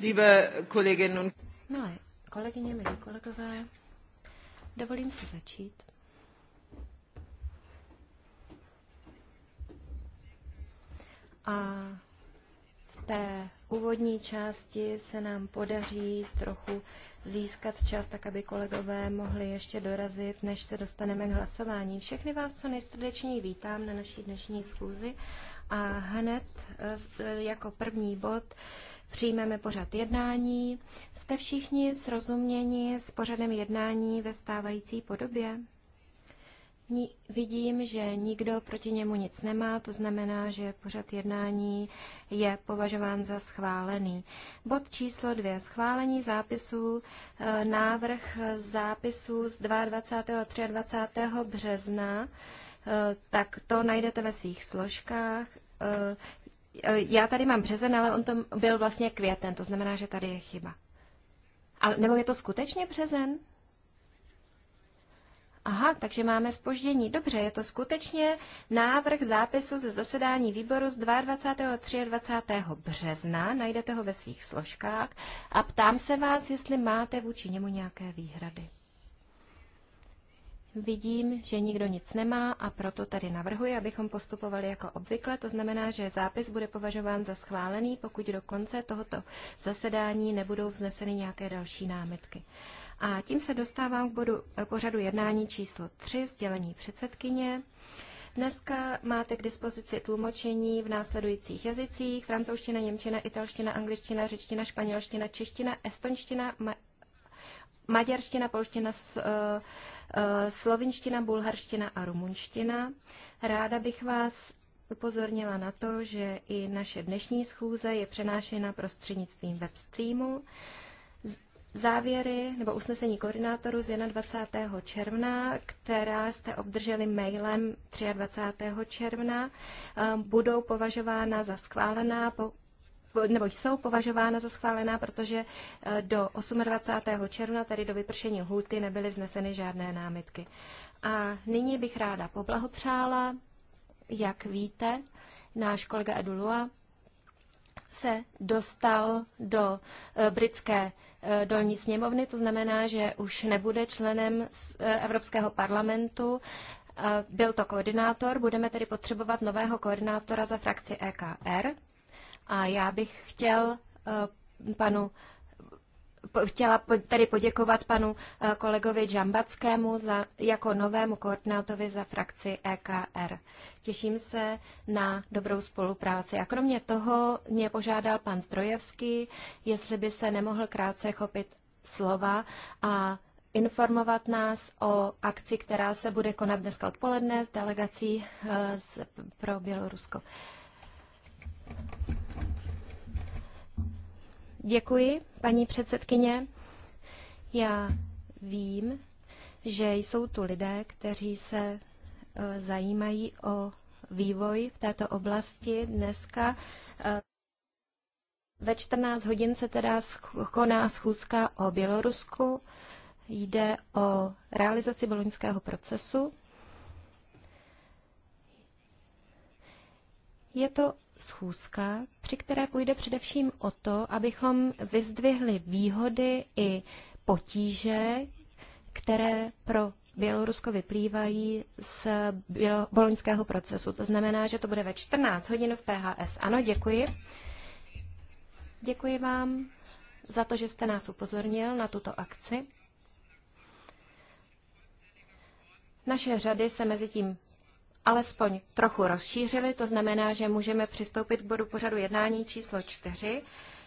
Milé kolegyně, milí kolegové, dovolím si začít. A v té úvodní části se nám podaří trochu získat čas, tak aby kolegové mohli ještě dorazit, než se dostaneme k hlasování. Všechny vás co nejstrdečněji vítám na naší dnešní schůzi a hned e, jako první bod přijmeme pořad jednání. Jste všichni srozuměni s pořadem jednání ve stávající podobě? Ni- vidím, že nikdo proti němu nic nemá, to znamená, že pořad jednání je považován za schválený. Bod číslo dvě. Schválení zápisů, e, návrh zápisů z 22. a 23. března Eh, tak to najdete ve svých složkách. Eh, já tady mám březen, ale on to byl vlastně květen, to znamená, že tady je chyba. Ale, nebo je to skutečně březen? Aha, takže máme spoždění. Dobře, je to skutečně návrh zápisu ze zasedání výboru z 22. a 23. března. Najdete ho ve svých složkách. A ptám se vás, jestli máte vůči němu nějaké výhrady. Vidím, že nikdo nic nemá a proto tady navrhuji, abychom postupovali jako obvykle. To znamená, že zápis bude považován za schválený, pokud do konce tohoto zasedání nebudou vzneseny nějaké další námitky. A tím se dostávám k bodu eh, pořadu jednání číslo 3, sdělení předsedkyně. Dneska máte k dispozici tlumočení v následujících jazycích francouzština, němčina, italština, angličtina, řečtina, španělština, čeština, estonština, ma- maďarština, polština, eh, eh, slovinština, bulharština a rumunština. Ráda bych vás upozornila na to, že i naše dnešní schůze je přenášena prostřednictvím webstreamu. Závěry nebo usnesení koordinátoru z 21. června, která jste obdrželi mailem 23. června, eh, budou považována za schválená, nebo jsou považována za schválená, protože eh, do 28. června, tedy do vypršení hulty, nebyly vzneseny žádné námitky. A nyní bych ráda poblahopřála, jak víte, náš kolega Lua se dostal do eh, britské eh, dolní sněmovny, to znamená, že už nebude členem Evropského parlamentu. Byl to koordinátor, budeme tedy potřebovat nového koordinátora za frakci EKR. A já bych chtěl eh, panu chtěla tady poděkovat panu eh, kolegovi Džambackému za, jako novému koordinátovi za frakci EKR. Těším se na dobrou spolupráci. A kromě toho mě požádal pan Zdrojevský, jestli by se nemohl krátce chopit slova a informovat nás o akci, která se bude konat dneska odpoledne s delegací eh, z, pro Bělorusko. Děkuji, paní předsedkyně. Já vím, že jsou tu lidé, kteří se e, zajímají o vývoj v této oblasti dneska. E, ve 14 hodin se teda koná schůzka o Bělorusku. Jde o realizaci boloňského procesu. Je to schůzka, při které půjde především o to, abychom vyzdvihli výhody i potíže, které pro Bělorusko vyplývají z boloňského procesu. To znamená, že to bude ve 14 hodin v PHS. Ano, děkuji. Děkuji vám za to, že jste nás upozornil na tuto akci. Naše řady se mezi tím alespoň trochu rozšířili, to znamená, že můžeme přistoupit k bodu pořadu jednání číslo 4,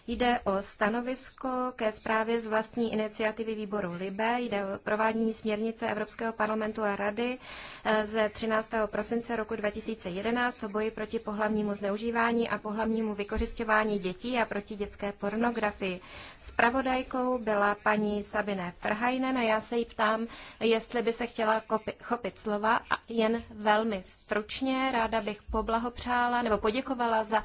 Jde o stanovisko ke zprávě z vlastní iniciativy výboru LIBE, jde o provádění směrnice Evropského parlamentu a rady eh, ze 13. prosince roku 2011 o boji proti pohlavnímu zneužívání a pohlavnímu vykořišťování dětí a proti dětské pornografii. Spravodajkou byla paní Sabine Ferhajnen a já se jí ptám, jestli by se chtěla chopit slova a jen velmi stručně. Ráda bych poblahopřála nebo poděkovala za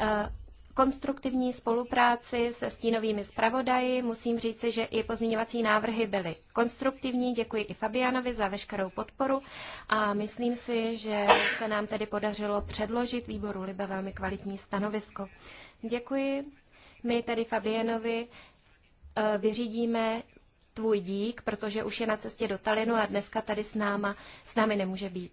eh, konstruktivní spolupráci se stínovými zpravodaji. Musím říci, že i pozměňovací návrhy byly konstruktivní. Děkuji i Fabianovi za veškerou podporu a myslím si, že se nám tedy podařilo předložit výboru Libe velmi kvalitní stanovisko. Děkuji. My tedy Fabianovi eh, vyřídíme tvůj dík, protože už je na cestě do Talinu a dneska tady s, náma, s námi nemůže být.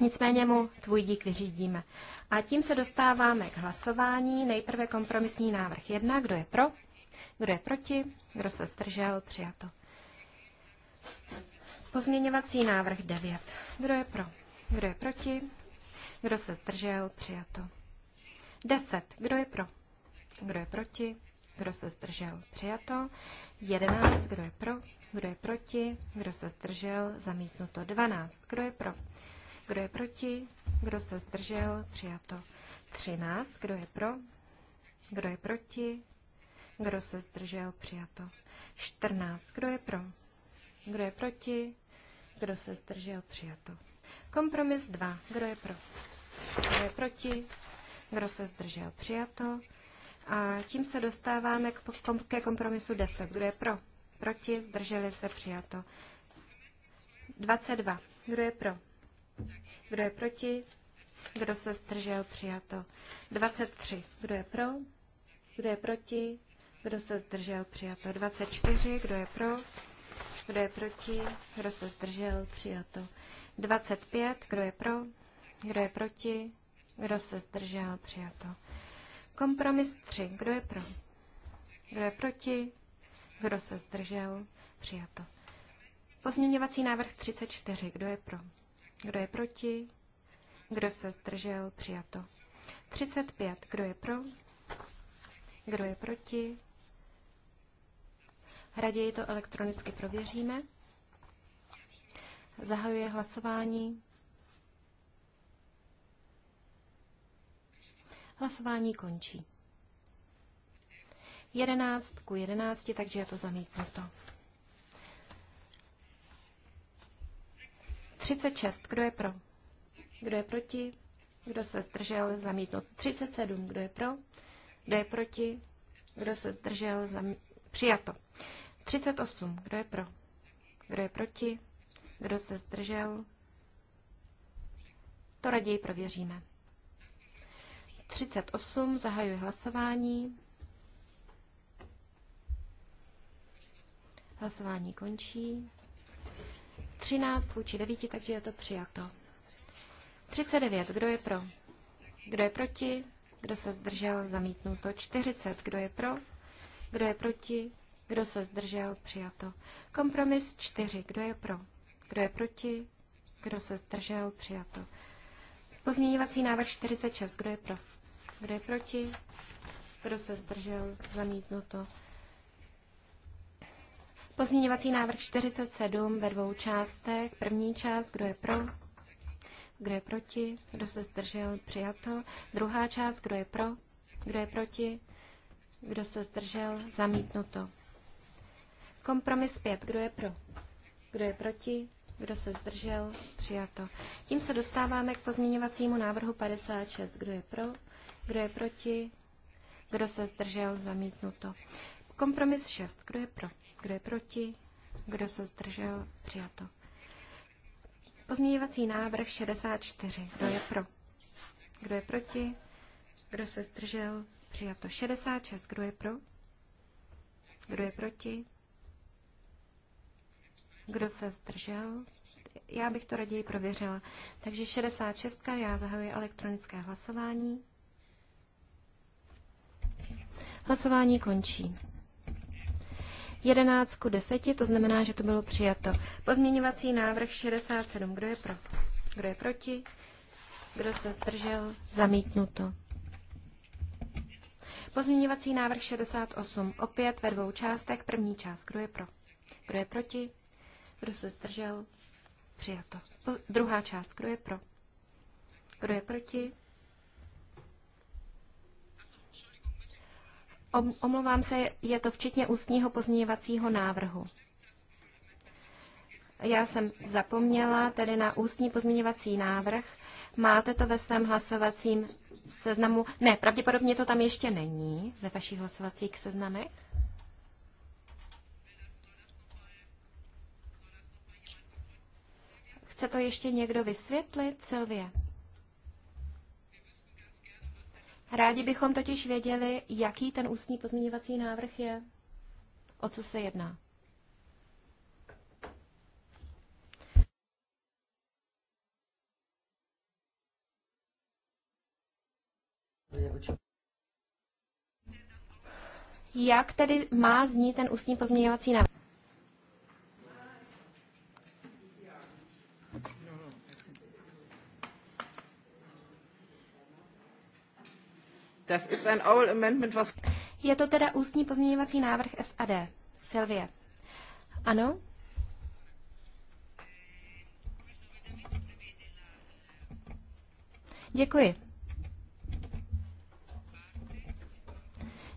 Nicméně mu tvůj dík vyřídíme. A tím se dostáváme k hlasování. Nejprve kompromisní návrh 1. Kdo je pro? Kdo je proti? Kdo se zdržel? Přijato. Pozměňovací návrh 9. Kdo je pro? Kdo je proti? Kdo se zdržel? Přijato. 10. Kdo je pro? Kdo je proti? Kdo se zdržel? Přijato. 11. Kdo je pro? Kdo je proti? Kdo se zdržel? Zamítnuto. 12. Kdo je pro? Kdo je proti? Kdo se zdržel? Přijato. 13. Kdo je pro? Kdo je proti? Kdo se zdržel? Přijato. 14. Kdo je pro? Kdo je proti? Kdo se zdržel? Přijato. Kompromis 2. Kdo je pro? Kdo je proti? Kdo se zdržel? Přijato. A tím se dostáváme k, kom, ke kompromisu 10. Kdo je pro? Proti? Zdrželi se? Přijato. 22. Kdo je pro? Kdo je proti? Kdo se zdržel? Přijato. 23. Kdo je pro? Kdo je proti? Kdo se zdržel? Přijato. 24. Kdo je pro? Kdo je proti? Kdo se zdržel? Přijato. 25. Kdo je pro? Kdo je proti? Kdo se zdržel? Přijato. Kompromis 3. Kdo je pro? Kdo je proti? Kdo se zdržel? Přijato. Pozměňovací návrh 34. Kdo je pro? Kdo je proti? Kdo se zdržel? Přijato. 35. Kdo je pro? Kdo je proti? Raději to elektronicky prověříme. Zahajuje hlasování. Hlasování končí. 11 ku 11, takže je to zamítnuto. 36. Kdo je pro? Kdo je proti? Kdo se zdržel? zamítnout. 37. Kdo je pro? Kdo je proti? Kdo se zdržel? Zam... Přijato. 38. Kdo je pro? Kdo je proti? Kdo se zdržel? To raději prověříme. 38. Zahajuji hlasování. Hlasování končí. 13 vůči 9, takže je to přijato. 39. Kdo je pro? Kdo je proti? Kdo se zdržel? Zamítnuto. 40. Kdo je pro? Kdo je proti? Kdo se zdržel? Přijato. Kompromis 4. Kdo je pro? Kdo je proti? Kdo se zdržel? Přijato. Pozměňovací návrh 46. Kdo je pro? Kdo je proti? Kdo se zdržel? Zamítnuto. Pozměňovací návrh 47 ve dvou částech. První část, kdo je pro, kdo je proti, kdo se zdržel, přijato. Druhá část, kdo je pro, kdo je proti, kdo se zdržel, zamítnuto. Kompromis 5, kdo je pro, kdo je proti, kdo se zdržel, přijato. Tím se dostáváme k pozměňovacímu návrhu 56. Kdo je pro? Kdo je proti? Kdo se zdržel, zamítnuto. Kompromis 6. Kdo je pro? Kdo je proti? Kdo se zdržel? Přijato. Pozměňovací návrh 64. Kdo je pro? Kdo je proti? Kdo se zdržel? Přijato 66. Kdo je pro? Kdo je proti? Kdo se zdržel? Já bych to raději prověřila. Takže 66. Já zahajuji elektronické hlasování. Hlasování končí. 11 k 10, to znamená, že to bylo přijato. Pozměňovací návrh 67. Kdo je pro? Kdo je proti? Kdo se zdržel? Zamítnuto. Pozměňovací návrh 68. Opět ve dvou částech. První část. Kdo je pro? Kdo je proti? Kdo se zdržel? Přijato. Po, druhá část. Kdo je pro? Kdo je proti? Omlouvám se, je to včetně ústního pozměňovacího návrhu. Já jsem zapomněla tedy na ústní pozměňovací návrh. Máte to ve svém hlasovacím seznamu? Ne, pravděpodobně to tam ještě není ve vašich hlasovacích seznamech. Chce to ještě někdo vysvětlit, Silvie? Rádi bychom totiž věděli, jaký ten ústní pozměňovací návrh je, o co se jedná. Jak tedy má znít ten ústní pozměňovací návrh? Je to teda ústní pozměňovací návrh SAD. Silvie. Ano? Děkuji.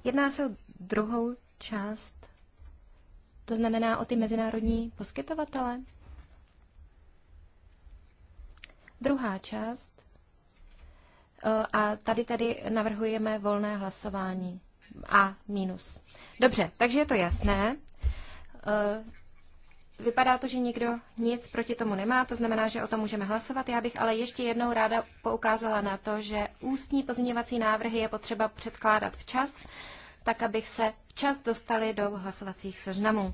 Jedná se o druhou část, to znamená o ty mezinárodní poskytovatele. Druhá část a tady tedy navrhujeme volné hlasování. A minus. Dobře, takže je to jasné. E, vypadá to, že nikdo nic proti tomu nemá, to znamená, že o tom můžeme hlasovat. Já bych ale ještě jednou ráda poukázala na to, že ústní pozměňovací návrhy je potřeba předkládat včas, tak abych se včas dostali do hlasovacích seznamů.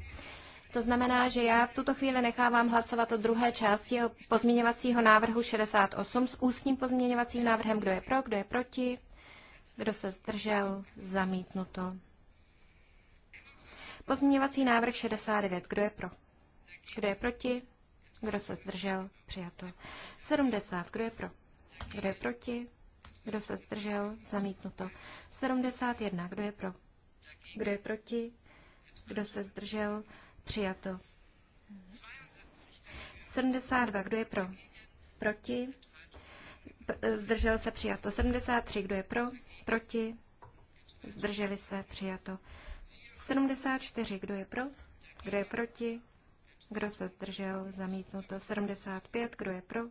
To znamená, že já v tuto chvíli nechávám hlasovat o druhé části pozměňovacího návrhu 68 s ústním pozměňovacím návrhem, kdo je pro, kdo je proti, kdo se zdržel, zamítnuto. Pozměňovací návrh 69, kdo je pro, kdo je proti, kdo se zdržel, přijato. 70, kdo je pro, kdo je proti, kdo se zdržel, zamítnuto. 71, kdo je pro, kdo je proti, kdo se zdržel, Přijato. 72. Kdo je pro? Proti? E, zdržel se přijato. 73. Kdo je pro? Proti? Zdrželi se přijato. 74. Kdo je pro? Kdo je proti? Kdo se zdržel? Zamítnuto. 75. Kdo je pro?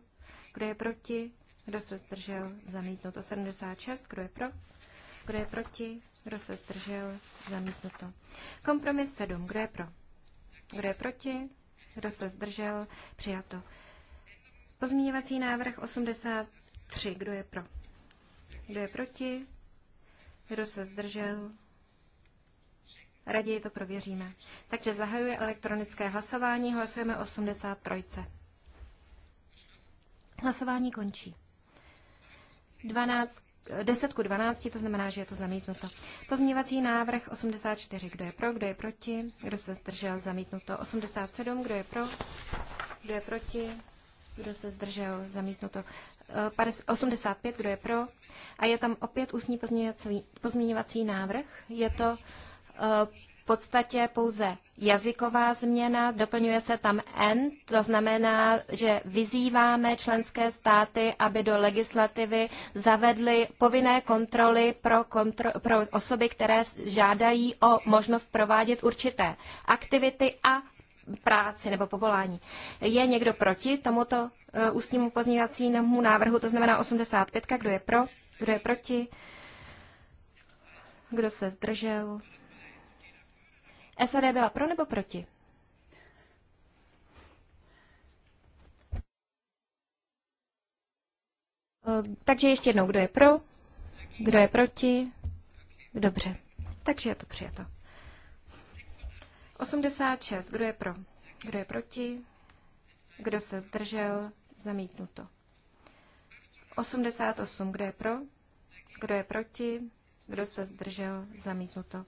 Kdo je proti? Kdo se zdržel? Zamítnuto. 76. Kdo je pro? Kdo je proti? Kdo se zdržel? Zamítnuto. Kompromis 7. Kdo je pro? Kdo je proti? Kdo se zdržel? Přijato. Pozměňovací návrh 83. Kdo je pro? Kdo je proti? Kdo se zdržel? Raději to prověříme. Takže zahajuje elektronické hlasování. Hlasujeme 83. Hlasování končí. 12 10 ku 12, to znamená, že je to zamítnuto. Pozměvací návrh 84, kdo je pro, kdo je proti, kdo se zdržel, zamítnuto. 87, kdo je pro, kdo je proti, kdo se zdržel, zamítnuto. 85, eh, kdo je pro. A je tam opět ústní pozměňovací, pozměňovací návrh. Je to eh, podstatě pouze jazyková změna, doplňuje se tam N, to znamená, že vyzýváme členské státy, aby do legislativy zavedly povinné kontroly pro, kontro, pro osoby, které žádají o možnost provádět určité aktivity a práci nebo povolání. Je někdo proti tomuto e, ústnímu pozměňovacímu návrhu, to znamená 85, kdo je pro, kdo je proti, kdo se zdržel, SAD byla pro nebo proti? Takže ještě jednou, kdo je pro, kdo je proti. Dobře, takže je to přijato. 86, kdo je pro, kdo je proti, kdo se zdržel, zamítnuto. 88, kdo je pro, kdo je proti, kdo se zdržel, zamítnuto.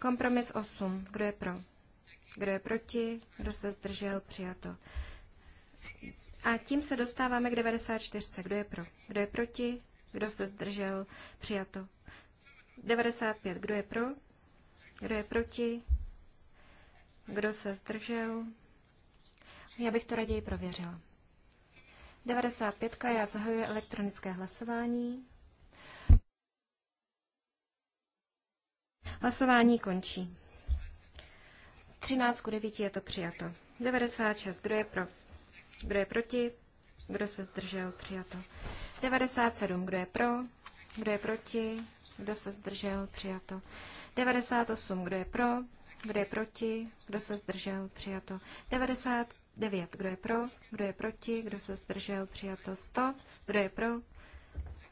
Kompromis 8. Kdo je pro? Kdo je proti? Kdo se zdržel? Přijato. A tím se dostáváme k 94. Kdo je pro? Kdo je proti? Kdo se zdržel? Přijato. 95. Kdo je pro? Kdo je proti? Kdo se zdržel? Já bych to raději prověřila. 95. Já zahajuji elektronické hlasování. Hlasování končí. 13 ku 9 je to přijato. 96. Kdo je pro? Kdo je proti? Kdo se zdržel? Přijato. 97. Kdo je pro? Kdo je proti? Kdo se zdržel? Přijato. 98. Kdo je pro? Kdo je proti? Kdo se zdržel? Přijato. 99. Kdo je pro? Kdo je proti? Kdo se zdržel? Přijato. 100. Kdo je pro?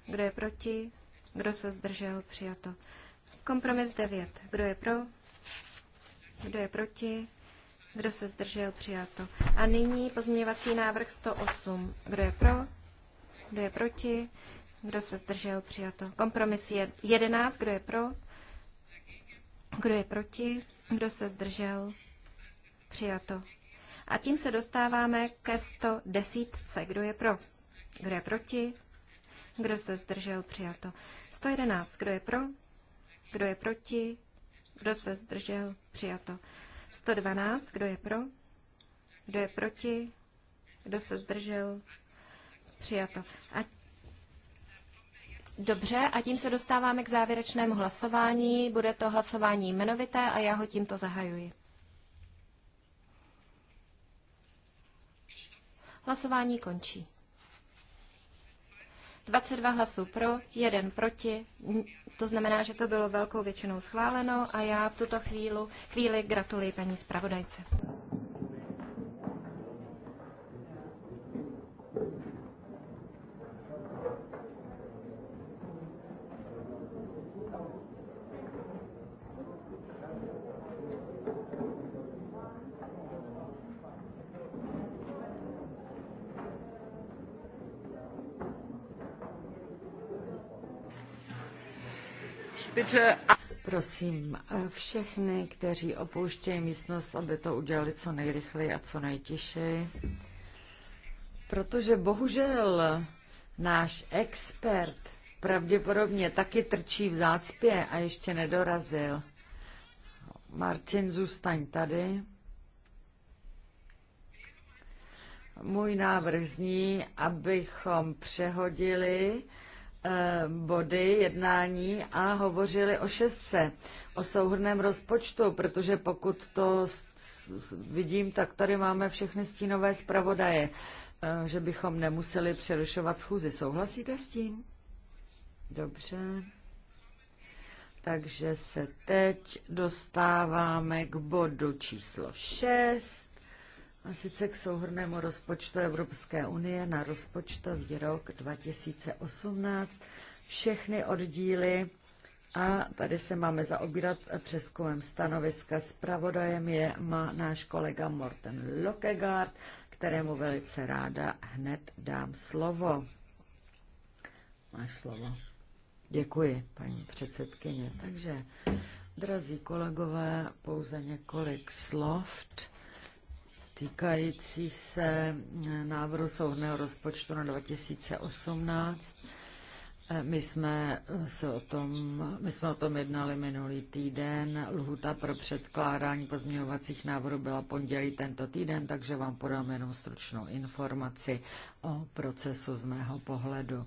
Kdo je proti? Kdo se zdržel? Přijato. Kompromis 9. Kdo je pro? Kdo je proti? Kdo se zdržel? Přijato. A nyní pozměňovací návrh 108. Kdo je pro? Kdo je proti? Kdo se zdržel? Přijato. Kompromis 11. Kdo je pro? Kdo je proti? Kdo se zdržel? Přijato. A tím se dostáváme ke 110. Kdo je pro? Kdo je proti? Kdo se zdržel? Přijato. 111. Kdo je pro? Kdo je proti? Kdo se zdržel? Přijato. 112. Kdo je pro? Kdo je proti? Kdo se zdržel? Přijato. A Dobře, a tím se dostáváme k závěrečnému hlasování. Bude to hlasování jmenovité a já ho tímto zahajuji. Hlasování končí. 22 hlasů pro, jeden proti, to znamená, že to bylo velkou většinou schváleno a já v tuto chvíli, chvíli gratuluji paní zpravodajce. bitte... Prosím eh, všechny, kteří opouštějí místnost, aby to udělali co nejrychleji a co nejtišeji. Protože bohužel náš expert pravděpodobně taky trčí v zácpě a ještě nedorazil. Martin, zůstaň tady. Můj návrh zní, abychom přehodili Eh, body jednání a hovořili o šestce, o souhrném rozpočtu, protože pokud to vidím, tak tady máme všechny stínové zpravodaje, eh, že bychom nemuseli přerušovat schůzi. Souhlasíte s tím? Dobře. Takže se teď dostáváme k bodu číslo 6 a sice k souhrnému rozpočtu Evropské unie na rozpočtový rok 2018 všechny oddíly a tady se máme zaobírat přeskumem stanoviska. Spravodajem je má náš kolega Morten Lokegaard, kterému velice ráda hned dám slovo. Máš slovo. Děkuji, paní předsedkyně. Takže, drazí kolegové, pouze několik slov týkající se eh, návrhu souhrného rozpočtu na 2018. Eh, my jsme, eh, se o tom, my jsme o tom jednali minulý týden. Lhuta pro předkládání pozměňovacích návrhů byla pondělí tento týden, takže vám podám jenom stručnou informaci o procesu z mého pohledu.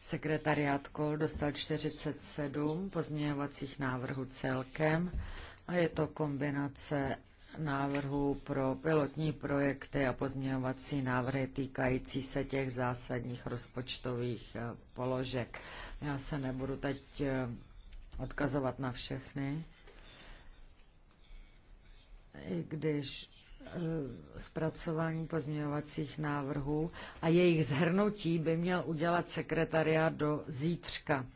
Sekretariát KOL dostal 47 pozměňovacích návrhů celkem a je to kombinace návrhů pro pilotní projekty a pozměňovací návrhy týkající se těch zásadních rozpočtových eh, položek. Já se nebudu teď eh, odkazovat na všechny, i když eh, zpracování pozměňovacích návrhů a jejich zhrnutí by měl udělat sekretariat do zítřka.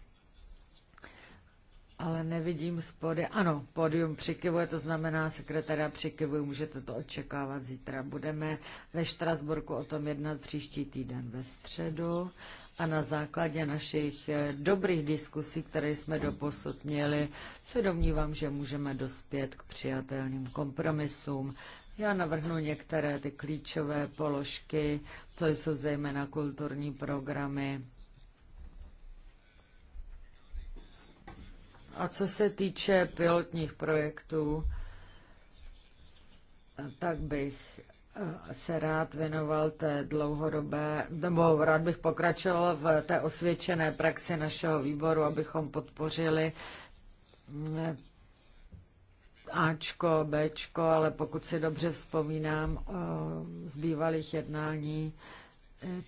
Ale nevidím spody. Ano, pódium přikivuje, to znamená sekretariat přikivuje, můžete to očekávat zítra. Budeme ve Štrasburku o tom jednat příští týden ve středu a na základě našich eh, dobrých diskusí, které jsme doposud měli, se domnívám, že můžeme dospět k přijatelným kompromisům. Já navrhnu některé ty klíčové položky, to jsou zejména kulturní programy, A co se týče pilotních projektů, tak bych eh, se rád věnoval té dlouhodobé, nebo rád bych pokračoval v té osvědčené praxi našeho výboru, abychom podpořili eh, Ačko, Bčko, ale pokud si dobře vzpomínám eh, z bývalých jednání,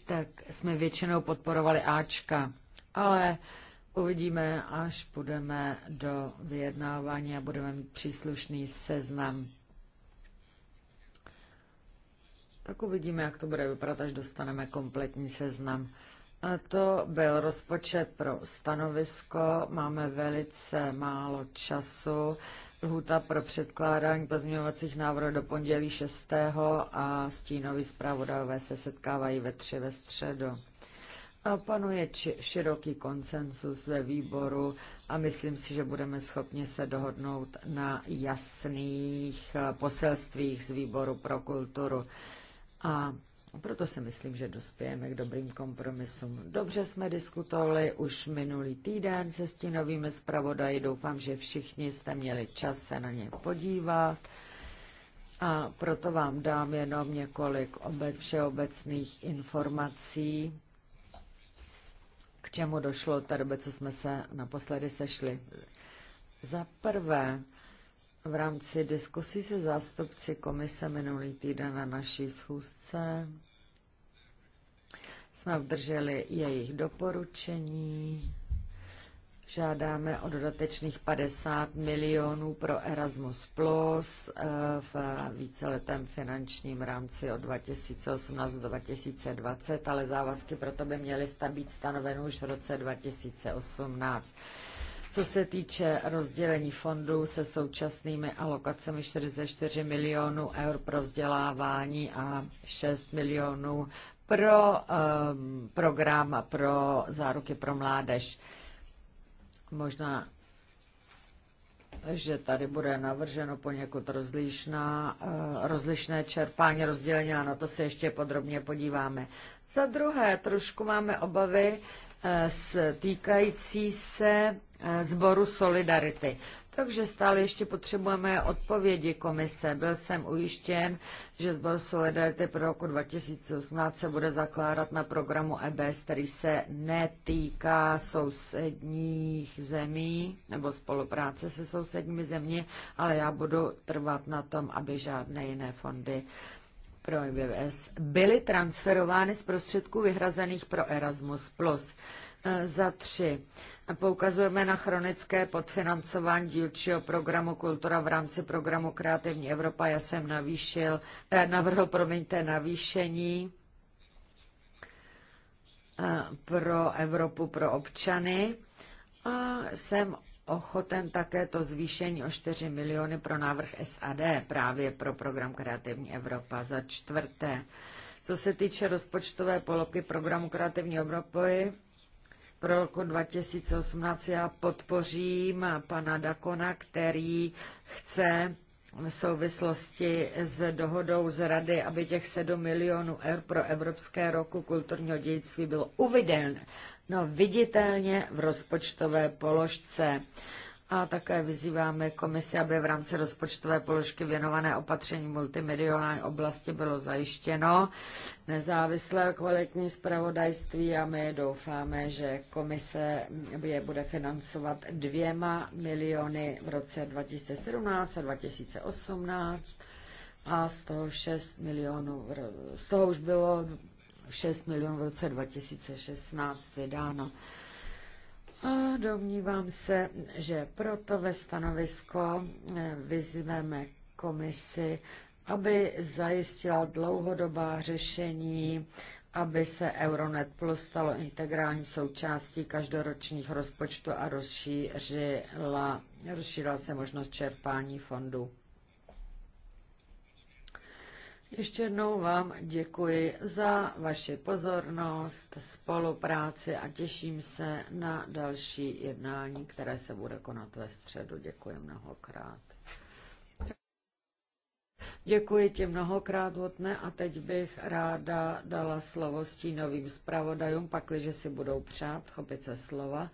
tak jsme většinou podporovali Ačka. Ale Uvidíme, až půjdeme do vyjednávání a budeme mít příslušný seznam. Tak uvidíme, jak to bude vypadat, až dostaneme kompletní seznam. A to byl rozpočet pro stanovisko. Máme velice málo času. Lhuta pro předkládání pozměňovacích návrhů do pondělí 6. a stínoví zpravodajové se setkávají ve 3 ve středu. A panuje široký konsensus ve výboru a myslím si, že budeme schopni se dohodnout na jasných eh, poselstvích z výboru pro kulturu. A proto si myslím, že dospějeme k dobrým kompromisům. Dobře jsme diskutovali už minulý týden se stínovými zpravodaji. Doufám, že všichni jste měli čas se na ně podívat. A proto vám dám jenom několik obec, všeobecných informací k čemu došlo té době, co jsme se naposledy sešli. Za prvé, v rámci diskusí se zástupci komise minulý týden na naší schůzce jsme obdrželi jejich doporučení Žádáme o dodatečných 50 milionů pro Erasmus Plus eh, v víceletém finančním rámci od 2018 do 2020, ale závazky proto by měly být stanoveny už v roce 2018. Co se týče rozdělení fondů se současnými alokacemi 44 milionů eur pro vzdělávání a 6 milionů pro um, program pro záruky pro mládež. Možná, že tady bude navrženo poněkud rozlišná, eh, rozlišné čerpání rozdělení a na to se ještě podrobně podíváme. Za druhé, trošku máme obavy eh, týkající se eh, sboru Solidarity. Takže stále ještě potřebujeme odpovědi komise. Byl jsem ujištěn, že zbor Solidarity pro roku 2018 se bude zakládat na programu EBS, který se netýká sousedních zemí nebo spolupráce se sousedními zemí, ale já budu trvat na tom, aby žádné jiné fondy pro EBS byly transferovány z prostředků vyhrazených pro Erasmus+. E, za tři. Poukazujeme na chronické podfinancování dílčího programu Kultura v rámci programu Kreativní Evropa. Já jsem navýšil, e, navrhl, promiňte, navýšení e, pro Evropu pro občany a jsem ochoten také to zvýšení o 4 miliony pro návrh SAD, právě pro program Kreativní Evropa. Za čtvrté, co se týče rozpočtové polopky programu Kreativní Evropy, pro roku 2018. Já podpořím pana Dakona, který chce v souvislosti s dohodou z Rady, aby těch 7 milionů eur pro Evropské roku kulturního dědictví bylo uviděn, no viditelně v rozpočtové položce. A také vyzýváme komisi, aby v rámci rozpočtové položky věnované opatření multimediální oblasti bylo zajištěno nezávislé kvalitní zpravodajství a my doufáme, že komise je bude financovat dvěma miliony v roce 2017 a 2018 a z toho 6 milionů, z toho už bylo 6 milionů v roce 2016 vydáno. A domnívám se, že proto ve stanovisko eh, vyzveme komisi, aby zajistila dlouhodobá řešení, aby se Euronet Plus stalo integrální součástí každoročních rozpočtů a rozšířila, rozšířila se možnost čerpání fondů. Ještě jednou vám děkuji za vaši pozornost, spolupráci a těším se na další jednání, které se bude konat ve středu. Děkuji mnohokrát. Děkuji ti mnohokrát, Votne, a teď bych ráda dala slovo stínovým zpravodajům, pakliže si budou přát chopit se slova.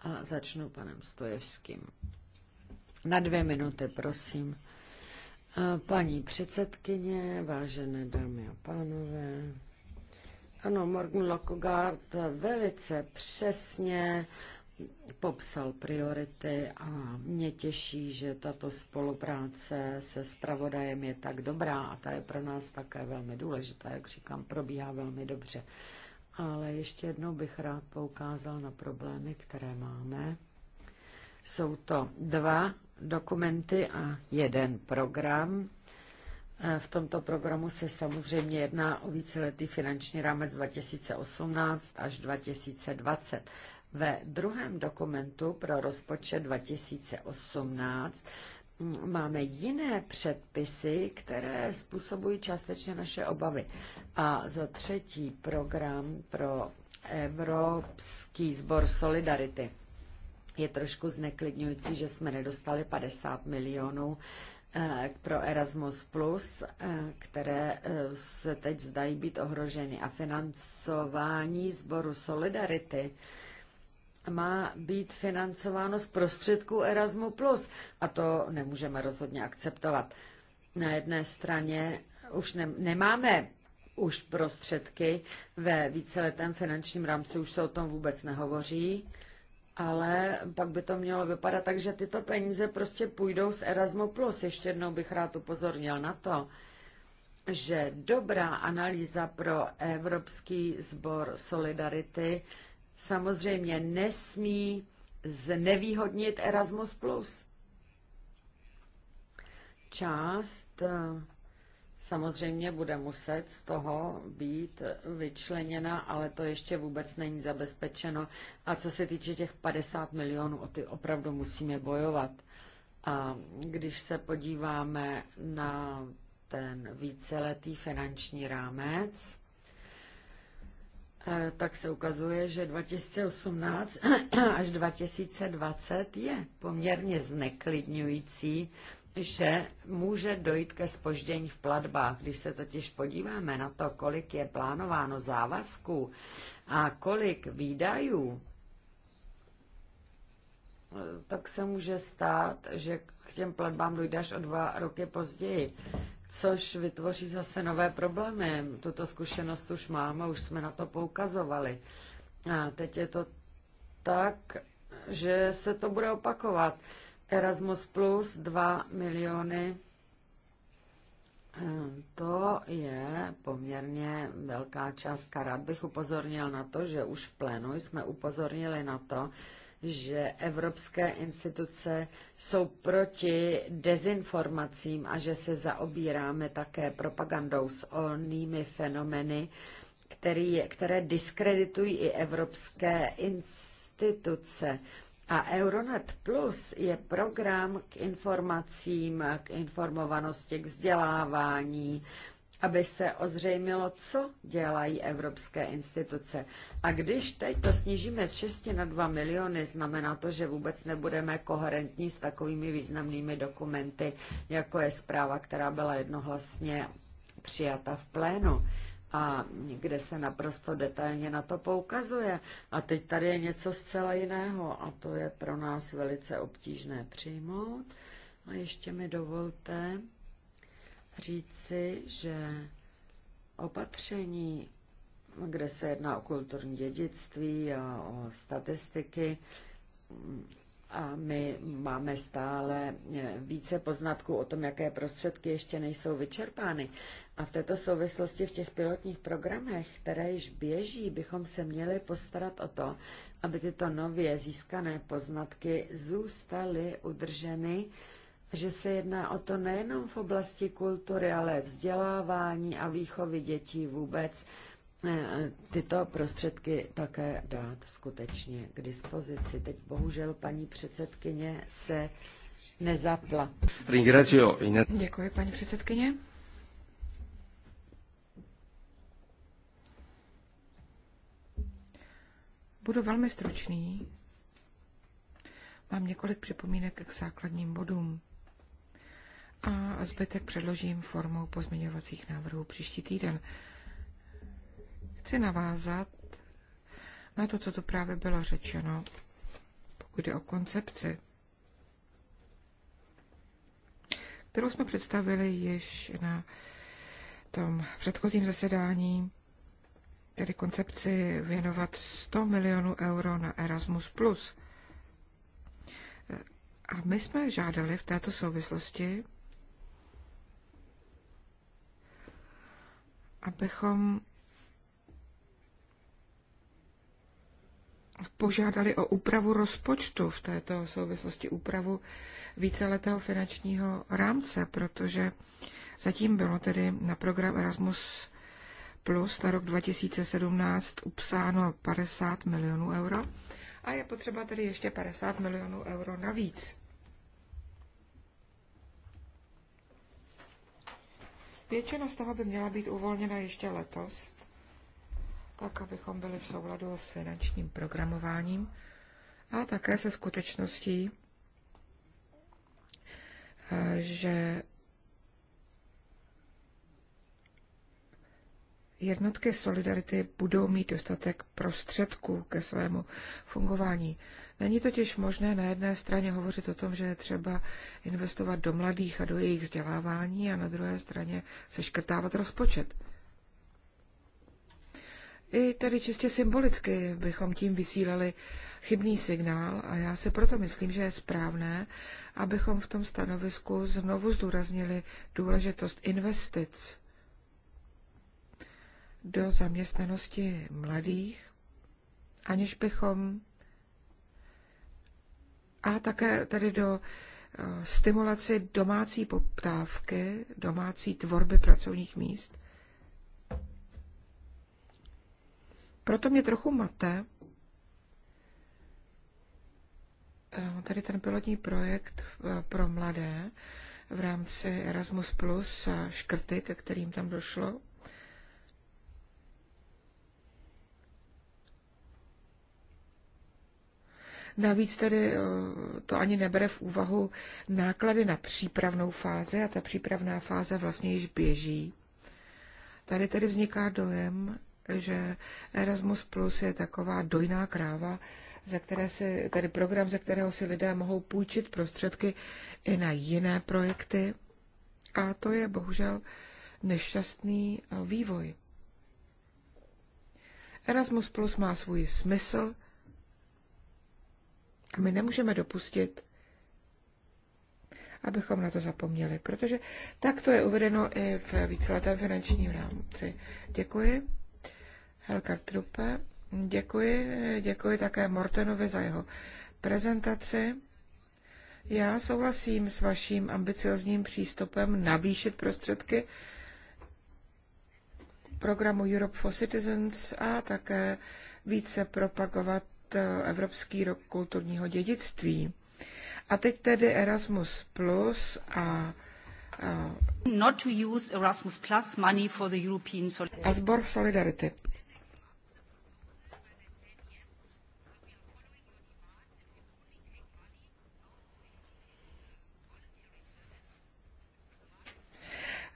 A začnu panem Stojevským. Na dvě minuty, prosím. Paní předsedkyně, vážené dámy a pánové, ano, Morgan Lockhart velice přesně popsal priority a mě těší, že tato spolupráce se spravodajem je tak dobrá a ta je pro nás také velmi důležitá, jak říkám, probíhá velmi dobře. Ale ještě jednou bych rád poukázal na problémy, které máme. Jsou to dva dokumenty a jeden program. E, v tomto programu se samozřejmě jedná o víceletý finanční rámec 2018 až 2020. Ve druhém dokumentu pro rozpočet 2018 máme jiné předpisy, které způsobují částečně naše obavy. A za třetí program pro Evropský sbor Solidarity. Je trošku zneklidňující, že jsme nedostali 50 milionů eh, pro Erasmus+, Plus, eh, které eh, se teď zdají být ohroženy. A financování sboru Solidarity má být financováno z prostředků Erasmu+. Plus. A to nemůžeme rozhodně akceptovat. Na jedné straně už ne, nemáme už prostředky ve víceletém finančním rámci, už se o tom vůbec nehovoří ale pak by to mělo vypadat tak, že tyto peníze prostě půjdou z Erasmu+. Ještě jednou bych rád upozornil na to, že dobrá analýza pro Evropský sbor Solidarity samozřejmě nesmí znevýhodnit Erasmus+. Plus Část eh, samozřejmě bude muset z toho být vyčleněna, ale to ještě vůbec není zabezpečeno. A co se týče těch 50 milionů, o ty opravdu musíme bojovat. A když se podíváme na ten víceletý finanční rámec, eh, tak se ukazuje, že 2018 až 2020 je poměrně zneklidňující že může dojít ke spoždění v platbách. Když se totiž podíváme na to, kolik je plánováno závazků a kolik výdajů, tak se může stát, že k těm platbám dojde až o dva roky později, což vytvoří zase nové problémy. Tuto zkušenost už máme, už jsme na to poukazovali. A teď je to tak, že se to bude opakovat. Erasmus plus 2 miliony. Eh, to je poměrně velká částka. Rád bych upozornil na to, že už v plénu jsme upozornili na to, že evropské instituce jsou proti dezinformacím a že se zaobíráme také propagandou s onými fenomeny, který, které diskreditují i evropské instituce. A Euronet Plus je program k informacím, k informovanosti, k vzdělávání, aby se ozřejmilo, co dělají evropské instituce. A když teď to snížíme z 6 na 2 miliony, znamená to, že vůbec nebudeme koherentní s takovými významnými dokumenty, jako je zpráva, která byla jednohlasně přijata v plénu a někde se naprosto detailně na to poukazuje. A teď tady je něco zcela jiného a to je pro nás velice obtížné přijmout. A ještě mi dovolte říci, že opatření, kde se jedná o kulturní dědictví a o statistiky, a my máme stále eh, více poznatků o tom, jaké prostředky ještě nejsou vyčerpány. A v této souvislosti v těch pilotních programech, které již běží, bychom se měli postarat o to, aby tyto nově získané poznatky zůstaly udrženy, že se jedná o to nejenom v oblasti kultury, ale vzdělávání a výchovy dětí vůbec Eh, tyto prostředky také dát skutečně k dispozici. Teď bohužel paní předsedkyně se nezapla. Děkuji, paní předsedkyně. Budu velmi stručný. Mám několik připomínek k základním bodům. A zbytek předložím formou pozměňovacích návrhů příští týden. Chci navázat na to, co tu právě bylo řečeno, pokud je o koncepci, kterou jsme představili již na tom předchozím zasedání, tedy koncepci věnovat 100 milionů euro na Erasmus+. A my jsme žádali v této souvislosti, abychom požádali o úpravu rozpočtu v této souvislosti, úpravu víceletého finančního rámce, protože zatím bylo tedy na program Erasmus Plus na rok 2017 upsáno 50 milionů euro a je potřeba tedy ještě 50 milionů euro navíc. Většina z toho by měla být uvolněna ještě letos tak abychom byli v souladu s finančním programováním a také se skutečností, že jednotky Solidarity budou mít dostatek prostředků ke svému fungování. Není totiž možné na jedné straně hovořit o tom, že je třeba investovat do mladých a do jejich vzdělávání a na druhé straně seškrtávat rozpočet. I tedy čistě symbolicky bychom tím vysílali chybný signál a já si proto myslím, že je správné, abychom v tom stanovisku znovu zdůraznili důležitost investic do zaměstnanosti mladých, aniž bychom a také tedy do eh, stimulaci domácí poptávky, domácí tvorby pracovních míst. Proto mě trochu mate eh, tady ten pilotní projekt eh, pro mladé v rámci Erasmus Plus a škrty, ke kterým tam došlo. Navíc tedy eh, to ani nebere v úvahu náklady na přípravnou fázi a ta přípravná fáze vlastně již běží. Tady tedy vzniká dojem, že Erasmus Plus je taková dojná kráva, za které si, tedy program, ze kterého si lidé mohou půjčit prostředky i na jiné projekty. A to je bohužel nešťastný vývoj. Erasmus Plus má svůj smysl a my nemůžeme dopustit, abychom na to zapomněli, protože tak to je uvedeno i v víceletém finančním rámci. Děkuji. Helka Trupe. Děkuji, děkuji také Mortenovi za jeho prezentaci. Já souhlasím s vaším ambiciozním přístupem navýšit prostředky programu Europe for Citizens a také více propagovat eh, Evropský rok kulturního dědictví. A teď tedy Erasmus Plus a a, not to use Erasmus Plus money for the European Solidarity. a sbor Solidarity.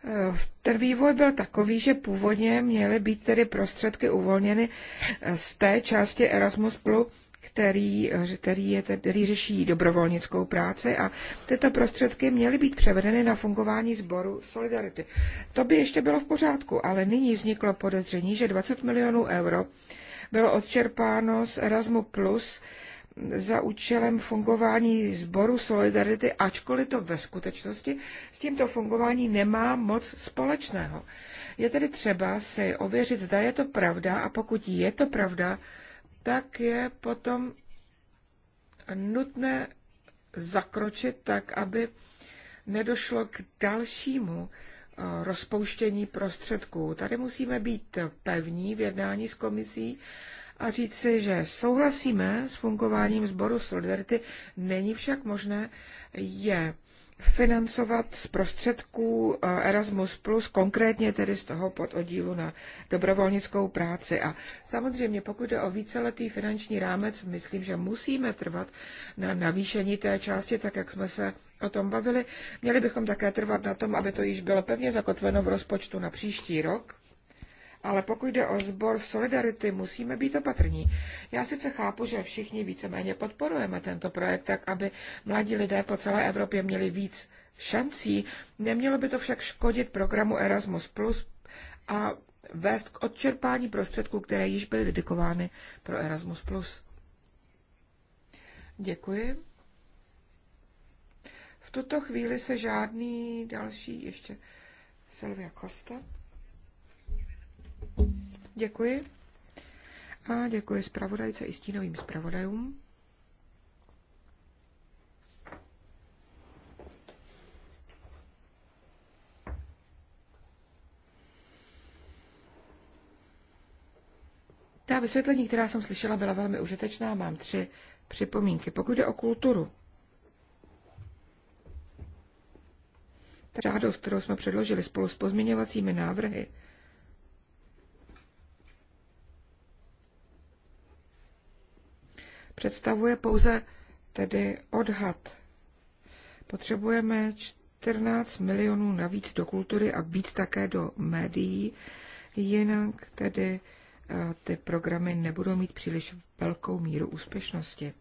Eh, ten vývoj byl takový, že původně měly být tedy prostředky uvolněny eh, z té části Erasmus+, který, eh, který, je, který řeší dobrovolnickou práci a tyto prostředky měly být převedeny na fungování sboru Solidarity. To by ještě bylo v pořádku, ale nyní vzniklo podezření, že 20 milionů euro bylo odčerpáno z Erasmus+. Plus za účelem fungování sboru Solidarity, ačkoliv to ve skutečnosti s tímto fungování nemá moc společného. Je tedy třeba si ověřit, zda je to pravda a pokud je to pravda, tak je potom nutné zakročit tak, aby nedošlo k dalšímu eh, rozpouštění prostředků. Tady musíme být pevní v jednání s komisí a říci, že souhlasíme s fungováním sboru Solidarity, není však možné je financovat z prostředků eh, Erasmus+, konkrétně tedy z toho pododílu na dobrovolnickou práci. A samozřejmě, pokud jde o víceletý finanční rámec, myslím, že musíme trvat na navýšení té části, tak jak jsme se o tom bavili. Měli bychom také trvat na tom, aby to již bylo pevně zakotveno v rozpočtu na příští rok, ale pokud jde o sbor Solidarity, musíme být opatrní. Já sice chápu, že všichni víceméně podporujeme tento projekt, tak aby mladí lidé po celé Evropě měli víc šancí, nemělo by to však škodit programu Erasmus+, a vést k odčerpání prostředků, které již byly dedikovány pro Erasmus+. Děkuji. V tuto chvíli se žádný další ještě Silvia Costa. Děkuji. A děkuji zpravodajce i stínovým zpravodajům. Ta vysvětlení, která jsem slyšela, byla velmi užitečná. Mám tři připomínky. Pokud jde o kulturu, ta žádost, kterou jsme předložili spolu s pozměňovacími návrhy, představuje pouze tedy odhad. Potřebujeme 14 milionů navíc do kultury a víc také do médií, jinak tedy eh, ty programy nebudou mít příliš velkou míru úspěšnosti.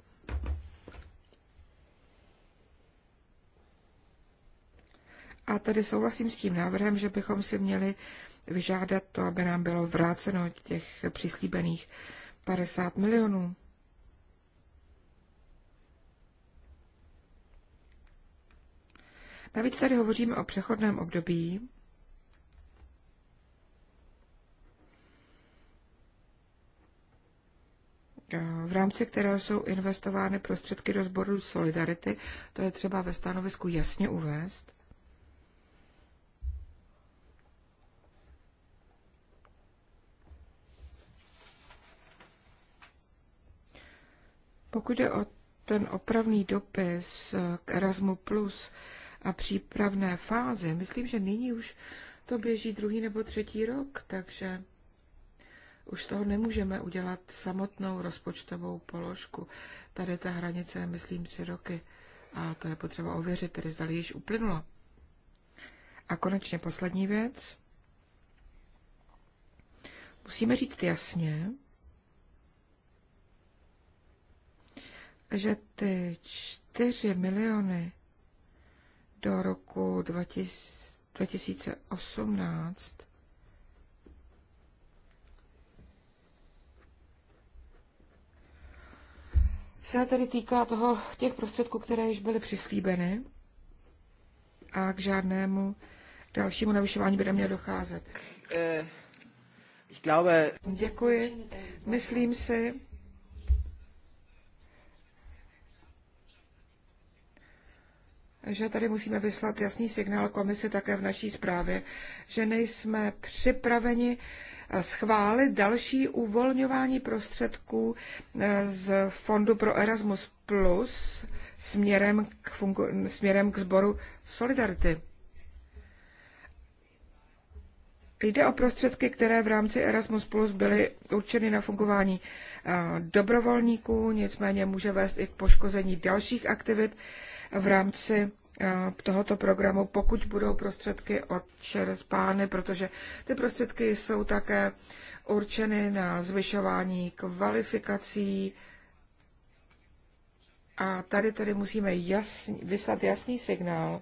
A tady souhlasím s tím návrhem, že bychom si měli vyžádat to, aby nám bylo vráceno těch přislíbených 50 milionů. Navíc tady hovoříme o přechodném období, v rámci kterého jsou investovány prostředky do sboru Solidarity, to je třeba ve stanovisku jasně uvést. Pokud je o ten opravný dopis k Erasmu+, a přípravné fáze. Myslím, že nyní už to běží druhý nebo třetí rok, takže už toho nemůžeme udělat samotnou rozpočtovou položku. Tady ta hranice je, myslím, tři roky a to je potřeba ověřit, tedy zdali již uplynulo. A konečně poslední věc. Musíme říct jasně, že ty čtyři miliony do roku 2018 se tedy týká toho, těch prostředků, které již byly přislíbeny a k žádnému dalšímu navyšování by nemělo docházet. Eh, Děkuji. Myslím si, že tady musíme vyslat jasný signál komisi také v naší zprávě, že nejsme připraveni eh, schválit další uvolňování prostředků eh, z Fondu pro Erasmus Plus směrem k, fungu- směrem k sboru Solidarity. Jde o prostředky, které v rámci Erasmus Plus byly určeny na fungování eh, dobrovolníků, nicméně může vést i k poškození dalších aktivit, v rámci eh, tohoto programu, pokud budou prostředky odčerpány, protože ty prostředky jsou také určeny na zvyšování kvalifikací. A tady tedy musíme jasný, vyslat jasný signál,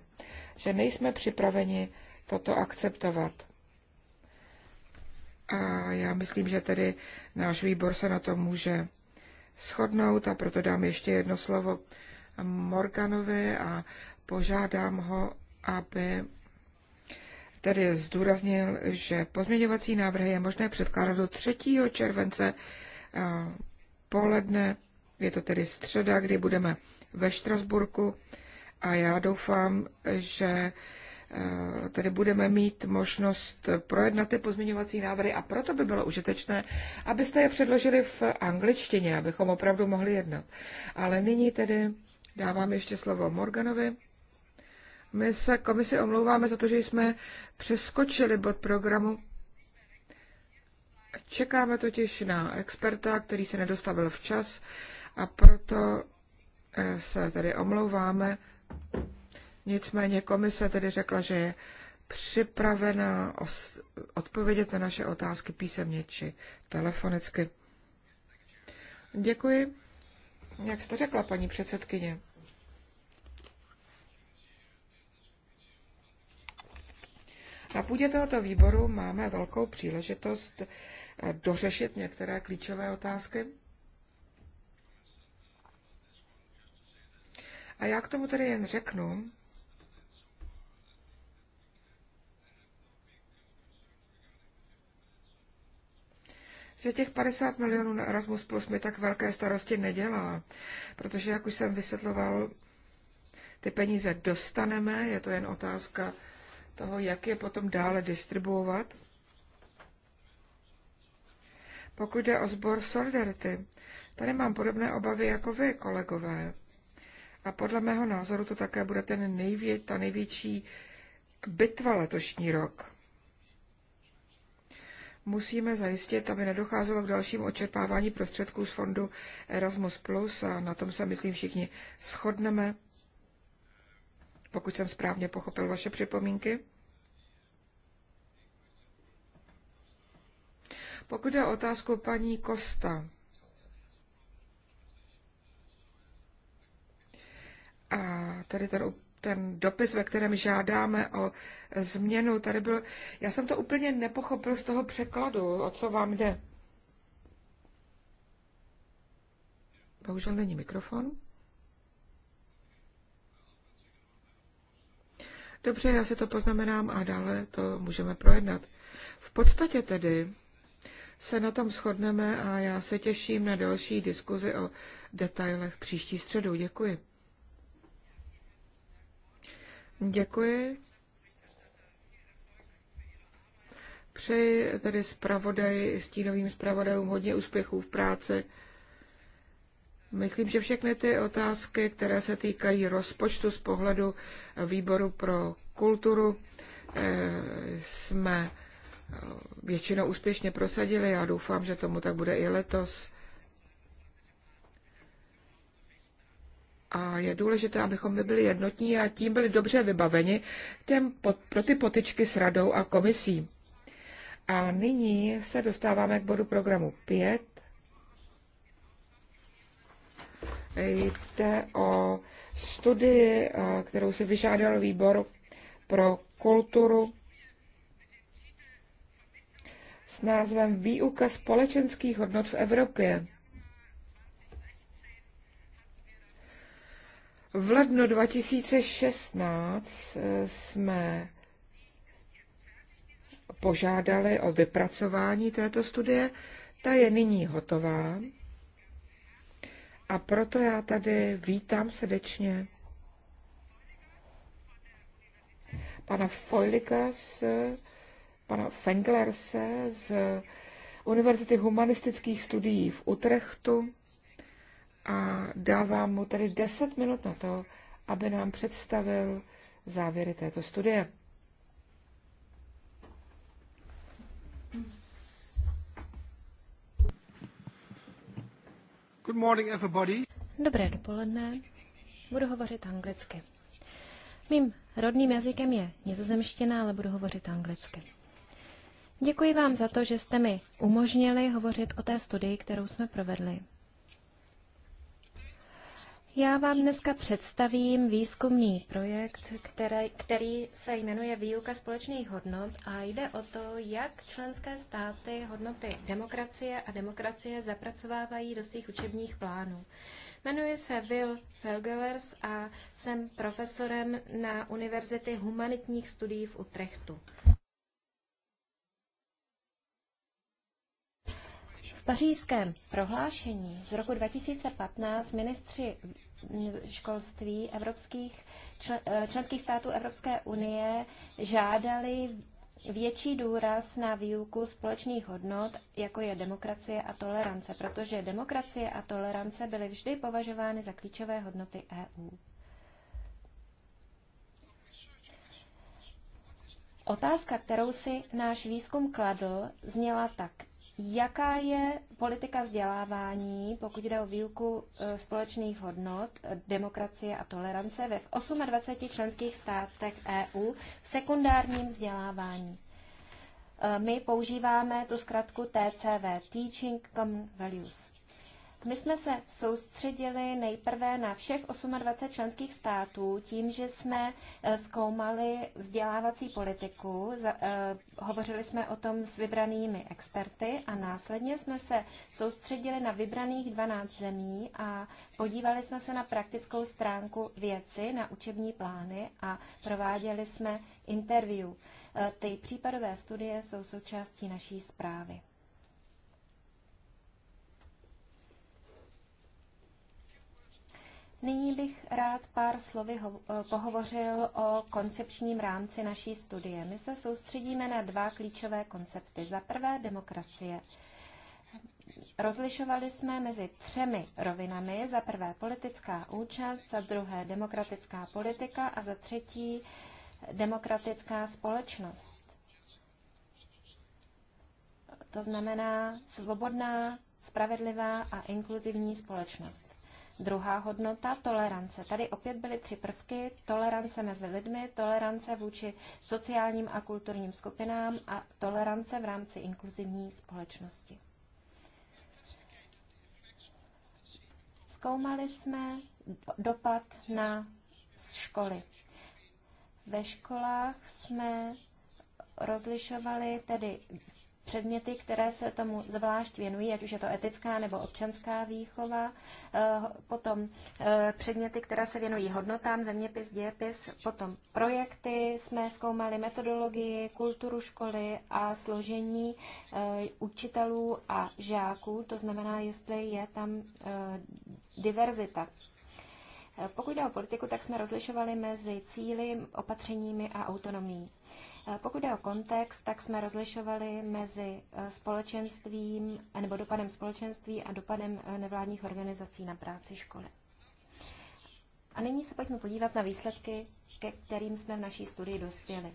že nejsme připraveni toto akceptovat. A já myslím, že tedy náš výbor se na to může shodnout a proto dám ještě jedno slovo Morganovi a požádám ho, aby tedy zdůraznil, že pozměňovací návrhy je možné předkládat do 3. července eh, poledne, je to tedy středa, kdy budeme ve Štrasburku a já doufám, že eh, tedy budeme mít možnost projednat ty pozměňovací návrhy a proto by bylo užitečné, abyste je předložili v angličtině, abychom opravdu mohli jednat. Ale nyní tedy Dávám ještě slovo Morganovi. My se komisi omlouváme za to, že jsme přeskočili bod programu. Čekáme totiž na experta, který se nedostavil včas a proto eh, se tedy omlouváme. Nicméně komise tedy řekla, že je připravena odpovědět na naše otázky písemně či telefonicky. Děkuji. Jak jste řekla, paní předsedkyně? Na půdě tohoto výboru máme velkou příležitost eh, dořešit některé klíčové otázky. A já k tomu tedy jen řeknu, že těch 50 milionů na Erasmus Plus mi tak velké starosti nedělá, protože, jak už jsem vysvětloval, ty peníze dostaneme, je to jen otázka toho, jak je potom dále distribuovat. Pokud jde o sbor Solidarity, tady mám podobné obavy jako vy, kolegové. A podle mého názoru to také bude ten nejvě, ta největší bitva letošní rok. Musíme zajistit, aby nedocházelo k dalšímu očerpávání prostředků z fondu Erasmus+, a na tom se, myslím, všichni shodneme pokud jsem správně pochopil vaše připomínky. Pokud je otázku paní Kosta, a tady ten, ten dopis, ve kterém žádáme o změnu, tady byl, já jsem to úplně nepochopil z toho překladu, o co vám jde. Bohužel není mikrofon. Dobře, já si to poznamenám a dále to můžeme projednat. V podstatě tedy se na tom shodneme a já se těším na další diskuzi o detailech příští středu. Děkuji. Děkuji. Přeji tedy zpravodaji, stínovým zpravodajům hodně úspěchů v práci. Myslím, že všechny ty otázky, které se týkají rozpočtu z pohledu výboru pro kulturu, eh, jsme eh, většinou úspěšně prosadili. Já doufám, že tomu tak bude i letos. A je důležité, abychom my byli jednotní a tím byli dobře vybaveni těm pod, pro ty potyčky s radou a komisí. A nyní se dostáváme k bodu programu 5, Jde o studii, eh, kterou si vyžádal výbor pro kulturu s názvem Výuka společenských hodnot v Evropě. V lednu 2016 eh, jsme požádali o vypracování této studie. Ta je nyní hotová. A proto já tady vítám srdečně pana Fojlika z pana Fenglerse z Univerzity humanistických studií v Utrechtu a dávám mu tedy 10 minut na to, aby nám představil závěry této studie. Mm. Good morning, everybody. Dobré dopoledne. Budu hovořit anglicky. Mým rodným jazykem je nizozemština, ale budu hovořit anglicky. Děkuji vám za to, že jste mi umožnili hovořit o té studii, kterou jsme provedli. Já vám dneska představím výzkumný projekt, který, který se jmenuje Výuka společných hodnot a jde o to, jak členské státy hodnoty demokracie a demokracie zapracovávají do svých učebních plánů. Jmenuji se Will Felgelers a jsem profesorem na Univerzity humanitních studií v Utrechtu. V pařížském prohlášení z roku 2015 ministři školství evropských, eh, členských států Evropské unie žádali větší důraz na výuku společných hodnot, jako je demokracie a tolerance, protože demokracie a tolerance byly vždy považovány za klíčové hodnoty EU. Otázka, kterou si náš výzkum kladl, zněla tak. Jaká je politika vzdělávání, pokud jde o výuku e, společných hodnot, e, demokracie a tolerance ve 28 členských státech EU v sekundárním vzdělávání? E, my používáme tu zkratku TCV, Teaching Common Values. My jsme se soustředili nejprve na všech 28 členských států tím, že jsme eh, zkoumali vzdělávací politiku, eh, hovořili jsme o tom s vybranými experty a následně jsme se soustředili na vybraných 12 zemí a podívali jsme se na praktickou stránku věci, na učební plány a prováděli jsme interview. Eh, ty případové studie jsou součástí naší zprávy. Nyní bych rád pár slovy eh, pohovořil o koncepčním rámci naší studie. My se soustředíme na dva klíčové koncepty. Za prvé demokracie. Rozlišovali jsme mezi třemi rovinami. Za prvé politická účast, za druhé demokratická politika a za třetí demokratická společnost. To znamená svobodná, spravedlivá a inkluzivní společnost. Druhá hodnota, tolerance. Tady opět byly tři prvky. Tolerance mezi lidmi, tolerance vůči sociálním a kulturním skupinám a tolerance v rámci inkluzivní společnosti. Zkoumali jsme dopad na školy. Ve školách jsme rozlišovali tedy předměty, které se tomu zvlášť věnují, ať už je to etická nebo občanská výchova, eh, potom eh, předměty, které se věnují hodnotám, zeměpis, dějepis, potom projekty, jsme zkoumali metodologii, kulturu školy a složení eh, učitelů a žáků, to znamená, jestli je tam diverzita. Pokud jde o politiku, tak jsme rozlišovali mezi cíly, opatřeními a autonomií. Eh, pokud jde o kontext, tak jsme rozlišovali mezi eh, společenstvím nebo dopadem společenství a dopadem eh, nevládních organizací na práci školy. A nyní se pojďme podívat na výsledky, ke kterým jsme v naší studii dospěli.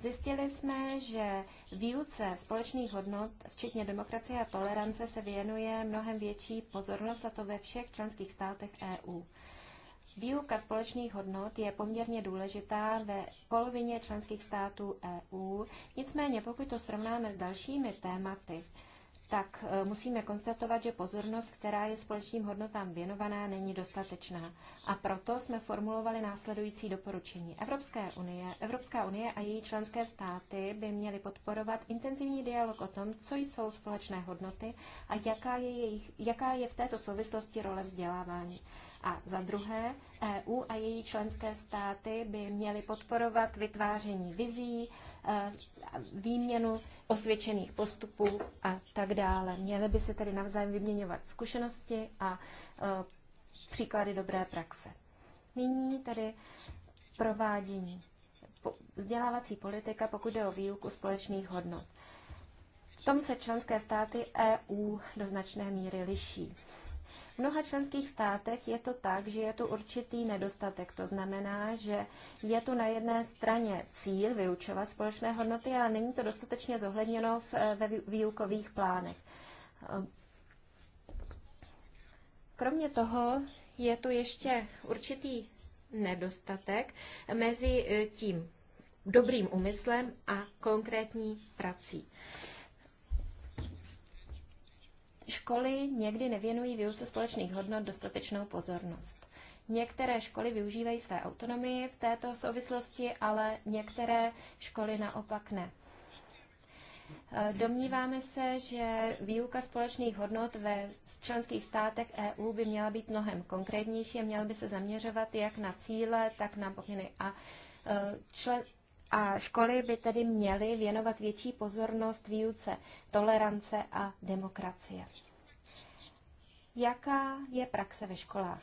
Zjistili jsme, že výuce společných hodnot, včetně demokracie a tolerance, se věnuje mnohem větší pozornost, a to ve všech členských státech EU. Výuka společných hodnot je poměrně důležitá ve polovině členských států EU, nicméně pokud to srovnáme s dalšími tématy, tak e, musíme konstatovat, že pozornost, která je společným hodnotám věnovaná, není dostatečná. A proto jsme formulovali následující doporučení. Evropské unie, Evropská unie a její členské státy by měly podporovat intenzivní dialog o tom, co jsou společné hodnoty a jaká je, jejich, jaká je v této souvislosti role vzdělávání. A za druhé, EU a její členské státy by měly podporovat vytváření vizí, e, výměnu osvědčených postupů a tak dále. Měly by se tedy navzájem vyměňovat zkušenosti a e, příklady dobré praxe. Nyní tedy provádění vzdělávací politika, pokud jde o výuku společných hodnot. V tom se členské státy EU do značné míry liší mnoha členských státech je to tak, že je tu určitý nedostatek. To znamená, že je tu na jedné straně cíl vyučovat společné hodnoty, ale není to dostatečně zohledněno v, ve výukových plánech. Kromě toho je tu ještě určitý nedostatek mezi eh, tím dobrým úmyslem a konkrétní prací. Školy někdy nevěnují výuce společných hodnot dostatečnou pozornost. Některé školy využívají své autonomii v této souvislosti, ale některé školy naopak ne. E, domníváme se, že výuka společných hodnot ve členských státech EU by měla být mnohem konkrétnější a měla by se zaměřovat jak na cíle, tak na pokyny. A e, člen, a školy by tedy měly věnovat větší pozornost výuce tolerance a demokracie. Jaká je praxe ve školách?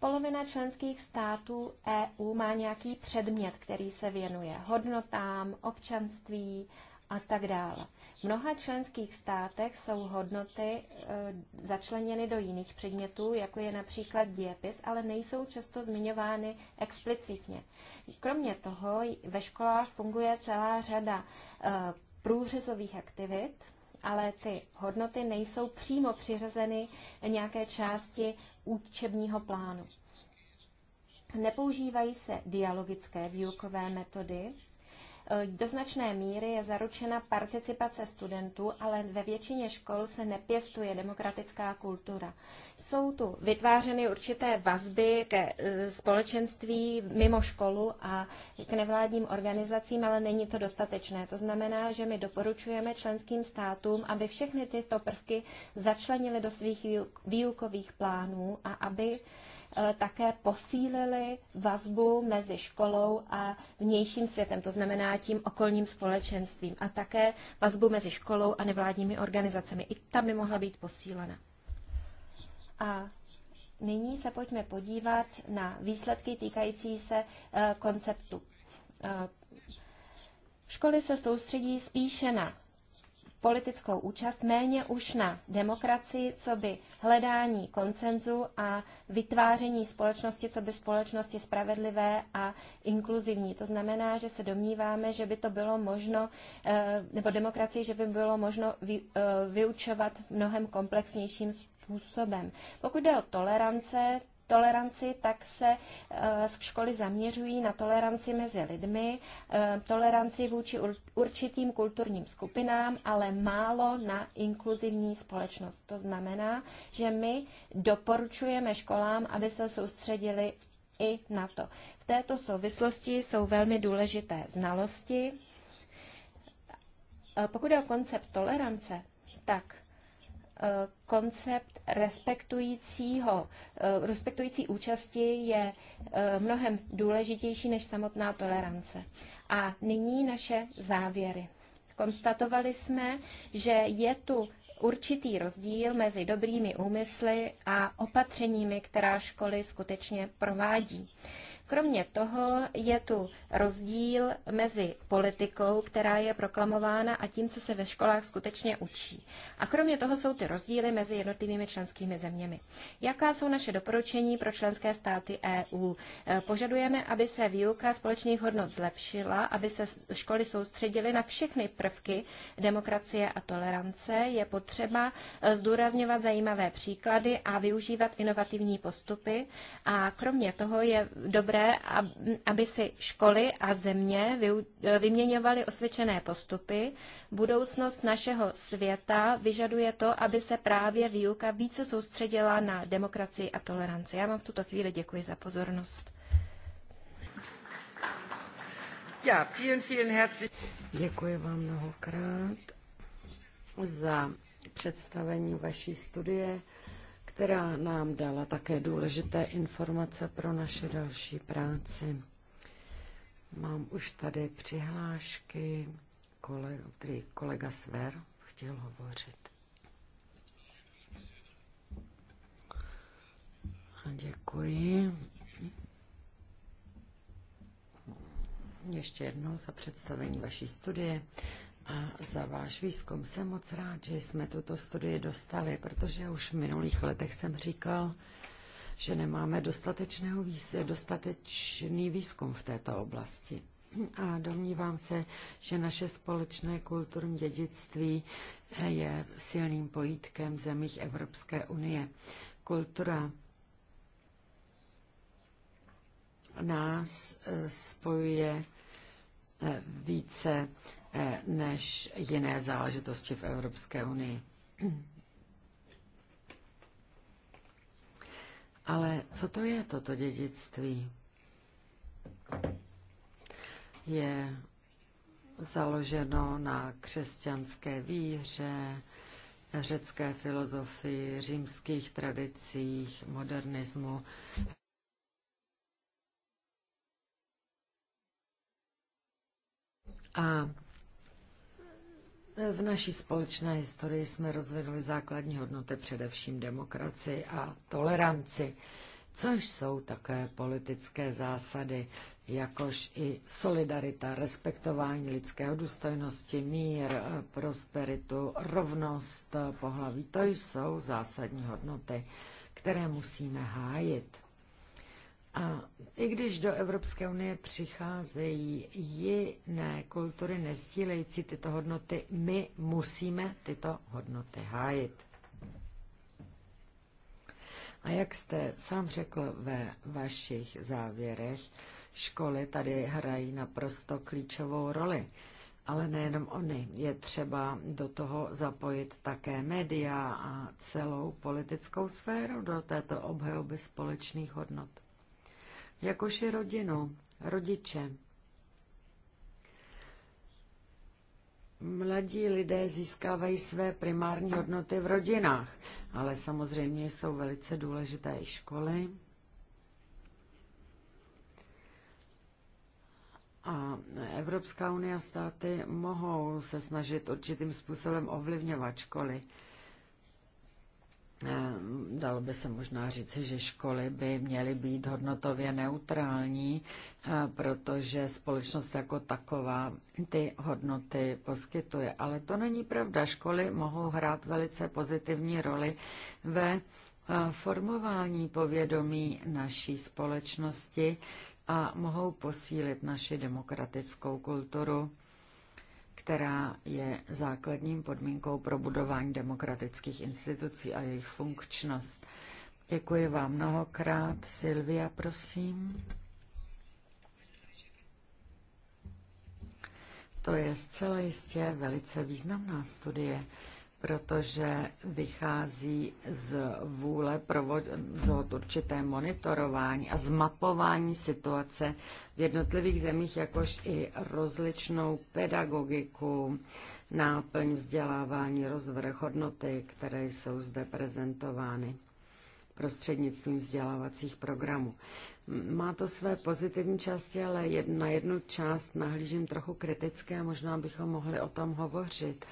Polovina členských států EU má nějaký předmět, který se věnuje hodnotám, občanství, a tak dále. V mnoha členských státech jsou hodnoty e, začleněny do jiných předmětů, jako je například dějepis, ale nejsou často zmiňovány explicitně. Kromě toho ve školách funguje celá řada e, průřezových aktivit, ale ty hodnoty nejsou přímo přiřazeny nějaké části učebního plánu. Nepoužívají se dialogické výukové metody, Eh, do značné míry je zaručena participace studentů, ale ve většině škol se nepěstuje demokratická kultura. Jsou tu vytvářeny určité vazby ke eh, společenství mimo školu a k nevládním organizacím, ale není to dostatečné. To znamená, že my doporučujeme členským státům, aby všechny tyto prvky začlenili do svých výukových plánů a aby Eh, také posílili vazbu mezi školou a vnějším světem, to znamená tím okolním společenstvím a také vazbu mezi školou a nevládními organizacemi. I ta by mohla být posílena. A nyní se pojďme podívat na výsledky týkající se eh, konceptu. Eh, školy se soustředí spíše na politickou účast, méně už na demokracii, co by hledání koncenzu a vytváření společnosti, co by společnosti spravedlivé a inkluzivní. To znamená, že se domníváme, že by to bylo možno, eh, nebo demokracii, že by bylo možno eh, vyučovat v mnohem komplexnějším způsobem. Pokud jde o tolerance, toleranci, tak se eh, z školy zaměřují na toleranci mezi lidmi, eh, toleranci vůči určitým kulturním skupinám, ale málo na inkluzivní společnost. To znamená, že my doporučujeme školám, aby se soustředili i na to. V této souvislosti jsou velmi důležité znalosti. Eh, pokud je o koncept tolerance, tak koncept respektujícího, eh, respektující účasti je eh, mnohem důležitější než samotná tolerance. A nyní naše závěry. Konstatovali jsme, že je tu určitý rozdíl mezi dobrými úmysly a opatřeními, která školy skutečně provádí. Kromě toho je tu rozdíl mezi politikou, která je proklamována, a tím, co se ve školách skutečně učí. A kromě toho jsou ty rozdíly mezi jednotlivými členskými zeměmi. Jaká jsou naše doporučení pro členské státy EU? E, požadujeme, aby se výuka společných hodnot zlepšila, aby se školy soustředily na všechny prvky demokracie a tolerance. Je potřeba e, zdůrazňovat zajímavé příklady a využívat inovativní postupy. A kromě toho je dobré důležité, aby si školy a země e, vyměňovaly osvědčené postupy. Budoucnost našeho světa vyžaduje to, aby se právě výuka více soustředila na demokracii a toleranci. Já vám v tuto chvíli děkuji za pozornost. Ja, vielen, vielen herzlich. Děkuji vám mnohokrát za představení vaší studie která nám dala také důležité informace pro naše další práci. Mám už tady přihlášky, který kolega Sver chtěl hovořit. A děkuji. Ještě jednou za představení vaší studie a za váš výzkum. Jsem moc rád, že jsme tuto studii dostali, protože už v minulých letech jsem říkal, že nemáme dostatečného výz, dostatečný výzkum v této oblasti. A domnívám se, že naše společné kulturní dědictví eh, je silným pojítkem zemích Evropské unie. Kultura nás eh, spojuje eh, více Eh, než jiné záležitosti v Evropské unii. Ale co to je toto dědictví? Je založeno na křesťanské víře, řecké filozofii, římských tradicích, modernismu. A v naší společné historii jsme rozvinuli základní hodnoty především demokracii a toleranci, což jsou také politické zásady, jakož i solidarita, respektování lidského důstojnosti, mír, prosperitu, rovnost pohlaví. To jsou zásadní hodnoty, které musíme hájit. A i když do Evropské unie přicházejí jiné kultury nezdílející tyto hodnoty, my musíme tyto hodnoty hájit. A jak jste sám řekl ve vašich závěrech, školy tady hrají naprosto klíčovou roli. Ale nejenom oni. Je třeba do toho zapojit také média a celou politickou sféru do této obhajoby společných hodnot jakož i rodinu, rodiče. Mladí lidé získávají své primární hodnoty v rodinách, ale samozřejmě jsou velice důležité i školy. A Evropská unie a státy mohou se snažit určitým způsobem ovlivňovat školy. Ehm, dalo by se možná říci, že školy by měly být hodnotově neutrální, eh, protože společnost jako taková ty hodnoty poskytuje. Ale to není pravda. Školy mohou hrát velice pozitivní roli ve eh, formování povědomí naší společnosti a mohou posílit naši demokratickou kulturu která je základním podmínkou pro budování demokratických institucí a jejich funkčnost. Děkuji vám mnohokrát. Silvia, prosím. To je zcela jistě velice významná studie protože vychází z vůle provodit určité monitorování a zmapování situace v jednotlivých zemích, jakož i rozličnou pedagogiku, náplň vzdělávání, rozvrh hodnoty, které jsou zde prezentovány prostřednictvím vzdělávacích programů. Má to své pozitivní části, ale na jednu část nahlížím trochu kriticky a možná bychom mohli o tom hovořit.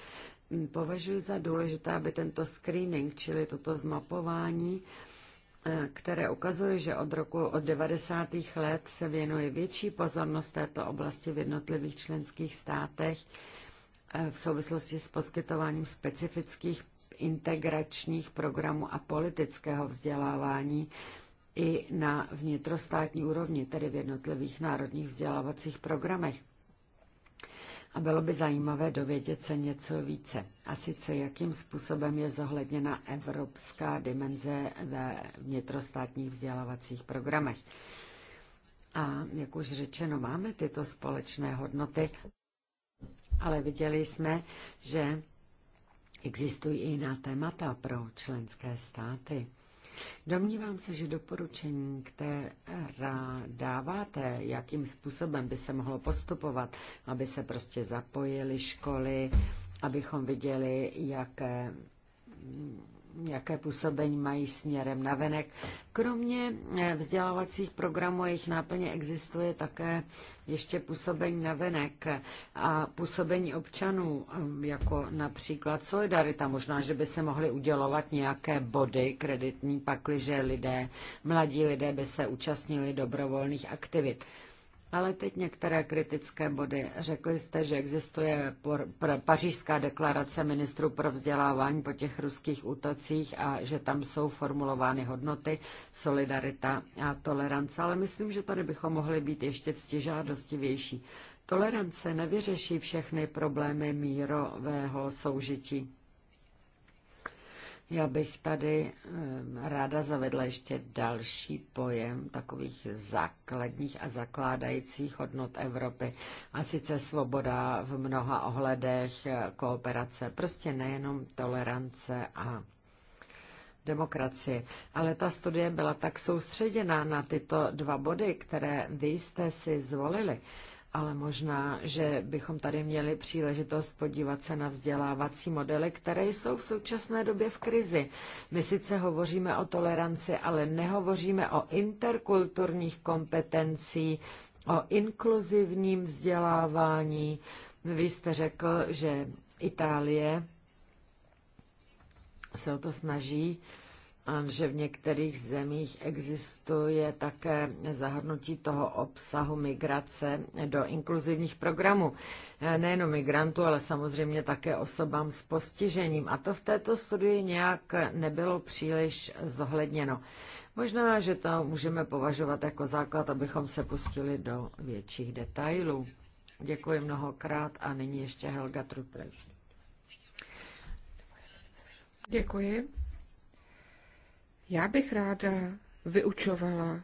Považuji za důležité, aby tento screening, čili toto zmapování, eh, které ukazuje, že od roku od 90. let se věnuje větší pozornost této oblasti v jednotlivých členských státech eh, v souvislosti s poskytováním specifických integračních programů a politického vzdělávání i na vnitrostátní úrovni, tedy v jednotlivých národních vzdělávacích programech. A bylo by zajímavé dovědět se něco více. A sice jakým způsobem je zohledněna evropská dimenze ve vnitrostátních vzdělávacích programech. A jak už řečeno, máme tyto společné hodnoty, ale viděli jsme, že existují i jiná témata pro členské státy. Domnívám se, že doporučení, která dáváte, jakým způsobem by se mohlo postupovat, aby se prostě zapojili školy, abychom viděli, jaké jaké působení mají směrem na venek. Kromě eh, vzdělávacích programů a jejich náplně existuje také ještě působení na venek a působení občanů, eh, jako například Solidarita. Možná, že by se mohly udělovat nějaké body kreditní pakliže lidé, mladí lidé by se účastnili dobrovolných aktivit. Ale teď některé kritické body. Řekli jste, že existuje por, pr, pařížská deklarace ministrů pro vzdělávání po těch ruských útocích a že tam jsou formulovány hodnoty, solidarita a tolerance, ale myslím, že tady bychom mohli být ještě ctižádostivější. Tolerance nevyřeší všechny problémy mírového soužití. Já bych tady ráda zavedla ještě další pojem takových základních a zakládajících hodnot Evropy. A sice svoboda v mnoha ohledech, e, kooperace, prostě nejenom tolerance a demokracie. Ale ta studie byla tak soustředěná na tyto dva body, které vy jste si zvolili, ale možná, že bychom tady měli příležitost podívat se na vzdělávací modely, které jsou v současné době v krizi. My sice hovoříme o toleranci, ale nehovoříme o interkulturních kompetencích, o inkluzivním vzdělávání. Vy jste řekl, že Itálie se o to snaží že v některých zemích existuje také zahrnutí toho obsahu migrace do inkluzivních programů. Eh, nejenom migrantů, ale samozřejmě také osobám s postižením. A to v této studii nějak nebylo příliš zohledněno. Možná, že to můžeme považovat jako základ, abychom se pustili do větších detailů. Děkuji mnohokrát a nyní ještě Helga Trupel. Děkuji. Já bych ráda vyučovala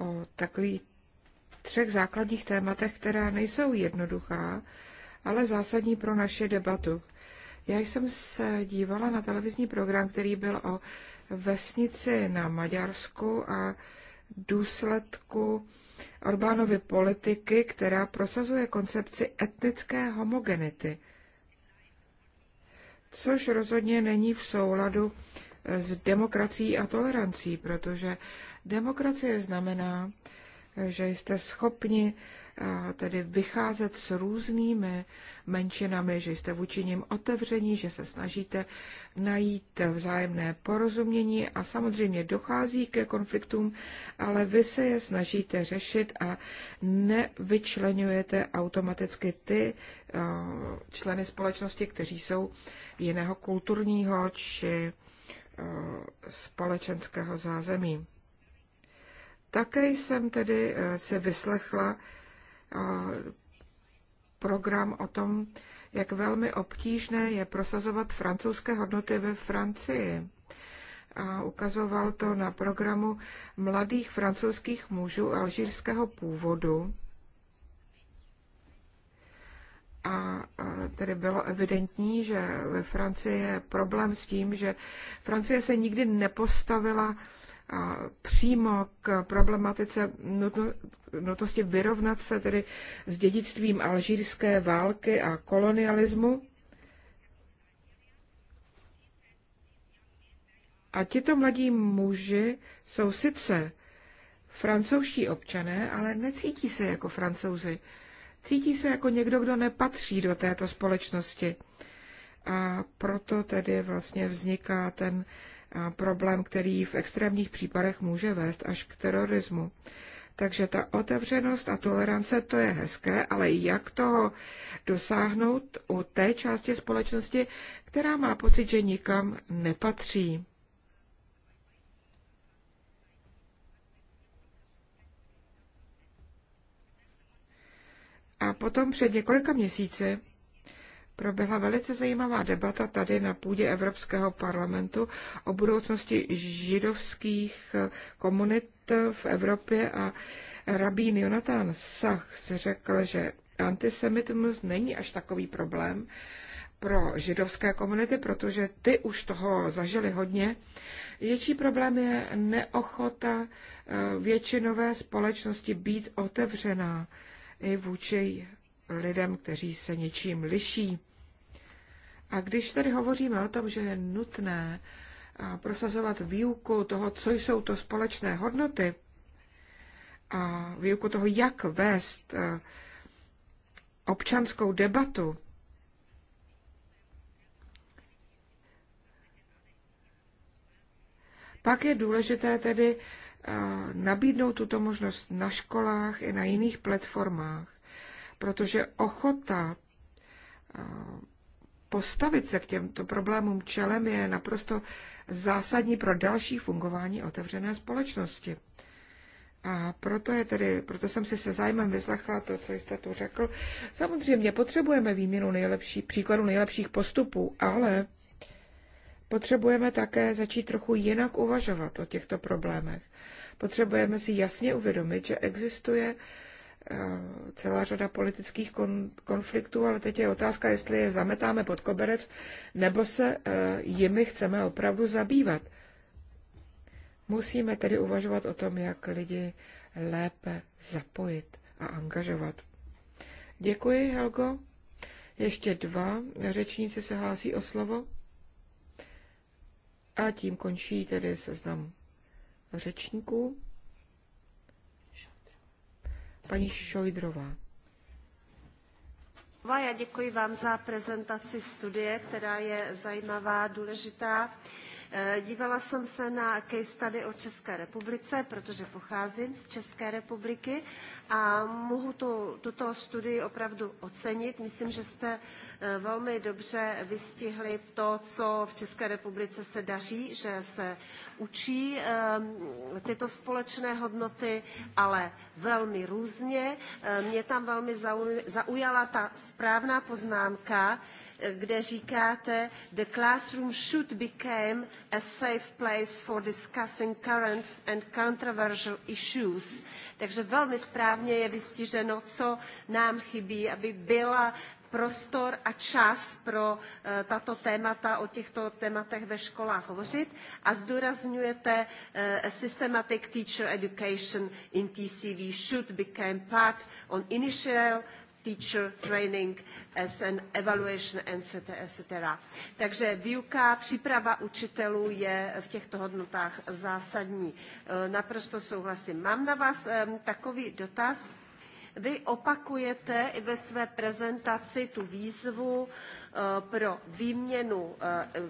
o takových třech základních tématech, která nejsou jednoduchá, ale zásadní pro naše debatu. Já jsem se dívala na televizní program, který byl o vesnici na Maďarsku a důsledku Orbánovy politiky, která prosazuje koncepci etnické homogenity – což rozhodně není v souladu s demokracií a tolerancí, protože demokracie znamená, že jste schopni tedy vycházet s různými menšinami, že jste vůči nim otevření, že se snažíte najít vzájemné porozumění a samozřejmě dochází ke konfliktům, ale vy se je snažíte řešit a nevyčlenujete automaticky ty členy společnosti, kteří jsou jiného kulturního či společenského zázemí. Také jsem tedy se vyslechla program o tom, jak velmi obtížné je prosazovat francouzské hodnoty ve Francii. A ukazoval to na programu mladých francouzských mužů alžírského původu. A tedy bylo evidentní, že ve Francii je problém s tím, že Francie se nikdy nepostavila přímo k problematice nutnosti vyrovnat se tedy s dědictvím alžírské války a kolonialismu. A tito mladí muži jsou sice francouzští občané, ale necítí se jako francouzi. Cítí se jako někdo, kdo nepatří do této společnosti. A proto tedy vlastně vzniká ten problém, který v extrémních případech může vést až k terorismu. Takže ta otevřenost a tolerance, to je hezké, ale jak toho dosáhnout u té části společnosti, která má pocit, že nikam nepatří? A potom před několika měsíci proběhla velice zajímavá debata tady na půdě Evropského parlamentu o budoucnosti židovských eh, komunit eh, v Evropě a rabín Jonathan Sachs řekl, že antisemitismus není až takový problém pro židovské komunity, protože ty už toho zažili hodně. Větší problém je neochota eh, většinové společnosti být otevřená i vůči lidem, kteří se něčím liší. A když tady hovoříme o tom, že je nutné prosazovat výuku toho, co jsou to společné hodnoty, a výuku toho, jak vést občanskou debatu, pak je důležité tedy nabídnout tuto možnost na školách i na jiných platformách protože ochota eh, postavit se k těmto problémům čelem je naprosto zásadní pro další fungování otevřené společnosti. A proto, je tedy, proto jsem si se zájmem vyslechla to, co jste tu řekl. Samozřejmě potřebujeme výměnu nejlepší, příkladů nejlepších postupů, ale potřebujeme také začít trochu jinak uvažovat o těchto problémech. Potřebujeme si jasně uvědomit, že existuje Eh, celá řada politických konfliktů, ale teď je otázka, jestli je zametáme pod koberec, nebo se eh, jimi chceme opravdu zabývat. Musíme tedy uvažovat o tom, jak lidi lépe zapojit a angažovat. Děkuji, Helgo. Ještě dva řečníci se hlásí o slovo. A tím končí tedy seznam řečníků. Paní Šojdrová. Já děkuji vám za prezentaci studie, která je zajímavá, důležitá. Eh, dívala jsem se na case study o České republice, protože pocházím z České republiky a mohu tu, tuto studii opravdu ocenit. Myslím, že jste eh, velmi dobře vystihli to, co v České republice se daří, že se učí ehm, tyto společné hodnoty, ale velmi různě. Eh, mě tam velmi zaujala ta správná poznámka, kde říkáte, the classroom should become a safe place for discussing current and controversial issues. Takže velmi správně je vystiženo, co nám chybí, aby byla prostor a čas pro eh, tato témata, o těchto tématech ve školách hovořit a zdůrazňujete eh, systematic teacher education in TCV should become part on initial teacher training as an evaluation, etc. etc. Takže výuka, příprava učitelů je v těchto hodnotách zásadní. E, naprosto souhlasím. Mám na vás takový dotaz vy opakujete i ve své prezentaci tu výzvu eh, pro výměnu eh, eh,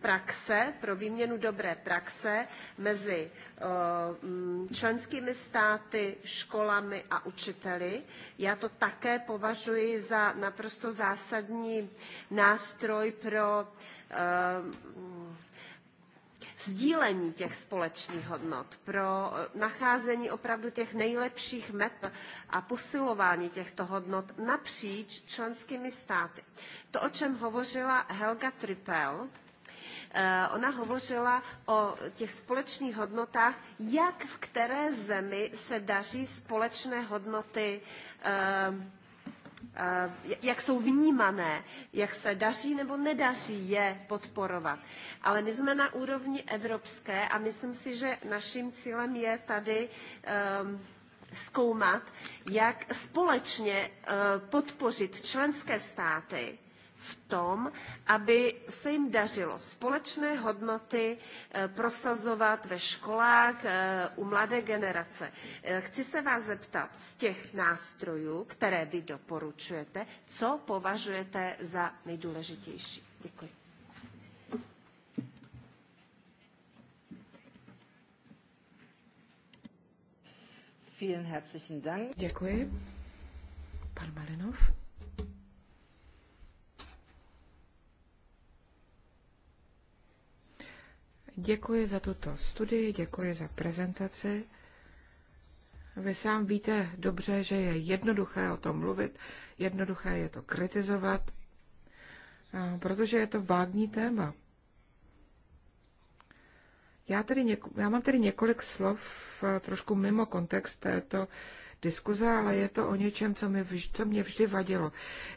praxe, pro výměnu dobré praxe mezi mm, členskými státy, školami a učiteli. Já to také považuji za naprosto zásadní nástroj pro sdílení těch společných hodnot, pro eh, nacházení opravdu těch nejlepších metod a posilování těchto hodnot napříč členskými státy. To, o čem hovořila Helga Trippel, eh, ona hovořila o těch společných hodnotách, jak v které zemi se daří společné hodnoty eh, jak jsou vnímané, jak se daří nebo nedaří je podporovat. Ale my jsme na úrovni evropské a myslím si, že naším cílem je tady ehm, zkoumat, jak společně eh, podpořit členské státy, v tom, aby se jim dařilo společné hodnoty eh, prosazovat ve školách eh, u mladé generace. Eh, chci se vás zeptat z těch nástrojů, které vy doporučujete, co považujete za nejdůležitější. Děkuji. Děkuji. Pan Malinov. Děkuji za tuto studii, děkuji za prezentaci. Vy sám víte dobře, že je jednoduché o tom mluvit, jednoduché je to kritizovat, protože je to vágní téma. Já, tedy něko, já mám tedy několik slov eh, trošku mimo kontext této diskuze, ale je to o něčem, co, mi, co mě vždy vadilo.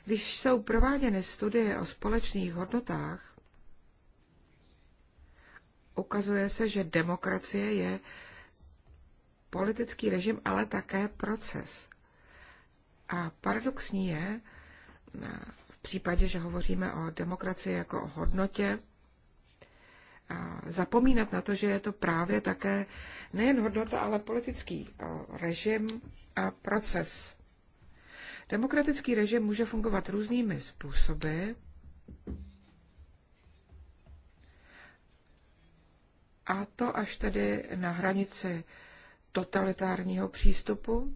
Když jsou prováděny studie o společných hodnotách, ukazuje se, že demokracie je politický režim, ale také proces. A paradoxní je, v případě, že hovoříme o demokracii jako o hodnotě, zapomínat na to, že je to právě také nejen hodnota, ale politický režim a proces. Demokratický režim může fungovat různými způsoby, a to až tedy na hranici totalitárního přístupu.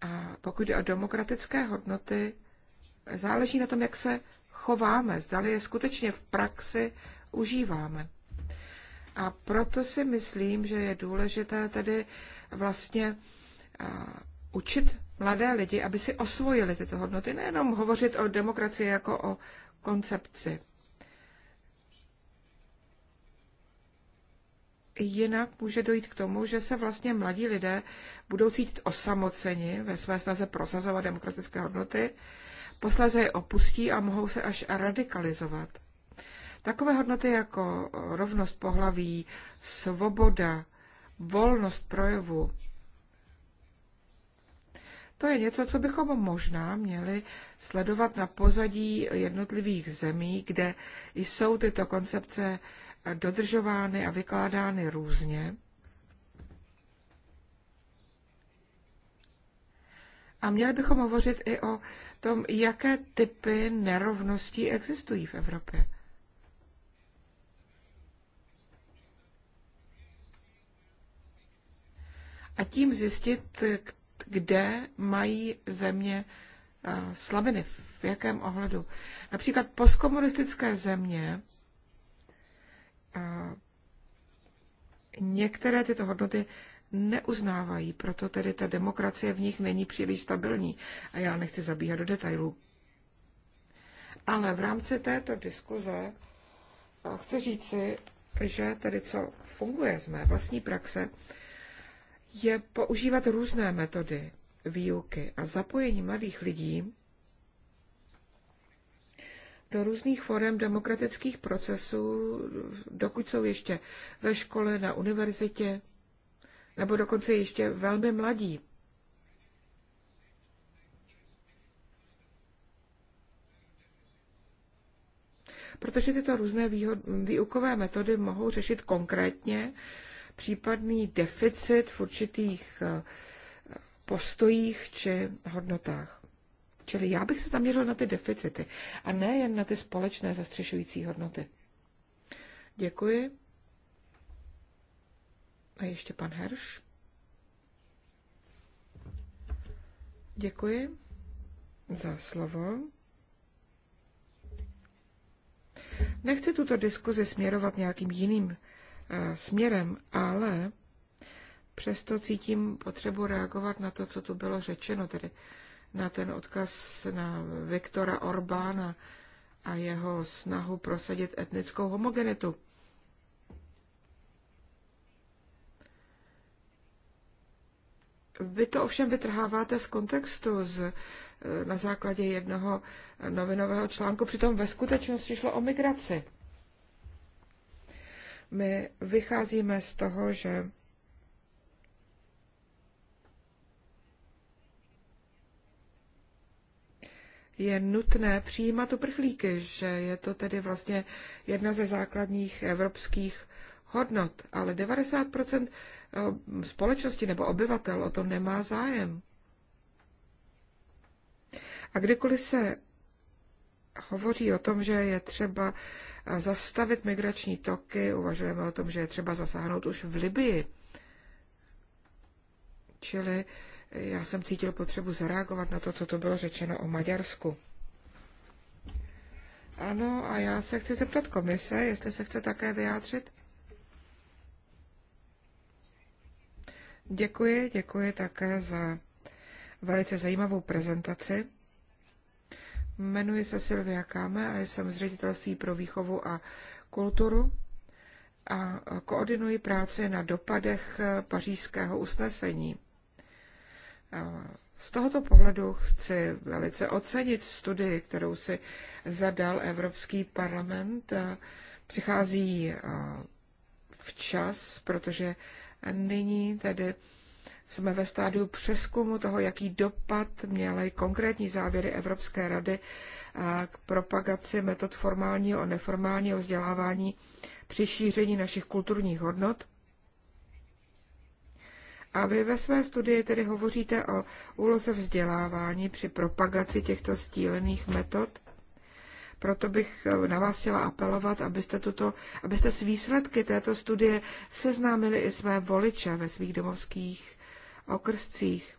A pokud jde o demokratické hodnoty, záleží na tom, jak se chováme, zdali je skutečně v praxi užíváme. A proto si myslím, že je důležité tedy vlastně učit mladé lidi, aby si osvojili tyto hodnoty, nejenom hovořit o demokracii jako o koncepci. jinak může dojít k tomu, že se vlastně mladí lidé budou cítit osamoceni ve své snaze prosazovat demokratické hodnoty, posléze je opustí a mohou se až radikalizovat. Takové hodnoty jako rovnost pohlaví, svoboda, volnost projevu, to je něco, co bychom možná měli sledovat na pozadí jednotlivých zemí, kde jsou tyto koncepce dodržovány a vykládány různě. A měli bychom hovořit i o tom, jaké typy nerovností existují v Evropě. A tím zjistit, kde mají země eh, slabiny, v jakém ohledu. Například postkomunistické země eh, některé tyto hodnoty neuznávají, proto tedy ta demokracie v nich není příliš stabilní. A já nechci zabíhat do detailů. Ale v rámci této diskuze eh, chci říci, že tedy co funguje z mé vlastní praxe, je používat různé metody výuky a zapojení mladých lidí do různých forem demokratických procesů, dokud jsou ještě ve škole, na univerzitě, nebo dokonce ještě velmi mladí. Protože tyto různé výhod, výukové metody mohou řešit konkrétně uh, případný deficit v určitých eh, postojích či hodnotách. Čili já bych se zaměřil na ty deficity a ne jen na ty společné zastřešující hodnoty. Děkuji. A ještě pan Herš. Děkuji za slovo. Nechci tuto diskuzi směrovat nějakým jiným směrem, ale přesto cítím potřebu reagovat na to, co tu bylo řečeno, tedy na ten odkaz na Viktora Orbána a jeho snahu prosadit etnickou homogenitu. Vy to ovšem vytrháváte z kontextu z, e, na základě jednoho novinového článku, přitom ve skutečnosti šlo o migraci. My vycházíme z toho, že je nutné přijímat uprchlíky, že je to tedy vlastně jedna ze základních evropských hodnot, ale 90% eh, společnosti nebo obyvatel o to nemá zájem. A kdykoliv se hovoří o tom, že je třeba zastavit migrační toky, uvažujeme o tom, že je třeba zasáhnout už v Libii. Čili já jsem cítil potřebu zareagovat na to, co to bylo řečeno o Maďarsku. Ano, a já se chci zeptat komise, jestli se chce také vyjádřit. Děkuji, děkuji také za velice zajímavou prezentaci. Jmenuji se Silvia Káme a jsem z ředitelství pro výchovu a kulturu a koordinuji práci na dopadech pařížského usnesení. Z tohoto pohledu chci velice ocenit studii, kterou si zadal Evropský parlament. Přichází včas, protože nyní tedy jsme ve stádiu přeskumu toho, jaký dopad měly konkrétní závěry Evropské rady k propagaci metod formálního a neformálního vzdělávání při šíření našich kulturních hodnot. A vy ve své studii tedy hovoříte o úloze vzdělávání při propagaci těchto stílených metod. Proto bych e, na vás chtěla apelovat, abyste, tuto, abyste s výsledky této studie seznámili i své voliče ve svých domovských okrscích.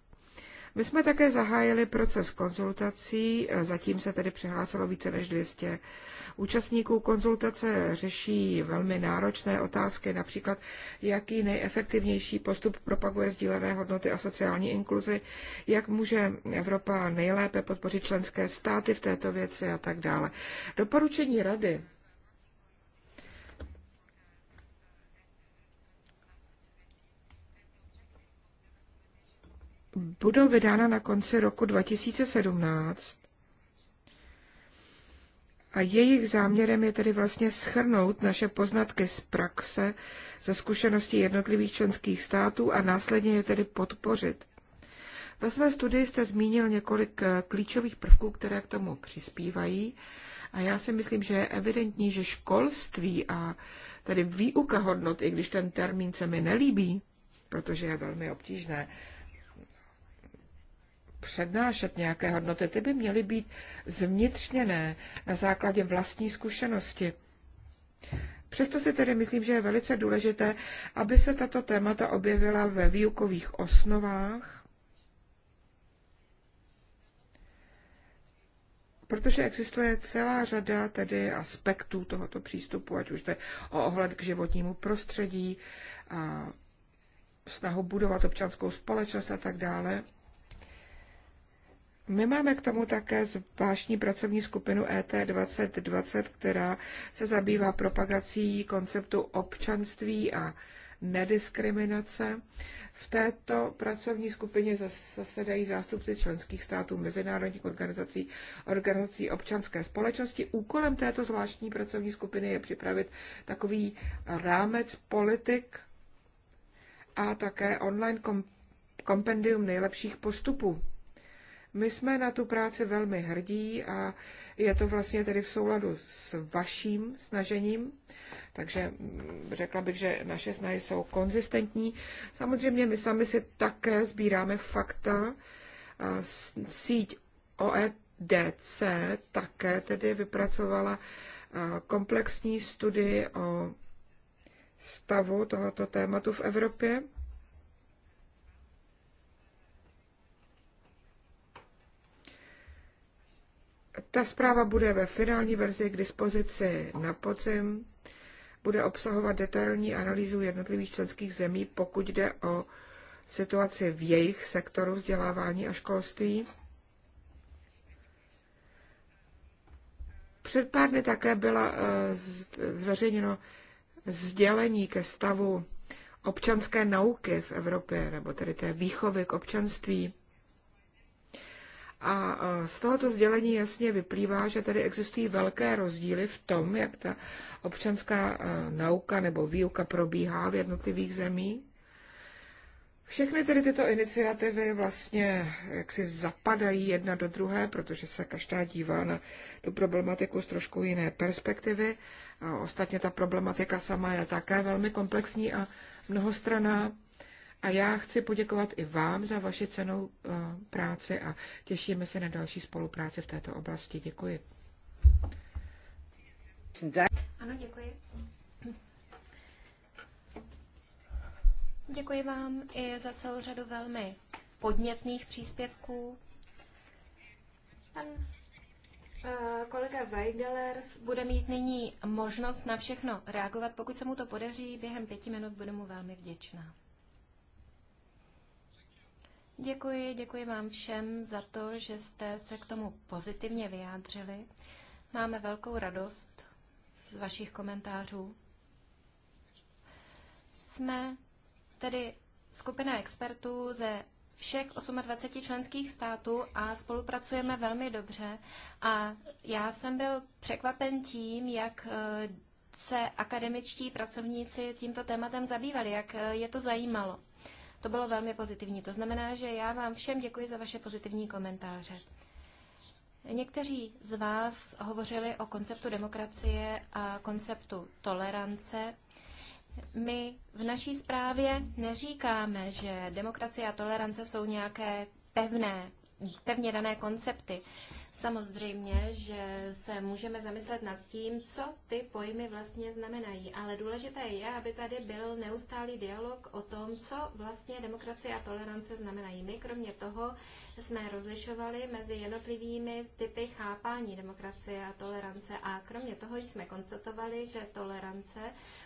My jsme také zahájili proces konzultací, e, zatím se tedy přihlásilo více než 200 účastníků. Konzultace řeší velmi náročné otázky, například jaký nejefektivnější postup propaguje sdílené hodnoty a sociální inkluzi, jak může Evropa nejlépe podpořit členské státy v této věci a tak dále. Doporučení rady budou vydána na konci roku 2017 a jejich záměrem je tedy vlastně schrnout naše poznatky z praxe, ze zkušeností jednotlivých členských států a následně je tedy podpořit. Ve své studii jste zmínil několik eh, klíčových prvků, které k tomu přispívají a já si myslím, že je evidentní, že školství a tedy výuka hodnot, i když ten termín se mi nelíbí, protože je velmi obtížné přednášet nějaké hodnoty, ty by měly být zvnitřněné na základě vlastní zkušenosti. Přesto si tedy myslím, že je velice důležité, aby se tato témata objevila ve výukových osnovách, protože existuje celá řada tedy aspektů tohoto přístupu, ať už jde o ohled k životnímu prostředí, a snahu budovat občanskou společnost a tak dále. My máme k tomu také zvláštní pracovní skupinu e ET 2020, která se zabývá propagací konceptu občanství a nediskriminace. V této pracovní skupině zasedají zástupci členských států, mezinárodních organizací, organizací občanské společnosti. Úkolem této zvláštní pracovní skupiny je připravit takový rámec politik a také online kompendium nejlepších postupů. My jsme na tu práci velmi hrdí a je to vlastně tedy v souladu s vaším snažením, takže řekla bych, že naše snahy jsou konzistentní. Samozřejmě my sami si také sbíráme fakta. Síť OEDC také tedy vypracovala komplexní studii o stavu tohoto tématu v Evropě. Ta zpráva bude ve finální verzi k dispozici na podzim. Bude obsahovat detailní analýzu jednotlivých členských zemí, pokud jde o situaci v jejich sektoru vzdělávání a školství. Před pár dny také byla eh, zveřejněno sdělení ke stavu občanské nauky v Evropě, nebo tedy té výchovy k občanství. A z tohoto sdělení jasně vyplývá, že tady existují velké rozdíly v tom, jak ta občanská nauka nebo výuka probíhá v jednotlivých zemích. Všechny tedy tyto iniciativy vlastně jaksi zapadají jedna do druhé, protože se každá dívá na tu problematiku z trošku jiné perspektivy. A ostatně ta problematika sama je také velmi komplexní a mnohostraná. A já chci poděkovat i vám za vaši cenou eh, práci a těšíme se na další spolupráci v této oblasti. Děkuji. Ano, děkuji. Děkuji vám i za celou řadu velmi podnětných příspěvků. Pan eh, kolega Weigelers bude mít nyní možnost na všechno reagovat. Pokud se mu to podaří, během pěti minut budu mu velmi vděčná. Děkuji, děkuji vám všem za to, že jste se k tomu pozitivně vyjádřili. Máme velkou radost z vašich komentářů. Jsme tedy skupina expertů ze všech 28 členských států a spolupracujeme velmi dobře. A já jsem byl překvapen tím, jak eh, se akademičtí pracovníci tímto tématem zabývali, jak eh, je to zajímalo. To bylo velmi pozitivní. To znamená, že já vám všem děkuji za vaše pozitivní komentáře. Někteří z vás hovořili o konceptu demokracie a konceptu tolerance. My v naší zprávě neříkáme, že demokracie a tolerance jsou nějaké pevné, pevně dané koncepty. Samozřejmě, že se můžeme zamyslet nad tím, co ty pojmy vlastně znamenají, ale důležité je, aby tady byl neustálý dialog o tom, co vlastně demokracie a tolerance znamenají. My kromě toho jsme rozlišovali mezi jednotlivými typy chápání demokracie a tolerance a kromě toho jsme konstatovali, že tolerance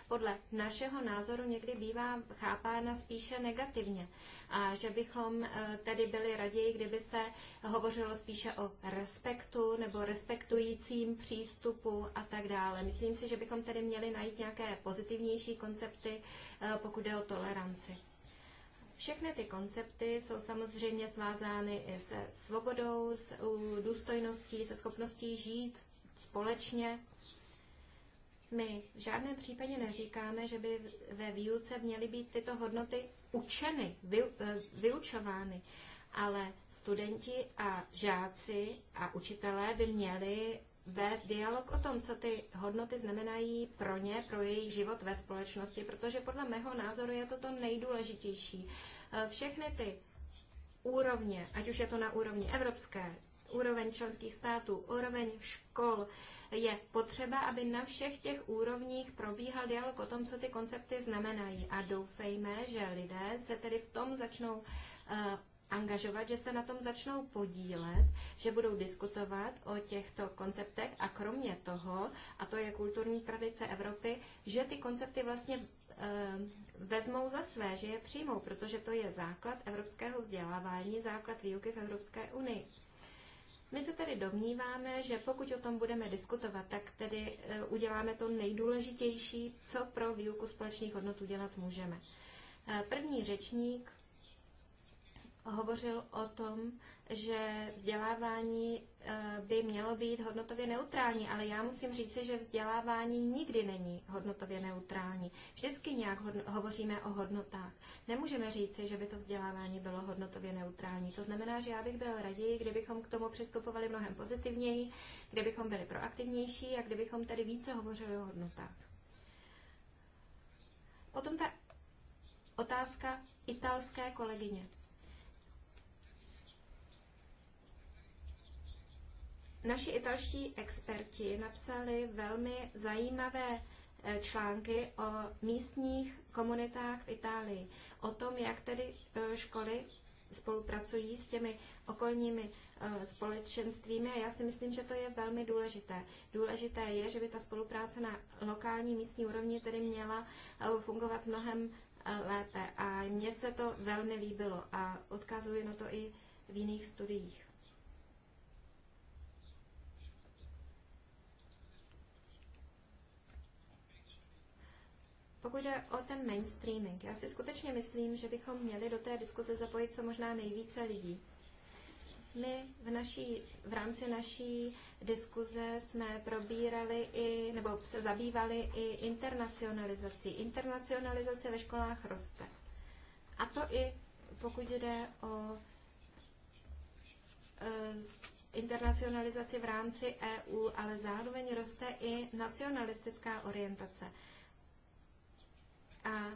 podle našeho názoru někdy bývá chápána spíše negativně a že bychom eh, tedy byli raději, kdyby se hovořilo spíše o respektu respektu nebo respektujícím přístupu a tak dále. Myslím si, že bychom tedy měli najít nějaké pozitivnější koncepty, eh, pokud jde o toleranci. Všechny ty koncepty jsou samozřejmě svázány i se svobodou, s důstojností, se schopností žít společně. My v žádném případě neříkáme, že by ve výuce měly být tyto hodnoty učeny, vy, eh, vyučovány ale studenti a žáci a učitelé by měli vést dialog o tom, co ty hodnoty znamenají pro ně, pro jejich život ve společnosti, protože podle mého názoru je to to nejdůležitější. Eh, všechny ty úrovně, ať už je to na úrovni evropské, úroveň členských států, úroveň škol, je potřeba, aby na všech těch úrovních probíhal dialog o tom, co ty koncepty znamenají. A doufejme, že lidé se tedy v tom začnou eh, angažovat, že se na tom začnou podílet, že budou diskutovat o těchto konceptech a kromě toho, a to je kulturní tradice Evropy, že ty koncepty vlastně ehm, vezmou za své, že je přijmou, protože to je základ evropského vzdělávání, základ výuky v Evropské unii. My se tedy domníváme, že pokud o tom budeme diskutovat, tak tedy e, uděláme to nejdůležitější, co pro výuku společných hodnot udělat můžeme. E, první řečník hovořil o tom, že vzdělávání eh, by mělo být hodnotově neutrální, ale já musím říci, že vzdělávání nikdy není hodnotově neutrální. Vždycky nějak hovoříme o hodnotách. Nemůžeme říci, že by to vzdělávání bylo hodnotově neutrální. To znamená, že já bych byl raději, kdybychom k tomu přistupovali mnohem pozitivněji, kdybychom byli proaktivnější a kdybychom tedy více hovořili o hodnotách. Potom ta otázka italské kolegyně. naši italští experti napsali velmi zajímavé eh, články o místních komunitách v Itálii, o tom, jak tedy eh, školy spolupracují s těmi okolními eh, společenstvími a já si myslím, že to je velmi důležité. Důležité je, že by ta spolupráce na lokální místní úrovni tedy měla fungovat mnohem lépe a mně se to velmi líbilo a odkazuji na to i v jiných studiích. Pokud jde o ten mainstreaming, já si skutečně myslím, že bychom měli do té diskuze zapojit co možná nejvíce lidí. My v, naší, v rámci naší diskuze jsme probírali i, nebo se zabývali i internacionalizací. Internacionalizace ve školách roste. A to i pokud jde o e, internacionalizaci v rámci EU, ale zároveň roste i nacionalistická orientace. A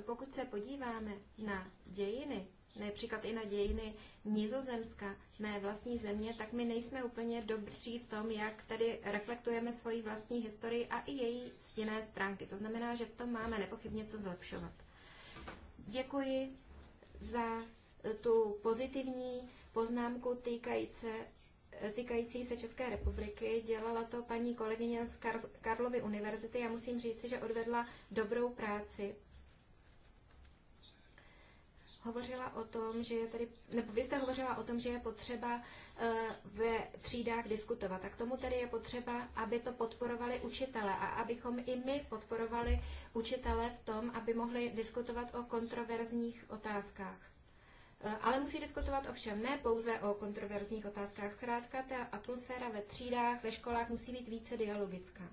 pokud se podíváme na dějiny, například i na dějiny Nizozemska, mé vlastní země, tak my nejsme úplně dobří v tom, jak tady reflektujeme svoji vlastní historii a i její stinné stránky. To znamená, že v tom máme nepochybně co zlepšovat. Děkuji za tu pozitivní poznámku týkající, týkající se České republiky. Dělala to paní kolegyně z Kar- Karlovy univerzity. Já musím říci, že odvedla dobrou práci. Hovořila o tom, že je tady, nebo vy jste hovořila o tom, že je potřeba eh, ve třídách diskutovat. A k tomu tedy je potřeba, aby to podporovali učitele a abychom i my podporovali učitele v tom, aby mohli diskutovat o kontroverzních otázkách. Eh, ale musí diskutovat ovšem ne pouze o kontroverzních otázkách. Zkrátka ta atmosféra ve třídách, ve školách musí být více dialogická.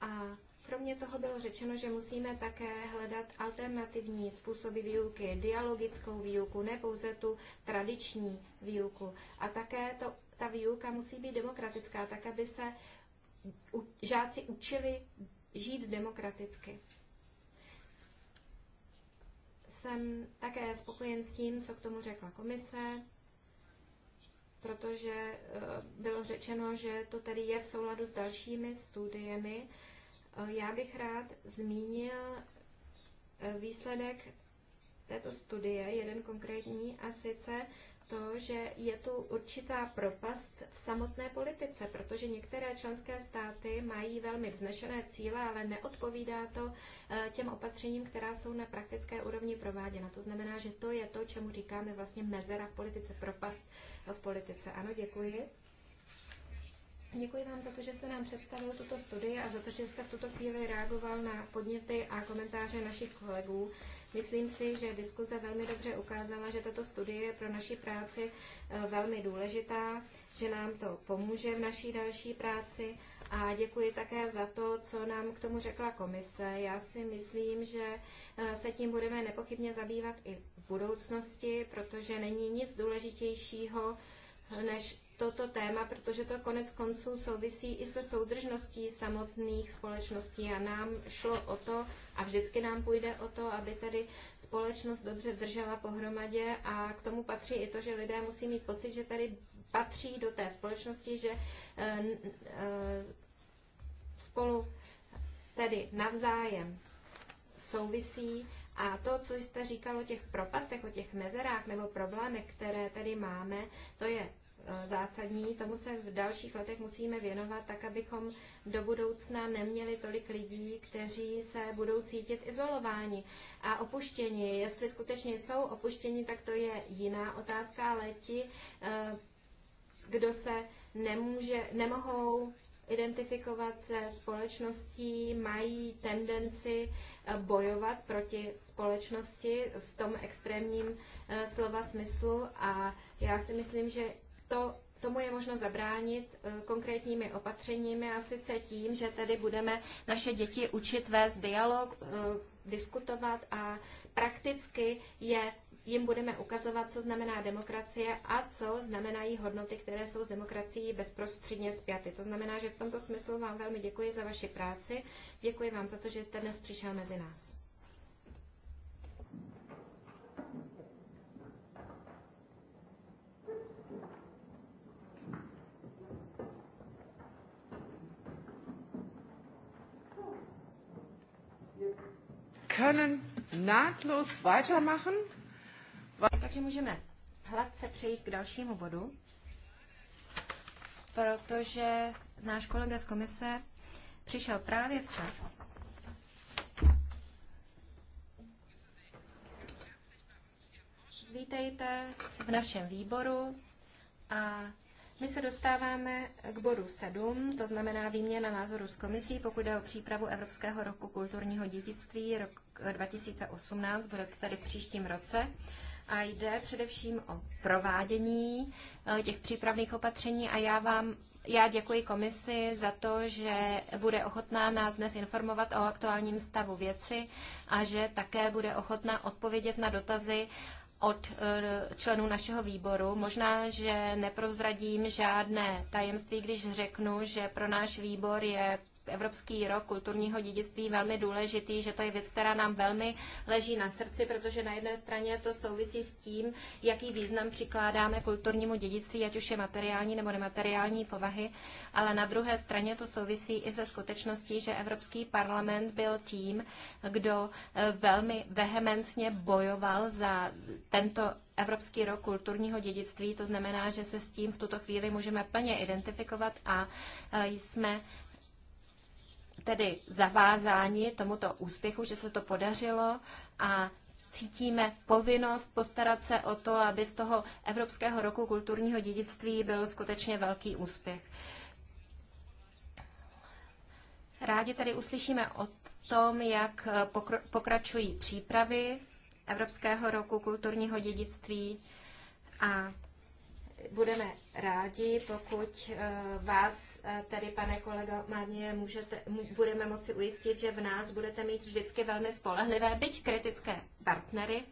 A kromě toho bylo řečeno, že musíme také hledat alternativní způsoby výuky, dialogickou výuku, ne pouze tu tradiční výuku. A také to, ta výuka musí být demokratická, tak aby se žáci učili žít demokraticky. Jsem také spokojen s tím, co k tomu řekla komise, protože eh, bylo řečeno, že to tedy je v souladu s dalšími studiemi. Eh, já bych rád zmínil eh, výsledek této studie, jeden konkrétní, a sice to, že je tu určitá propast v samotné politice, protože některé členské státy mají velmi vznešené cíle, ale neodpovídá to eh, těm opatřením, která jsou na praktické úrovni prováděna. To znamená, že to je to, čemu říkáme vlastně mezera v politice, propast v politice. Ano, děkuji. Děkuji vám za to, že jste nám představil tuto studii a za to, že jste v tuto chvíli reagoval na podněty a komentáře našich kolegů. Myslím si, že diskuze velmi dobře ukázala, že tato studie je pro naši práci eh, velmi důležitá, že nám to pomůže v naší další práci a děkuji také za to, co nám k tomu řekla komise. Já si myslím, že eh, se tím budeme nepochybně zabývat i v budoucnosti, protože není nic důležitějšího, než toto téma, protože to konec konců souvisí i se soudržností samotných společností a nám šlo o to, a vždycky nám půjde o to, aby tedy společnost dobře držela pohromadě a k tomu patří i to, že lidé musí mít pocit, že tady patří do té společnosti, že eh, eh, spolu tedy navzájem souvisí a to, co jste říkal o těch propastech, o těch mezerách nebo problémech, které tady máme, to je Eh, zásadní. Tomu se v dalších letech musíme věnovat, tak abychom do budoucna neměli tolik lidí, kteří se budou cítit izolováni a opuštěni. Jestli skutečně jsou opuštěni, tak to je jiná otázka, ale ti, eh, kdo se nemůže, nemohou identifikovat se společností, mají tendenci eh, bojovat proti společnosti v tom extrémním slova smyslu a já si myslím, že to, tomu je možno zabránit eh, konkrétními opatřeními a sice tím, že tedy budeme naše děti učit vést dialog, eh, diskutovat a prakticky je jim budeme ukazovat, co znamená demokracie a co znamenají hodnoty, které jsou s demokracií bezprostředně zpěty. To znamená, že v tomto smyslu vám velmi děkuji za vaši práci, děkuji vám za to, že jste dnes přišel mezi nás. können nahtlos weitermachen. Takže můžeme hladce přejít k dalšímu bodu, protože náš kolega z komise přišel právě včas. Vítejte v našem výboru a my se dostáváme k bodu 7, to znamená výměna názoru s komisí, pokud jde o přípravu Evropského roku kulturního dědictví rok 2018, bude to tady v příštím roce. A jde především o provádění eh, těch přípravných opatření a já vám já děkuji komisi za to, že bude ochotná nás dnes informovat o aktuálním stavu věci a že také bude ochotná odpovědět na dotazy od eh, členů našeho výboru. Možná, že neprozradím žádné tajemství, když řeknu, že pro náš výbor je Evropský rok kulturního dědictví velmi důležitý, že to je věc, která nám velmi leží na srdci, protože na jedné straně to souvisí s tím, jaký význam přikládáme kulturnímu dědictví, ať už je materiální nebo nemateriální povahy, ale na druhé straně to souvisí i se skutečností, že Evropský parlament byl tím, kdo eh, velmi vehementně bojoval za tento Evropský rok kulturního dědictví, to znamená, že se s tím v tuto chvíli můžeme plně identifikovat a eh, jsme tedy zavázáni tomuto úspěchu, že se to podařilo a cítíme povinnost postarat se o to, aby z toho Evropského roku kulturního dědictví byl skutečně velký úspěch. Rádi tady uslyšíme o tom, jak eh, pokračují přípravy Evropského roku kulturního dědictví a budeme rádi, pokud eh, vás eh, tady pane kolego Marnie, můžete, budeme moci ujistit, že v nás budete mít vždycky velmi spolehlivé, byť kritické partnery.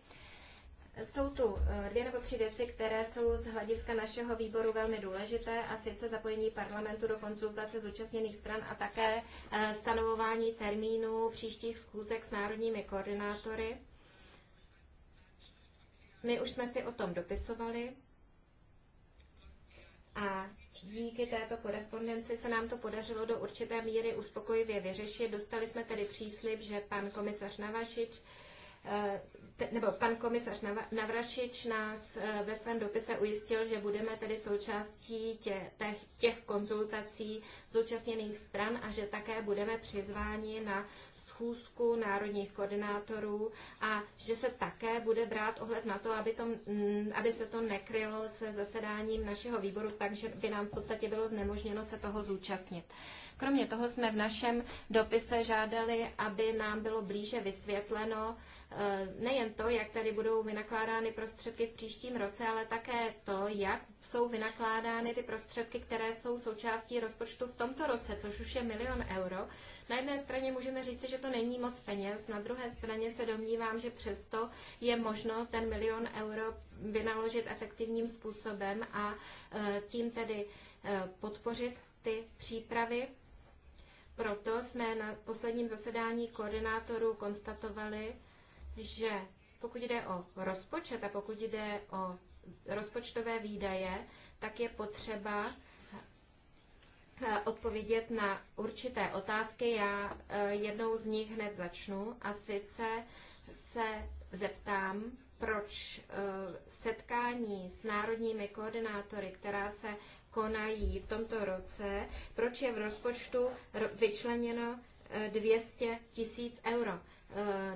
Jsou tu eh, dvě nebo tři věci, které jsou z hlediska našeho výboru velmi důležité, a sice zapojení parlamentu do konzultace zúčastněných stran a také stanovování termínů příštích schůzek s národními koordinátory. My už jsme si o tom dopisovali. A díky této korespondenci se nám to podařilo do určité míry uspokojivě vyřešit. Dostali jsme tedy příslip, že pan komisař Navašič eh, nebo pan komisař Navrašič nás eh, ve svém dopise ujistil, že budeme tedy součástí tě, těch, těch konzultací zúčastněných stran a že také budeme přizváni na schůzku národních koordinátorů a že se také bude brát ohled na to, aby, to, aby se to nekrylo se zasedáním našeho výboru, takže by nám v podstatě bylo znemožněno se toho zúčastnit. Uh, Kromě toho jsme v našem dopise žádali, aby nám bylo blíže vysvětleno eh, nejen to, jak tady budou vynakládány prostředky v příštím roce, ale také to, jak jsou vynakládány ty prostředky, které jsou součástí rozpočtu v tomto roce, což už je milion euro. Na jedné straně můžeme říci, že to není moc peněz, na druhé straně se domnívám, že přesto je možno ten milion euro vynaložit efektivním způsobem a eh, tím tedy eh, podpořit ty přípravy proto jsme na posledním zasedání koordinátorů konstatovali, že pokud jde o rozpočet a pokud jde o rozpočtové výdaje, tak je potřeba eh, odpovědět na určité otázky. Já eh, jednou z nich hned začnu a sice se zeptám, proč eh, setkání s národními koordinátory, která se konají v tomto roce, proč je v rozpočtu vyčleněno 200 e, tisíc euro. E,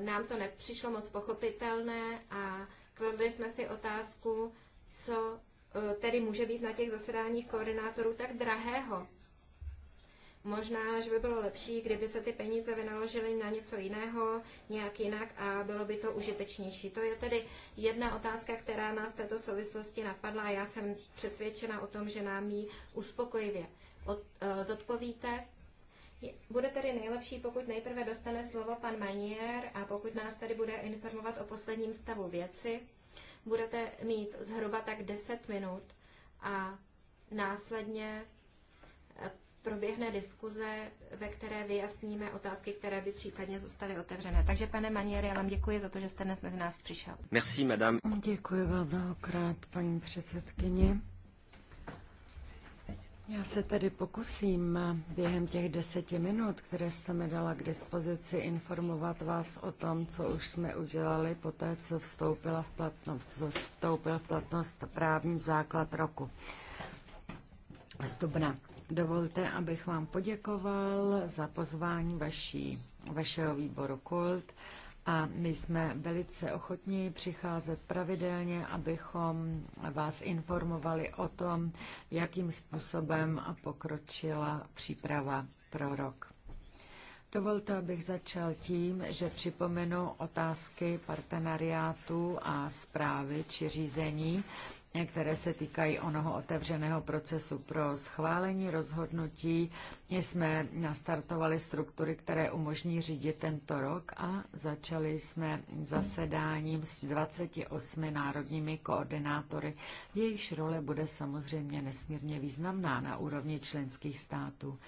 nám to nepřišlo moc pochopitelné a kladli jsme si otázku, co e, tedy může být na těch zasedáních koordinátorů tak drahého. Možná, že by bylo lepší, kdyby se ty peníze vynaložily na něco jiného, nějak jinak a bylo by to užitečnější. To je tedy jedna otázka, která nás v této souvislosti napadla a já jsem přesvědčena o tom, že nám ji uspokojivě od, uh, zodpovíte. Bude tedy nejlepší, pokud nejprve dostane slovo pan Manier a pokud nás tady bude informovat o posledním stavu věci. Budete mít zhruba tak 10 minut a následně proběhne diskuze, ve které vyjasníme otázky, které by případně zůstaly otevřené. Takže, pane Manier, já vám děkuji za to, že jste dnes mezi nás přišel. Merci, madame. Děkuji vám mnohokrát, paní předsedkyně. Já se tedy pokusím během těch deseti minut, které jste mi dala k dispozici, informovat vás o tom, co už jsme udělali po té, co vstoupila v platnost, co vstoupila v platnost právní základ roku z Dovolte, abych vám poděkoval za pozvání vaší, vašeho výboru KULT a my jsme velice ochotní přicházet pravidelně, abychom vás informovali o tom, jakým způsobem pokročila příprava pro rok. Dovolte, abych začal tím, že připomenu otázky partenariátu a zprávy či řízení, které se týkají onoho otevřeného procesu pro schválení rozhodnutí Vlastně jsme nastartovali struktury, které umožní řídit tento rok a začali jsme zasedáním s 28 národními koordinátory. Jejichž role bude samozřejmě nesmírně významná na úrovni členských států.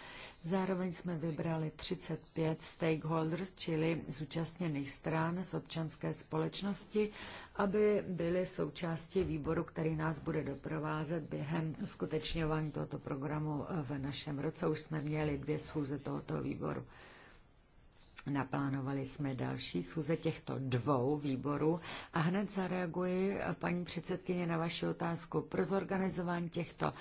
Zároveň jsme vybrali 35 stakeholders, čili zúčastněných stran z občanské společnosti, aby byly součástí výboru, který nás bude doprovázet během uskutečňování tohoto programu v našem roce. Už jsme v měli dvě schůze tohoto výboru. Naplánovali jsme další schůze těchto dvou výborů a hned zareaguji, paní předsedkyně, na vaši otázku. Pro zorganizování těchto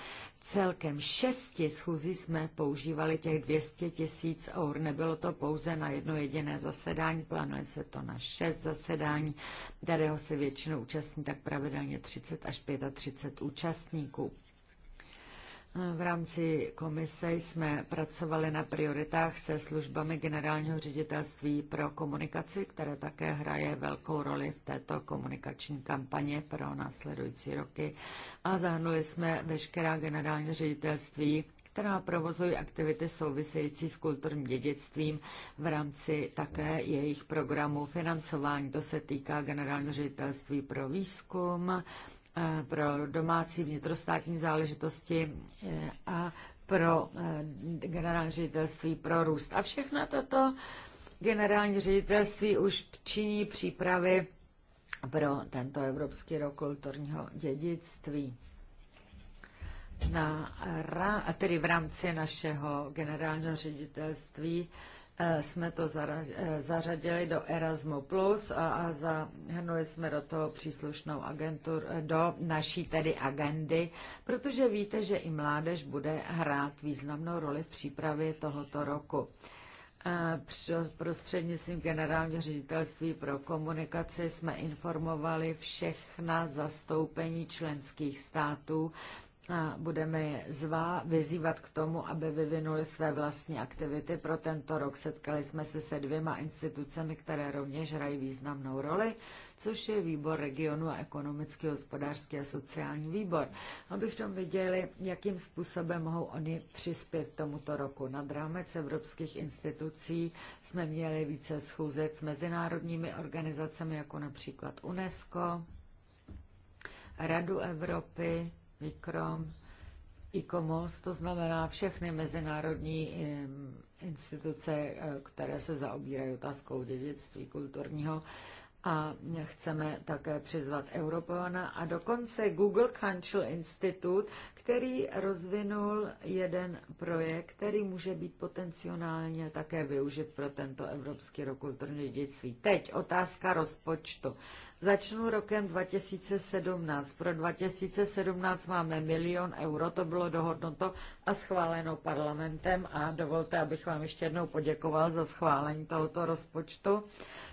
celkem šesti schůzí jsme používali těch 200 tisíc eur. Nebylo to pouze na jedno jediné zasedání, plánuje se to na šest zasedání, kterého se většinou účastní tak pravidelně 30 až 35 účastníků. V rámci komise jsme pracovali na prioritách se službami generálního ředitelství pro komunikaci, které také hraje velkou roli v této komunikační kampaně pro následující roky. A zahrnuli jsme veškerá generální ředitelství, která provozují aktivity související s kulturním dědictvím v rámci také jejich programů financování. To se týká generálního ředitelství pro výzkum, Eh, pro domácí vnitrostátní záležitosti eh, a pro eh, generální ředitelství pro růst. A všechna toto generální ředitelství už činí přípravy pro tento Evropský rok kulturního dědictví. Na, tedy v rámci našeho generálního ředitelství Eh, jsme to eh, zařadili do Erasmu Plus a, zahrnuli jsme do toho příslušnou agentur, eh, do naší tedy agendy, protože víte, že i mládež bude hrát významnou roli v přípravě tohoto roku. Prostřednictvím generálního ředitelství pro komunikaci jsme informovali všechna zastoupení členských států a budeme je zvá, vyzývat k tomu, aby vyvinuli své vlastní aktivity. Pro tento rok setkali jsme se se dvěma institucemi, které rovněž hrají významnou roli, což je výbor regionu a ekonomický, hospodářský a sociální výbor. Abychom viděli, jakým způsobem mohou oni přispět tomuto roku. Nad rámec evropských institucí jsme měli více schůzek s mezinárodními organizacemi, jako například UNESCO, Radu Evropy, Vikram, ICOMOS, to znamená všechny mezinárodní instituce, eh, které se zaobírají otázkou dědictví kulturního a chceme také přizvat Europeana a dokonce Google Council Institute, který rozvinul jeden projekt, který může být potenciálně také využit pro tento Evropský rok kulturní dědictví. Teď otázka rozpočtu. Začnu rokem 2017. Pro 2017 máme milion euro, to bylo dohodnuto a schváleno parlamentem a dovolte, abych vám ještě jednou poděkoval za schválení tohoto rozpočtu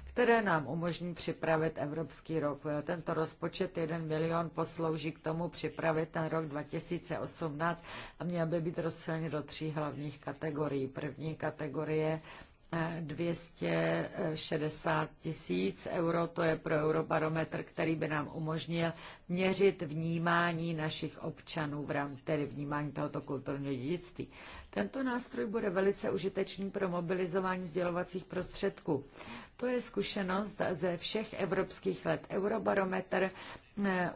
které nám umožní připravit Evropský rok. Tento rozpočet 1 milion poslouží k tomu připravit ten rok 2018 a měl by být rozčleněn do tří hlavních kategorií. První kategorie 260 tisíc euro, to je pro eurobarometr, který by nám umožnil měřit vnímání našich občanů v rámci tedy vnímání tohoto kulturního dědictví. Tento nástroj bude velice užitečný pro mobilizování sdělovacích prostředků. To je zkušenost ze všech evropských let. Eurobarometr eh,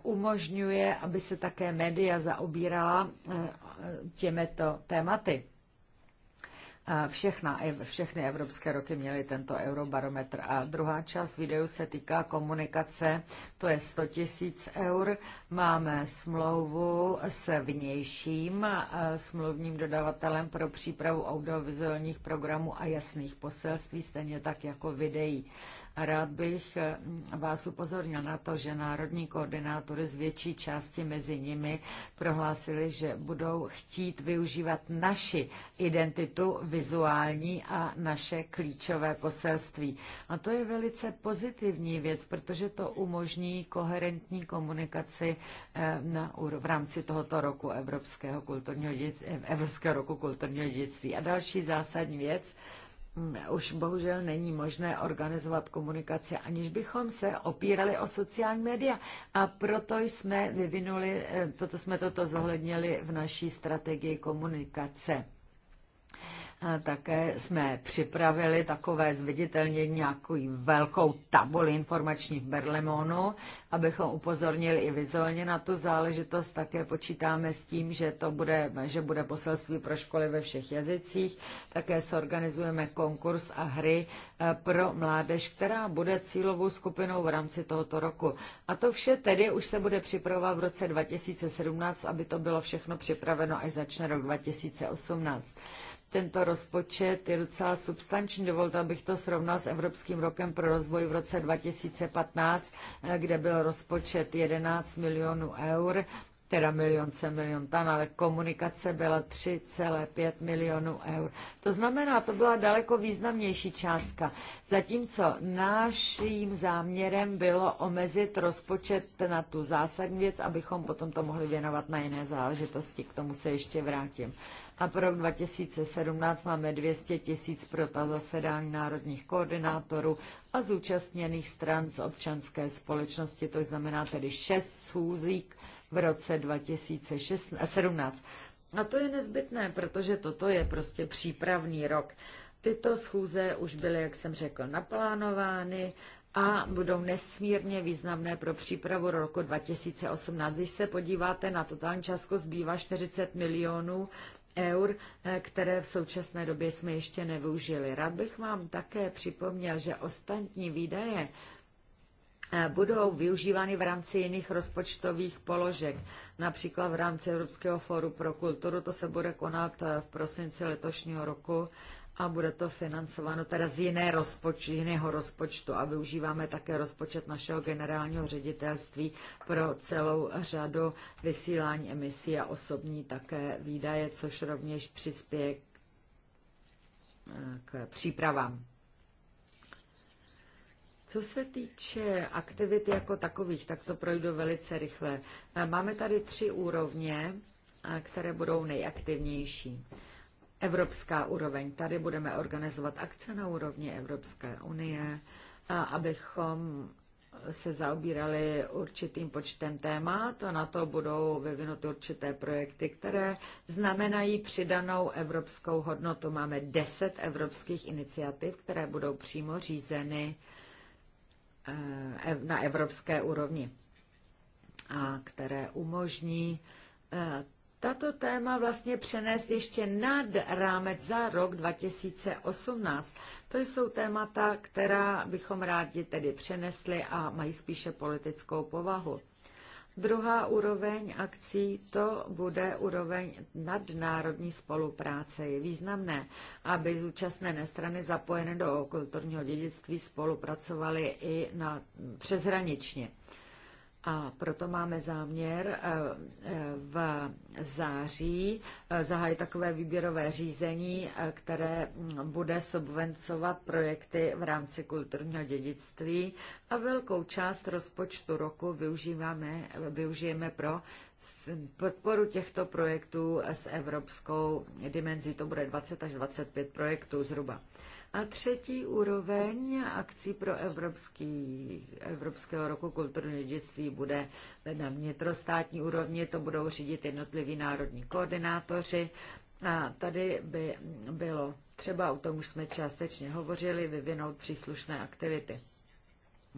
umožňuje, aby se také média zaobírala eh, těmito tématy. Všechna, všechny evropské roky měly tento eurobarometr. A druhá část videu se týká komunikace, to je 100 tisíc eur. Máme smlouvu s vnějším smluvním dodavatelem pro přípravu audiovizuálních programů a jasných poselství, stejně tak jako videí. Rád bych eh, vás upozornil na to, že národní koordinátory z větší části mezi nimi prohlásili, že budou chtít využívat naši identitu vizuální a naše klíčové poselství. A to je velice pozitivní věc, protože to umožní koherentní komunikaci eh, v rámci tohoto roku Evropského, kulturního, Evropského roku kulturního dědictví. A další zásadní věc, Mm, už bohužel není možné organizovat komunikaci, aniž bychom se opírali o sociální média. A proto jsme vyvinuli, eh, proto jsme toto zohlednili v naší strategii komunikace také jsme připravili takové zviditelnění nějakou velkou tabuli informační v Berlemonu, abychom upozornili i vizuálně na tu záležitost. Také počítáme s tím, že, to bude, že bude poselství pro školy ve všech jazycích. Také sorganizujeme konkurs a hry eh, pro mládež, která bude cílovou skupinou v rámci tohoto roku. A to vše tedy už se bude připravovat v roce 2017, aby to bylo všechno připraveno, až začne rok 2018. Tento rozpočet je docela substanční. Dovolte, abych to srovnal s Evropským rokem pro rozvoj v roce 2015, eh, kde byl rozpočet 11 milionů eur teda milion se milion tam, ale komunikace byla 3,5 milionů eur. To znamená, to byla daleko významnější částka. Zatímco naším záměrem bylo omezit rozpočet na tu zásadní věc, abychom potom to mohli věnovat na jiné záležitosti. K tomu se ještě vrátím. A pro rok 2017 máme 200 tisíc pro ta zasedání národních koordinátorů a zúčastněných stran z občanské společnosti, to znamená tedy 6 schůzí v roce 2017. A to je nezbytné, protože toto je prostě přípravný rok. Tyto schůze už byly, jak jsem řekl, naplánovány a budou nesmírně významné pro přípravu roku 2018. Když se podíváte na totální částku, zbývá 40 milionů eur, eh, které v současné době jsme ještě nevyužili. Rád bych vám také připomněl, že ostatní výdaje, E, budou využívány v rámci jiných rozpočtových položek, například v rámci Evropského fóru pro kulturu, to se bude konat e, v prosinci letošního roku a bude to financováno teda z jiné rozpoč, jiného rozpočtu a využíváme také rozpočet našeho generálního ředitelství pro celou řadu vysílání emisí a osobní také výdaje, což rovněž přispěje k e, přípravám. Co se týče aktivit jako takových, tak to projdu velice rychle. Eh, máme tady tři úrovně, eh, které budou nejaktivnější. Evropská úroveň. Tady budeme organizovat akce na úrovni Evropské unie, eh, abychom se zaobírali určitým počtem témat a na to budou vyvinuty určité projekty, které znamenají přidanou evropskou hodnotu. Máme deset evropských iniciativ, které budou přímo řízeny uh, Eh, na evropské úrovni a které umožní eh, tato téma vlastně přenést ještě nad rámec za rok 2018. To jsou témata, která bychom rádi tedy přenesli a mají spíše politickou povahu. Druhá úroveň akcí to bude úroveň nadnárodní spolupráce. Je významné, aby zúčastněné strany zapojené do kulturního dědictví spolupracovaly i na, přeshraničně. A proto máme záměr eh, v září eh, zahájit takové výběrové řízení, eh, které bude subvencovat projekty v rámci kulturního dědictví a velkou část rozpočtu roku využíváme, využijeme pro podporu těchto projektů s evropskou dimenzí. To bude 20 až 25 projektů zhruba. A třetí úroveň akcí pro Evropský, Evropského roku kulturního dědictví bude na vnitrostátní úrovni, to budou řídit jednotliví národní koordinátoři. A tady by bylo třeba, o tom už jsme částečně hovořili, vyvinout příslušné aktivity.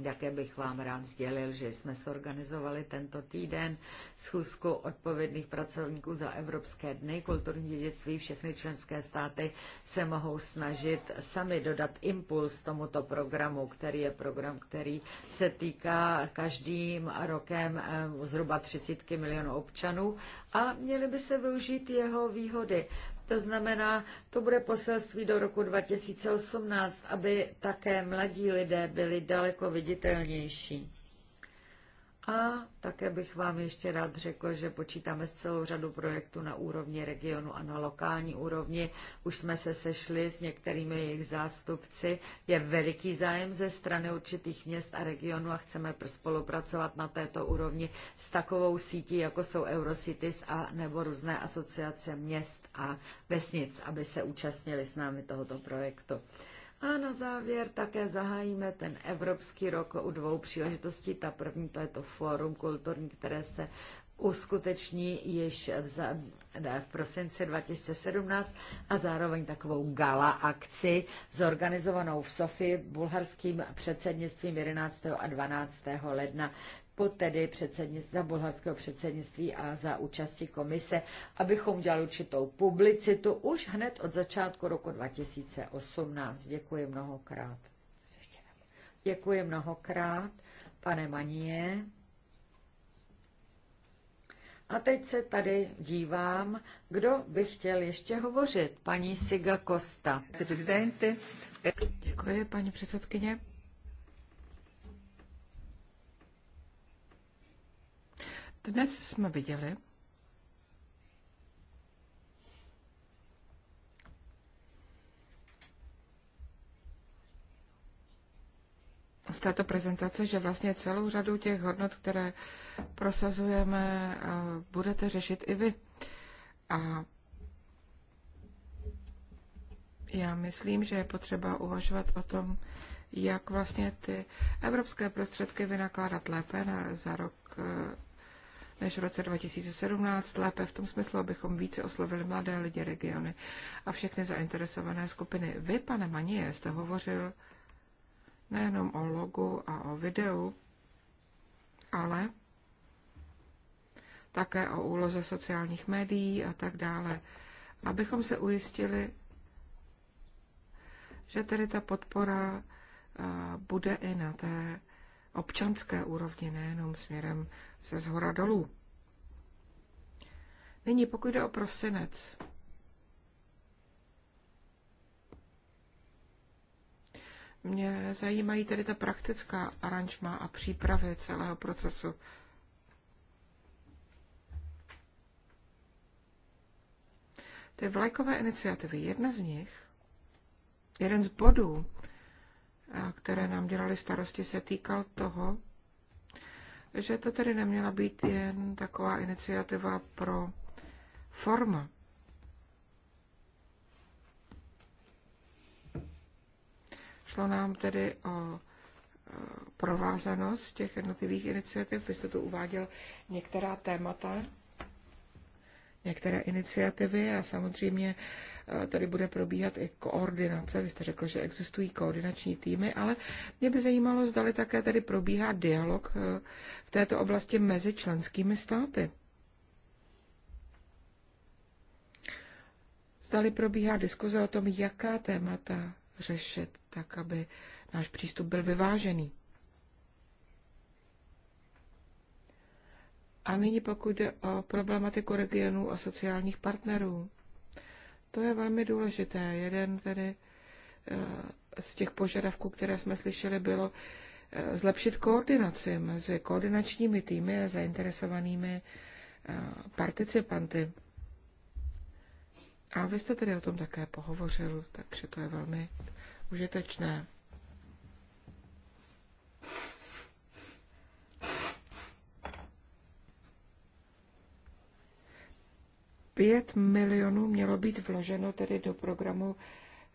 Také bych vám rád sdělil, že jsme sorganizovali tento týden schůzku odpovědných pracovníků za Evropské dny kulturní dědictví. Všechny členské státy se mohou snažit sami dodat impuls tomuto programu, který je program, který se týká každým rokem eh, zhruba 30 milionů občanů a měly by se využít jeho výhody. To znamená, to bude poselství do roku 2018, aby také mladí lidé byli daleko viditelnější. A také bych vám ještě rád řekl, že počítáme s celou řadu projektů na úrovni regionu a na lokální úrovni. Už jsme se sešli s některými jejich zástupci. Je veliký zájem ze strany určitých měst a regionů a chceme spolupracovat na této úrovni s takovou sítí, jako jsou Eurocities a nebo různé asociace měst a vesnic, aby se účastnili s námi tohoto projektu. A na závěr také zahájíme ten Evropský rok u dvou příležitostí. Ta první, to je to fórum kulturní, které se uskuteční již v, za, v prosinci 2017 a zároveň takovou gala akci zorganizovanou v Sofii bulharským předsednictvím 11. a 12. ledna po tedy za bulharského předsednictví a za účasti komise, abychom udělali určitou publicitu už hned od začátku roku 2018. Děkuji mnohokrát. Děkuji mnohokrát, pane Manie. A teď se tady dívám, kdo by chtěl ještě hovořit. Paní Siga Kosta. Děkuji, paní předsedkyně. Dnes jsme viděli, z této prezentace, že vlastně celou řadu těch hodnot, které prosazujeme, eh, budete řešit i vy. A já myslím, že je potřeba uvažovat o tom, jak vlastně ty evropské prostředky vynakládat lépe na, za rok eh, než v roce 2017, lépe v tom smyslu, abychom více oslovili mladé lidi, regiony a všechny zainteresované skupiny. Vy, pane Manie, jste hovořil nejenom o logu a o videu, ale také o úloze sociálních médií a tak dále, abychom se ujistili, že tedy ta podpora bude i na té občanské úrovni, nejenom směrem se zhora dolů. Nyní pokud jde o prosinec. Mě zajímají tedy ta praktická aranžma a přípravy celého procesu. Ty vlajkové iniciativy, jedna z nich, jeden z bodů, které nám dělali starosti, se týkal toho, že to tedy neměla být jen taková iniciativa pro forma. Šlo nám tedy o e, provázanost těch jednotlivých iniciativ. Vy jste tu uváděl některá témata některé iniciativy a samozřejmě eh, tady bude probíhat i koordinace. Vy jste řekl, že existují koordinační týmy, ale mě by zajímalo, zdali také tady probíhá dialog eh, v této oblasti mezi členskými státy. Zdali probíhá diskuze o tom, jaká témata řešit, tak aby náš přístup byl vyvážený. A nyní pokud jde o problematiku regionů a sociálních partnerů. To je velmi důležité. Jeden tedy eh, z těch požadavků, které jsme slyšeli, bylo eh, zlepšit koordinaci mezi koordinačními týmy a zainteresovanými eh, participanty. A vy jste tedy o tom také pohovořil, takže to je velmi užitečné. 5 milionů mělo být vloženo tedy do programu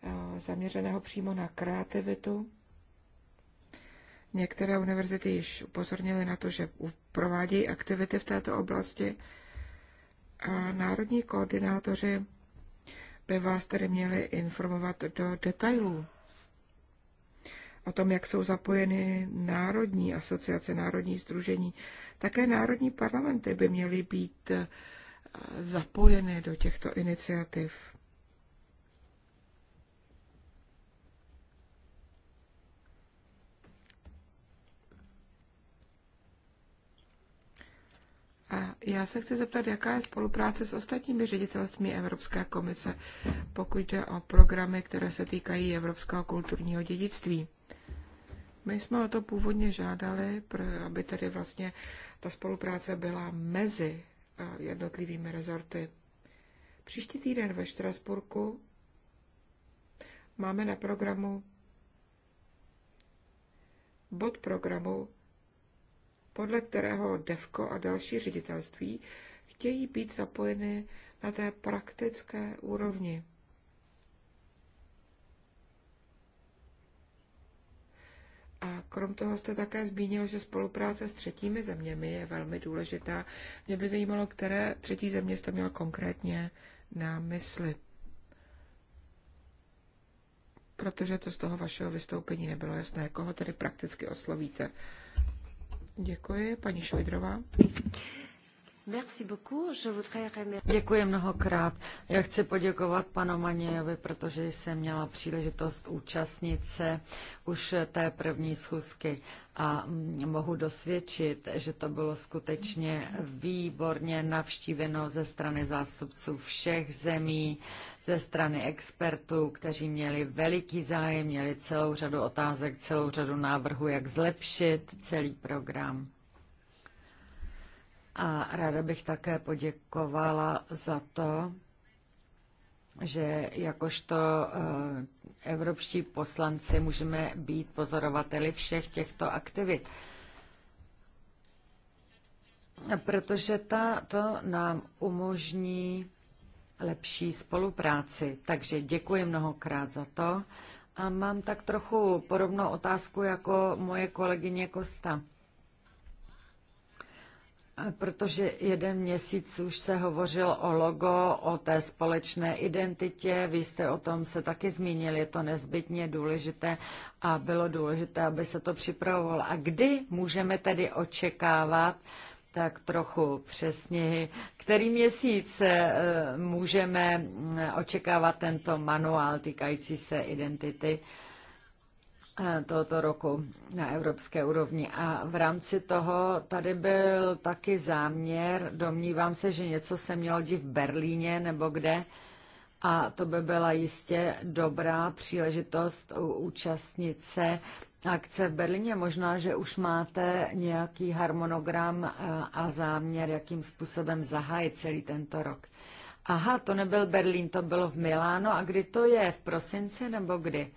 eh, zaměřeného přímo na kreativitu. Některé univerzity již upozornily na to, že provádějí aktivity v této oblasti a národní koordinátoři by vás tedy měli informovat do detailů o tom, jak jsou zapojeny národní asociace, národní združení. Také národní parlamenty by měly být zapojeny do těchto iniciativ. A já se chci zeptat, jaká je spolupráce s ostatními ředitelstvími Evropské komise, pokud jde o programy, které se týkají evropského kulturního dědictví. My jsme o to původně žádali, aby tedy vlastně ta spolupráce byla mezi jednotlivými rezorty. Příští týden ve Štrasburku máme na programu bod programu, podle kterého DEVKO a další ředitelství chtějí být zapojeny na té praktické úrovni. A krom toho jste také zmínil, že spolupráce s třetími zeměmi je velmi důležitá. Mě by zajímalo, které třetí země jste měl konkrétně na mysli. Protože to z toho vašeho vystoupení nebylo jasné, koho tedy prakticky oslovíte. Děkuji, paní Šojdrová. Děkuji mnohokrát. Já chci poděkovat panu Manějovi, protože jsem měla příležitost účastnit se už té první schůzky a mm, mohu dosvědčit, že to bylo skutečně výborně navštíveno ze strany zástupců všech zemí, ze strany expertů, kteří měli veliký zájem, měli celou řadu otázek, celou řadu návrhů, jak zlepšit celý program. A ráda bych také poděkovala za to, že jakožto eh, evropští poslanci můžeme být pozorovateli všech těchto aktivit. Protože ta, to nám umožní lepší spolupráci. Takže děkuji mnohokrát za to. A mám tak trochu podobnou otázku jako moje kolegyně Kosta. Protože jeden měsíc už se hovořil o logo, o té společné identitě, vy jste o tom se taky zmínil, je to nezbytně důležité a bylo důležité, aby se to připravovalo. A kdy můžeme tedy očekávat tak trochu přesněji, který měsíc eh, můžeme mm, očekávat tento manuál týkající se identity? Eh, tohoto roku na evropské úrovni. A v rámci toho tady byl taky záměr, domnívám se, že něco se mělo dít v Berlíně nebo kde, a to by byla jistě dobrá příležitost účastnit se akce v Berlíně. Možná, že už máte nějaký harmonogram eh, a záměr, jakým způsobem zahájit celý tento rok. Aha, to nebyl Berlín, to bylo v Miláno. A kdy to je? V prosinci nebo kdy?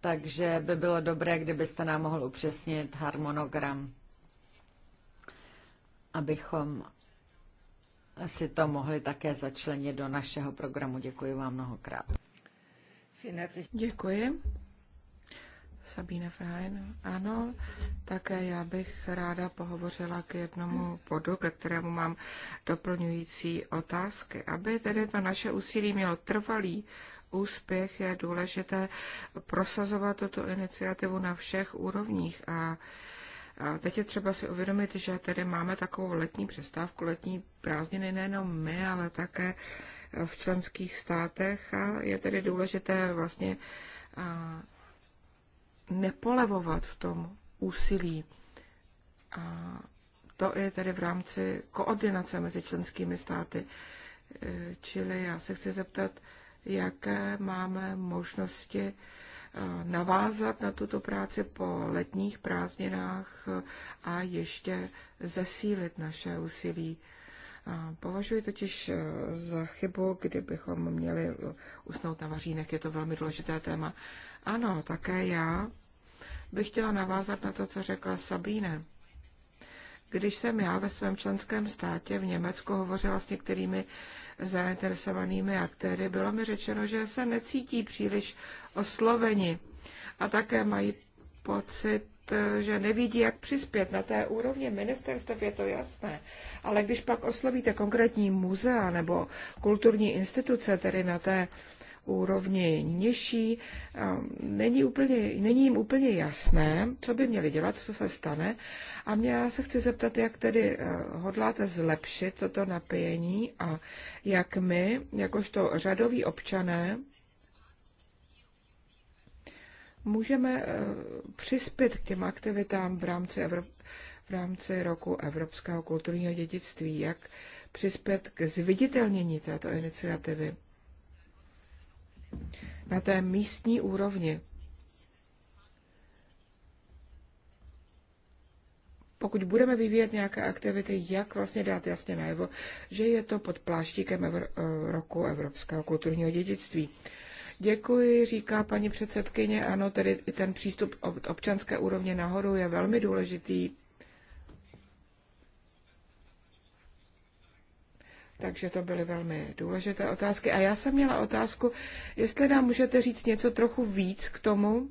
takže by bylo dobré, kdybyste nám mohl upřesnit harmonogram, abychom si to mohli také začlenit do našeho programu. Děkuji vám mnohokrát. Děkuji. Sabine Frein. Ano, také já bych ráda pohovořila k jednomu bodu, ke kterému mám doplňující otázky. Aby tedy to naše úsilí mělo trvalý úspěch, je důležité prosazovat tuto iniciativu na všech úrovních a a teď je třeba si uvědomit, že tedy máme takovou letní přestávku, letní prázdniny nejenom my, ale také v členských státech a je tedy důležité vlastně nepolevovat v tom úsilí. A to je tedy v rámci koordinace mezi členskými státy. E, čili já se chci zeptat, jaké máme možnosti e, navázat na tuto práci po letních prázdninách a ještě zesílit naše úsilí. Považuji totiž eh, za chybu, kdybychom měli eh, usnout na vařínek, je to velmi důležité téma. Ano, také já bych chtěla navázat na to, co řekla Sabine. Když jsem já ve svém členském státě v Německu hovořila s některými zainteresovanými aktéry, bylo mi řečeno, že se necítí příliš osloveni a také mají pocit, že nevidí, jak přispět. Na té úrovni ministerstev je to jasné, ale když pak oslovíte konkrétní muzea nebo kulturní instituce, tedy na té úrovni nižší, um, není, úplně, není jim úplně jasné, co by měli dělat, co se stane. A mě já se chci zeptat, jak tedy uh, hodláte zlepšit toto napějení a jak my, jakožto řadoví občané, můžeme eh, přispět k těm aktivitám v rámci, Evrop, v rámci roku Evropského kulturního dědictví, jak přispět k zviditelnění této iniciativy na té místní úrovni. Pokud budeme vyvíjet nějaké aktivity, jak vlastně dát jasně najevo, že je to pod pláštíkem Evro- eh, roku Evropského kulturního dědictví. Děkuji, říká paní předsedkyně. Ano, tedy i ten přístup od občanské úrovně nahoru je velmi důležitý. Takže to byly velmi důležité otázky. A já jsem měla otázku, jestli nám můžete říct něco trochu víc k tomu,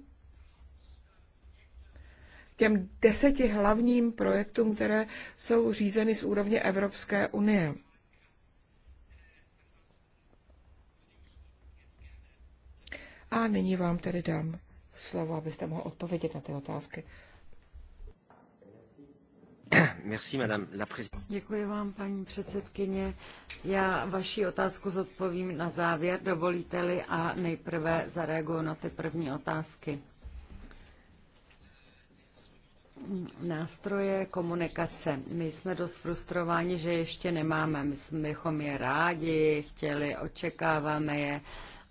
těm deseti hlavním projektům, které jsou řízeny z úrovně Evropské unie. A nyní vám tedy dám slovo, abyste mohl odpovědět na ty otázky. Děkuji vám, paní předsedkyně. Já vaši otázku zodpovím na závěr, dovolíte-li, a nejprve zareaguju na ty první otázky. Nástroje komunikace. My jsme dost frustrováni, že ještě nemáme. My bychom je rádi chtěli, očekáváme je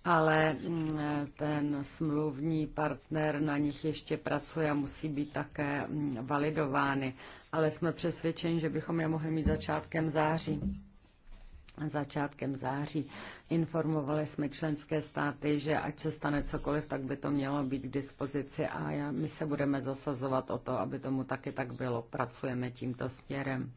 ale mm, ten smluvní partner na nich ještě pracuje a musí být také mm, validovány. Ale jsme přesvědčeni, že bychom je mohli mít začátkem září. Začátkem září informovali jsme členské státy, že ať se stane cokoliv, tak by to mělo být k dispozici a my se budeme zasazovat o to, aby tomu taky tak bylo. Pracujeme tímto směrem.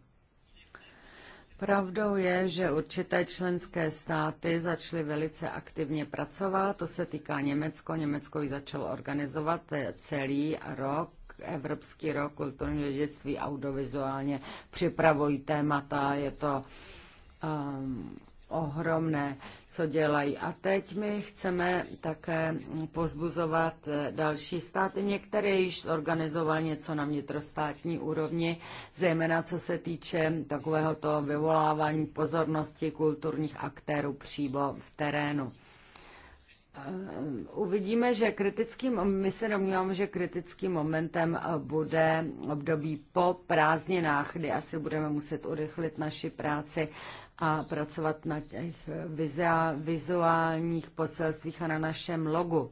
Pravdou je, že určité členské státy začaly velice aktivně pracovat, to se týká Německo. Německo ji začalo organizovat celý rok Evropský rok kulturního dědictví audiovizuálně připravují témata, je to um, ohromné, co dělají. A teď my chceme také pozbuzovat eh, další státy. Některé již organizovali něco na vnitrostátní úrovni, zejména co se týče takového toho vyvolávání pozornosti kulturních aktérů přímo v terénu. Uvidíme, že kritickým, my se domníváme, že kritickým momentem bude období po prázdninách, kdy asi budeme muset urychlit naši práci a pracovat na těch vizuálních poselstvích a na našem logu.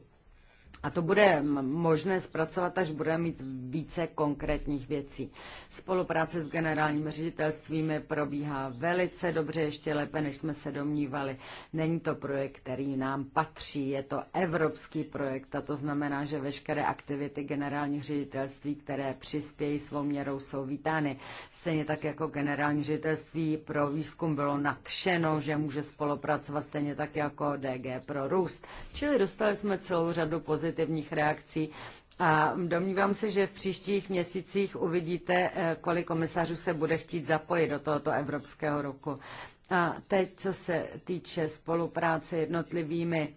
A to bude možné zpracovat, až budeme mít více konkrétních věcí. Spolupráce s generálním ředitelstvími probíhá velice dobře, ještě lépe, než jsme se domnívali. Není to projekt, který nám patří, je to evropský projekt a to znamená, že veškeré aktivity generálních ředitelství, které přispějí svou měrou, jsou vítány. Stejně tak jako generální ředitelství pro výzkum bylo nadšeno, že může spolupracovat stejně tak jako DG pro růst. Čili dostali jsme celou řadu pozitivních pozitivních reakcí. A domnívám se, že v příštích měsících uvidíte, eh, kolik komisařů se bude chtít zapojit do tohoto Evropského roku. A teď, co se týče spolupráce jednotlivými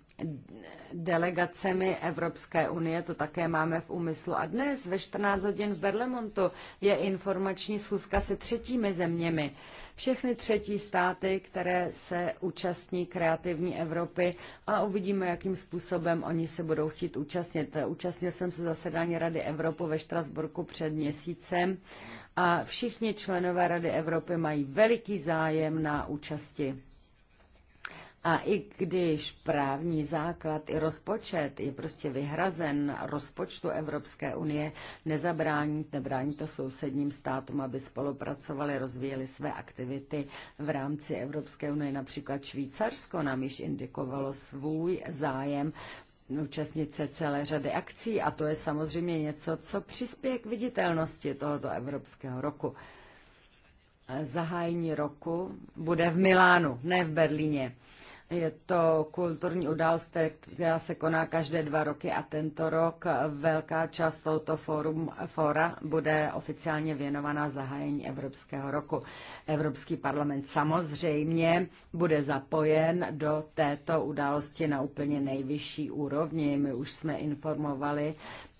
delegacemi Evropské unie, to také máme v úmyslu. A dnes ve 14 hodin v Berlemontu je informační schůzka se třetími zeměmi. Všechny třetí státy, které se účastní kreativní Evropy a uvidíme, jakým způsobem oni se budou chtít účastnit. Účastnil jsem se zasedání Rady Evropy ve Štrasburku před měsícem a všichni členové Rady Evropy mají veliký zájem na účasti a i když právní základ i rozpočet je prostě vyhrazen rozpočtu Evropské unie, nezabrání, nebrání to sousedním státům, aby spolupracovali, rozvíjeli své aktivity v rámci Evropské unie. Například Švýcarsko nám již indikovalo svůj zájem účastnit se celé řady akcí a to je samozřejmě něco, co přispěje k viditelnosti tohoto Evropského roku zahájení roku bude v Milánu, ne v Berlíně. Je to kulturní událost, která se koná každé dva roky a tento rok velká část tohoto fórum, fóra bude oficiálně věnovaná zahájení Evropského roku. Evropský parlament samozřejmě bude zapojen do této události na úplně nejvyšší úrovni. My už jsme informovali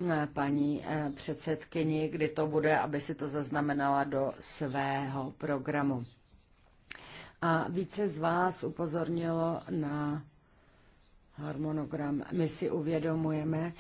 eh, paní eh, předsedkyni, kdy to bude, aby si to zaznamenala do svého programu a více z vás upozornilo na harmonogram. My si uvědomujeme,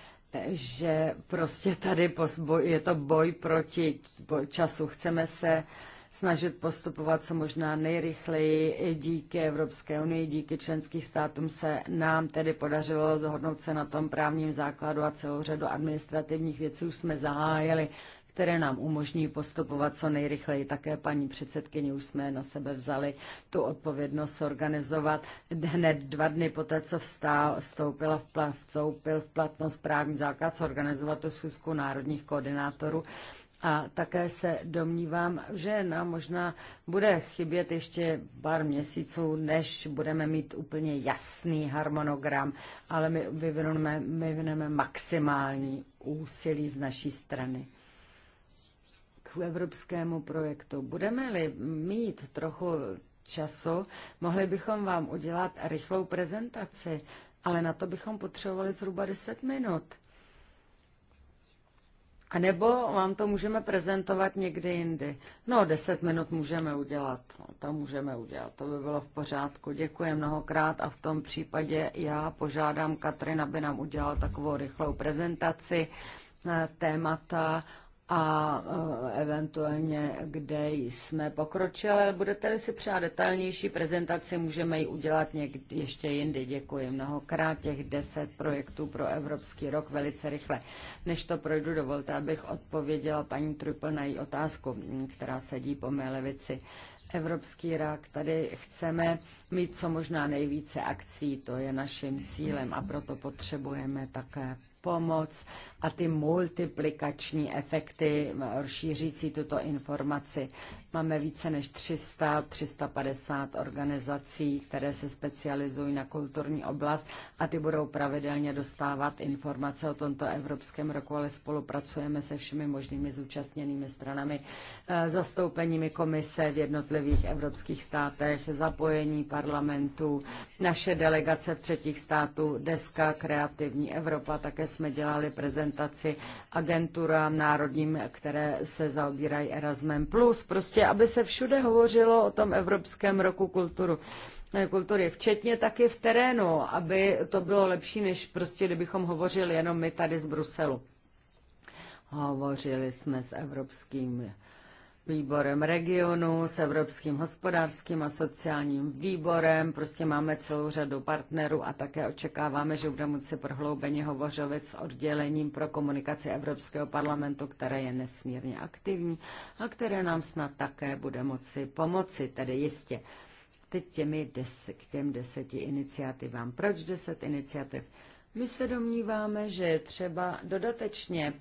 že prostě tady je to boj proti času. Chceme se snažit postupovat co možná nejrychleji. Díky Evropské unii, díky členských státům se nám tedy podařilo dohodnout se na tom právním základu a celou řadu administrativních věcí už jsme zahájili které nám umožní postupovat co nejrychleji. Také paní předsedkyně už jsme na sebe vzali tu odpovědnost organizovat hned dva dny poté, co vstál, vstoupila v, pla, vstoupil v platnost právní zákaz, organizovat tu schůzku národních koordinátorů. A také se domnívám, že nám možná bude chybět ještě pár měsíců, než budeme mít úplně jasný harmonogram, ale my vyvineme, my vyvineme maximální úsilí z naší strany evropskému projektu. Budeme-li mít trochu času, mohli bychom vám udělat rychlou prezentaci, ale na to bychom potřebovali zhruba 10 minut. A nebo vám to můžeme prezentovat někdy jindy. No, 10 minut můžeme udělat. No, to můžeme udělat. To by bylo v pořádku. Děkuji mnohokrát a v tom případě já požádám Katrin, aby nám udělala takovou rychlou prezentaci eh, témata a eh, eventuálně, kde jsme pokročili. Budete-li si přát detailnější prezentaci, můžeme ji udělat někdy ještě jindy. Děkuji mnohokrát těch deset projektů pro Evropský rok velice rychle. Než to projdu, dovolte, abych odpověděla paní Trupl na její otázku, která sedí po mé levici. Evropský rak, tady chceme mít co možná nejvíce akcí, to je naším cílem a proto potřebujeme také pomoc a ty multiplikační efekty rozšířící tuto informaci. Máme více než 300, 350 organizací, které se specializují na kulturní oblast a ty budou pravidelně dostávat informace o tomto Evropském roku, ale spolupracujeme se všemi možnými zúčastněnými stranami, eh, zastoupeními komise v jednotlivých evropských státech, zapojení parlamentů, naše delegace v třetích států, Deska, Kreativní Evropa, také jsme dělali prezentaci agenturám národním, které se zaobírají Erasmem+. Plus. Prostě prostě, aby se všude hovořilo o tom Evropském roku kulturu eh, kultury, včetně taky v terénu, aby to bylo lepší, než prostě, kdybychom hovořili jenom my tady z Bruselu. Hovořili jsme s Evropským výborem regionu, s Evropským hospodářským a sociálním výborem. Prostě máme celou řadu partnerů a také očekáváme, že budeme moci prohloubeně hovořovat s oddělením pro komunikaci Evropského parlamentu, které je nesmírně aktivní a které nám snad také bude moci pomoci, tedy jistě. Teď těmi des, k těm deseti iniciativám. Proč deset iniciativ? My se domníváme, že je třeba dodatečně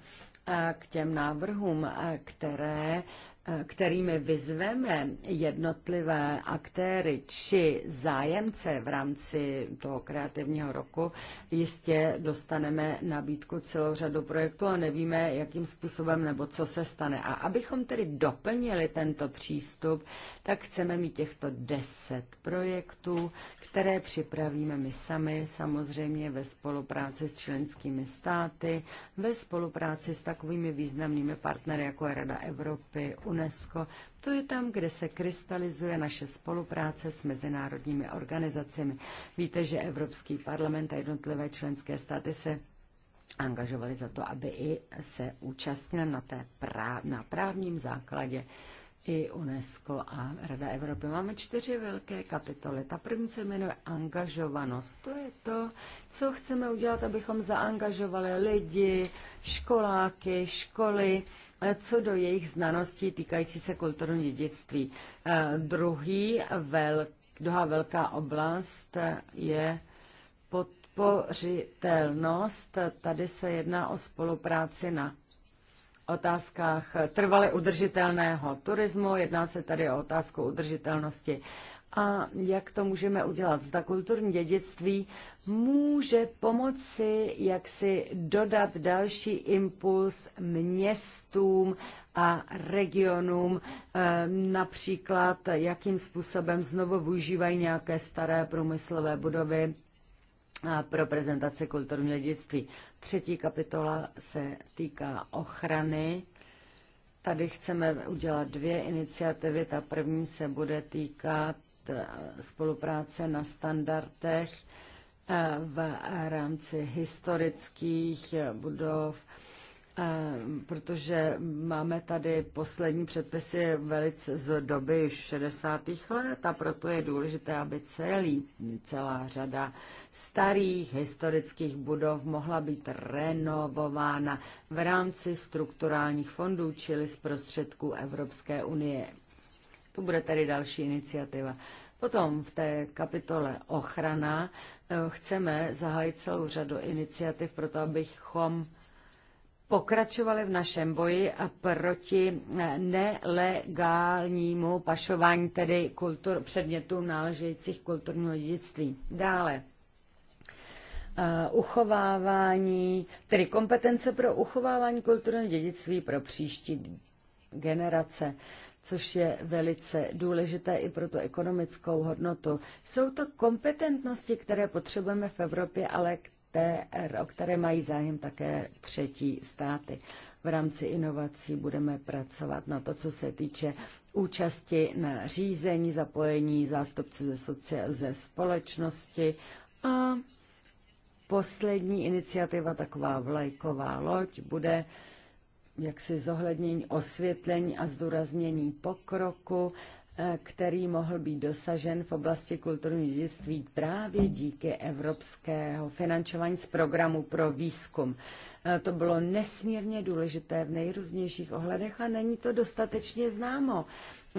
eh, k těm návrhům, eh, které kterými vyzveme jednotlivé aktéry či zájemce v rámci toho kreativního roku, jistě dostaneme nabídku celou řadu projektů a nevíme, jakým způsobem nebo co se stane. A abychom tedy doplnili tento přístup, tak chceme mít těchto deset projektů, které připravíme my sami, samozřejmě ve spolupráci s členskými státy, ve spolupráci s takovými významnými partnery, jako je Rada Evropy, UNED, UNESCO. To je tam, kde se krystalizuje naše spolupráce s mezinárodními organizacemi. Víte, že Evropský parlament a jednotlivé členské státy se angažovali za to, aby i se účastnil na, té práv, na právním základě i UNESCO a Rada Evropy. Máme čtyři velké kapitoly. Ta první se jmenuje angažovanost. To je to, co chceme udělat, abychom zaangažovali lidi, školáky, školy, co do jejich znalostí týkající se kulturního dědictví. Eh, druhý velk, druhá velká oblast je podpořitelnost. Tady se jedná o spolupráci na otázkách trvale udržitelného turismu. Jedná se tady o otázku udržitelnosti a jak to můžeme udělat. Zda kulturní dědictví může pomoci, jak si dodat další impuls městům a regionům, eh, například jakým způsobem znovu využívají nějaké staré průmyslové budovy eh, pro prezentaci kulturního dědictví. Třetí kapitola se týká ochrany Tady chceme udělat dvě iniciativy. Ta první se bude týkat Eh, spolupráce na standardech eh, v rámci historických eh, budov, protože máme tady poslední předpisy velice z doby 60. let a proto je důležité, aby celý, celá řada starých historických budov mohla být renovována v rámci strukturálních fondů, čili z prostředků Evropské unie. To bude tedy další iniciativa. Potom v té kapitole ochrana eh, chceme zahájit celou řadu iniciativ pro to, abychom pokračovali v našem boji a proti eh, nelegálnímu pašování tedy kultur, předmětů náležejících kulturního dědictví. Dále eh, uchovávání, tedy kompetence pro uchovávání kulturního dědictví pro příští generace což je velice důležité i pro tu ekonomickou hodnotu. Jsou to kompetentnosti, které potřebujeme v Evropě, ale o které mají zájem také třetí státy. V rámci inovací budeme pracovat na to, co se týče účasti na řízení, zapojení zástupců ze, sociál, ze společnosti a poslední iniciativa, taková vlajková loď, bude jaksi zohlednění, osvětlení a zdůraznění pokroku, eh, který mohl být dosažen v oblasti kulturního dědictví právě díky evropského financování z programu pro výzkum. Eh, to bylo nesmírně důležité v nejrůznějších ohledech a není to dostatečně známo.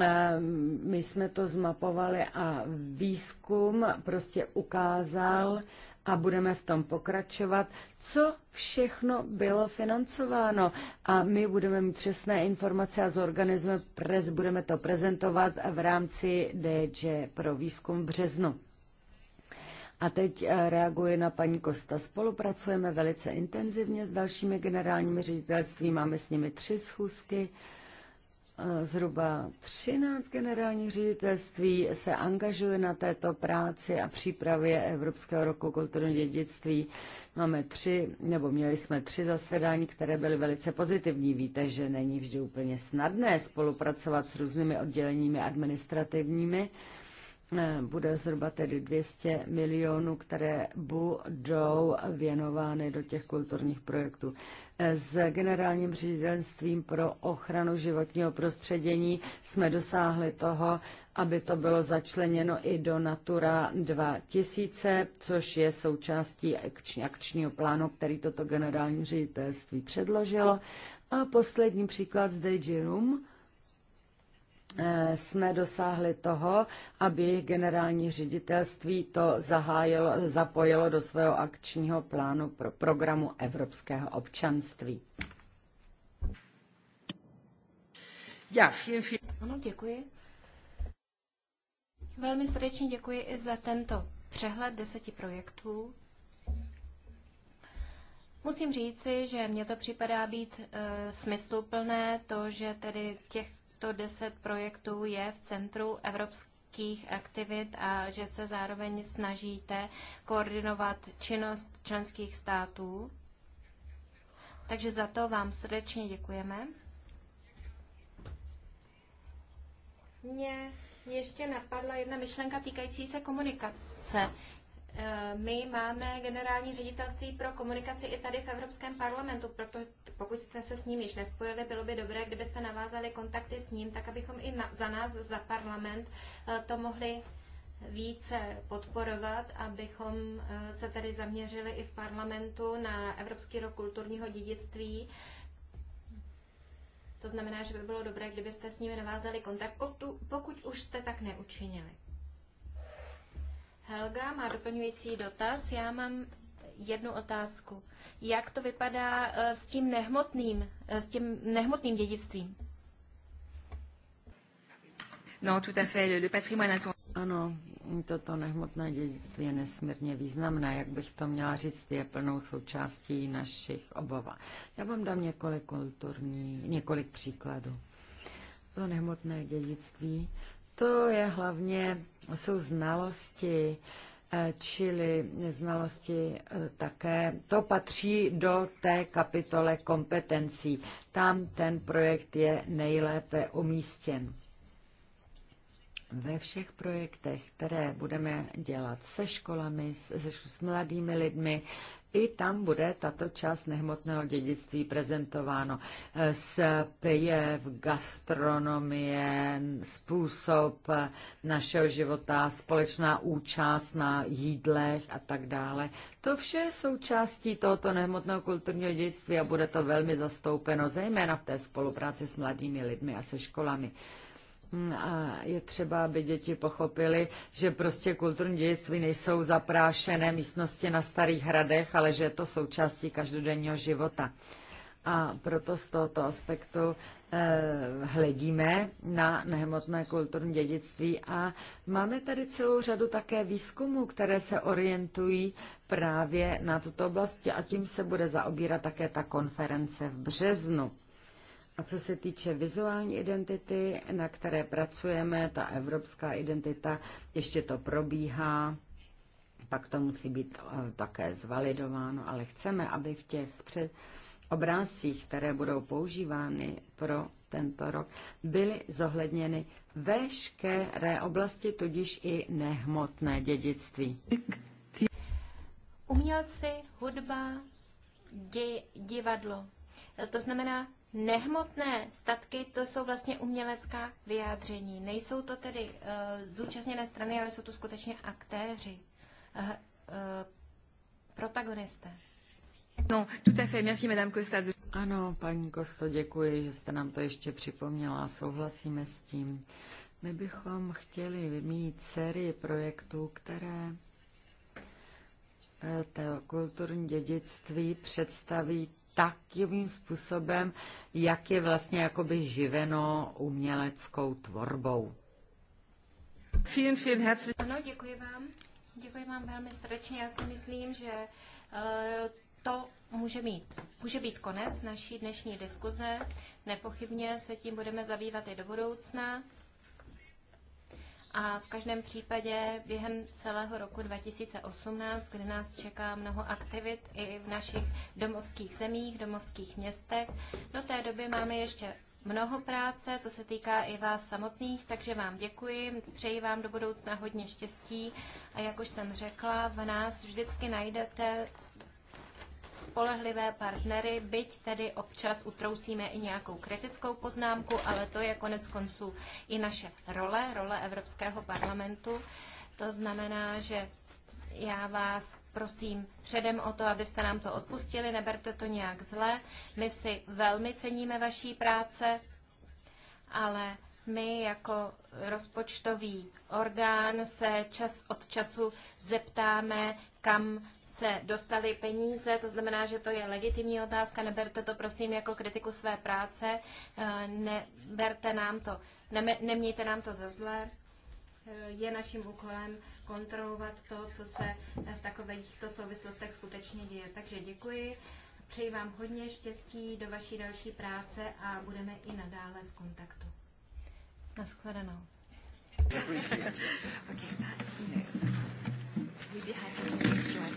Eh, my jsme to zmapovali a výzkum prostě ukázal, a budeme v tom pokračovat, co všechno bylo financováno. A my budeme mít přesné informace a zorganizujeme, prez, budeme to prezentovat v rámci DG pro výzkum v březnu. A teď eh, reaguje na paní Kosta. Spolupracujeme velice intenzivně s dalšími generálními ředitelství, máme s nimi tři schůzky. Zhruba 13 generálních ředitelství se angažuje na této práci a přípravě Evropského roku kulturního dědictví. Máme tři, nebo měli jsme tři zasedání, které byly velice pozitivní. Víte, že není vždy úplně snadné spolupracovat s různými odděleními administrativními, Eh, bude zhruba tedy 200 milionů, které budou věnovány do těch kulturních projektů. Eh, s generálním ředitelstvím pro ochranu životního prostředí jsme dosáhli toho, aby to bylo začleněno i do Natura 2000, což je součástí akčního plánu, který toto generální ředitelství předložilo. A poslední příklad z Dejdirum Eh, jsme dosáhli toho, aby generální ředitelství to zahájilo, zapojilo do svého akčního plánu pro programu evropského občanství. Já, vielen, vielen. Ano, děkuji. Velmi srdečně děkuji i za tento přehled deseti projektů. Musím říci, že mně to připadá být e, smysluplné, to, že tedy těch deset projektů je v centru evropských aktivit a že se zároveň snažíte koordinovat činnost členských států. Takže za to vám srdečně děkujeme. Mě ještě napadla jedna myšlenka týkající se komunikace. Eh, my máme generální ředitelství pro komunikaci i tady v Evropském parlamentu, proto pokud jste se s ním již nespojili, bylo by dobré, kdybyste navázali kontakty s ním, tak abychom i na, za nás, za parlament, eh, to mohli více podporovat, abychom eh, se tedy zaměřili i v parlamentu na Evropský rok kulturního dědictví. To znamená, že by bylo dobré, kdybyste s nimi navázali kontakt, pokud už jste tak neučinili. Helga má doplňující dotaz. Já mám jednu otázku. Jak to vypadá eh, s tím nehmotným, eh, s tím nehmotným dědictvím? No, tout à fait, le patrimoine Ano, toto nehmotné dědictví je nesmírně významné, jak bych to měla říct, je plnou součástí našich obav. Já vám dám několik kulturní, několik příkladů. To nehmotné dědictví to je hlavně, jsou znalosti, eh, čili znalosti eh, také. To patří do té kapitole kompetencí. Tam ten projekt je nejlépe umístěn. Ve všech projektech, které budeme dělat se školami, se, s mladými lidmi, i tam bude tato část nehmotného dědictví prezentováno. v gastronomie, způsob našeho života, společná účast na jídlech a tak dále. To vše je součástí tohoto nehmotného kulturního dědictví a bude to velmi zastoupeno, zejména v té spolupráci s mladými lidmi a se školami. Mm, a je třeba, aby děti pochopili, že prostě kulturní dědictví nejsou zaprášené místnosti na starých hradech, ale že je to součástí každodenního života. A proto z tohoto aspektu eh, hledíme na nehmotné kulturní dědictví a máme tady celou řadu také výzkumů, které se orientují právě na tuto oblasti a tím se bude zaobírat také ta konference v březnu. A co se týče vizuální identity, na které pracujeme, ta evropská identita, ještě to probíhá, pak to musí být eh, také zvalidováno, ale chceme, aby v těch před obrázcích, které budou používány pro tento rok, byly zohledněny veškeré oblasti, tudíž i nehmotné dědictví. Umělci, hudba, di- divadlo. To znamená, Nehmotné statky to jsou vlastně umělecká vyjádření. Nejsou to tedy uh, zúčastněné strany, ale jsou to skutečně aktéři, uh, uh, protagonisté. No, tout à fait. Merci, Madame Costa. Ano, paní Kosto, děkuji, že jste nám to ještě připomněla. Souhlasíme s tím. My bychom chtěli mít sérii projektů, které to kulturní dědictví představí takovým způsobem, jak je vlastně jakoby živeno uměleckou tvorbou. Vielen, vielen herzlich. Ano, děkuji vám. Děkuji vám velmi srdečně. Já si myslím, že eh, to může, mít, může být konec naší dnešní diskuze. Nepochybně se tím budeme zabývat i do budoucna. A v každém případě během celého roku 2018, kde nás čeká mnoho aktivit i v našich domovských zemích, domovských městech, do té doby máme ještě mnoho práce, to se týká i vás samotných, takže vám děkuji, přeji vám do budoucna hodně štěstí a jak už jsem řekla, v nás vždycky najdete spolehlivé partnery, byť tedy občas utrousíme i nějakou kritickou poznámku, ale to je konec konců i naše role, role Evropského parlamentu. To znamená, že já vás prosím předem o to, abyste nám to odpustili, neberte to nějak zle. My si velmi ceníme vaší práce, ale my jako rozpočtový orgán se čas od času zeptáme, kam se dostali peníze, to znamená, že to je legitimní otázka, neberte to prosím jako kritiku své práce, eh, neberte nám to, ne, nemějte nám to za zlé. Eh, je naším úkolem kontrolovat to, co se eh, v takovýchto souvislostech skutečně děje. Takže děkuji, přeji vám hodně štěstí do vaší další práce a budeme i nadále v kontaktu. Naschledanou. okay,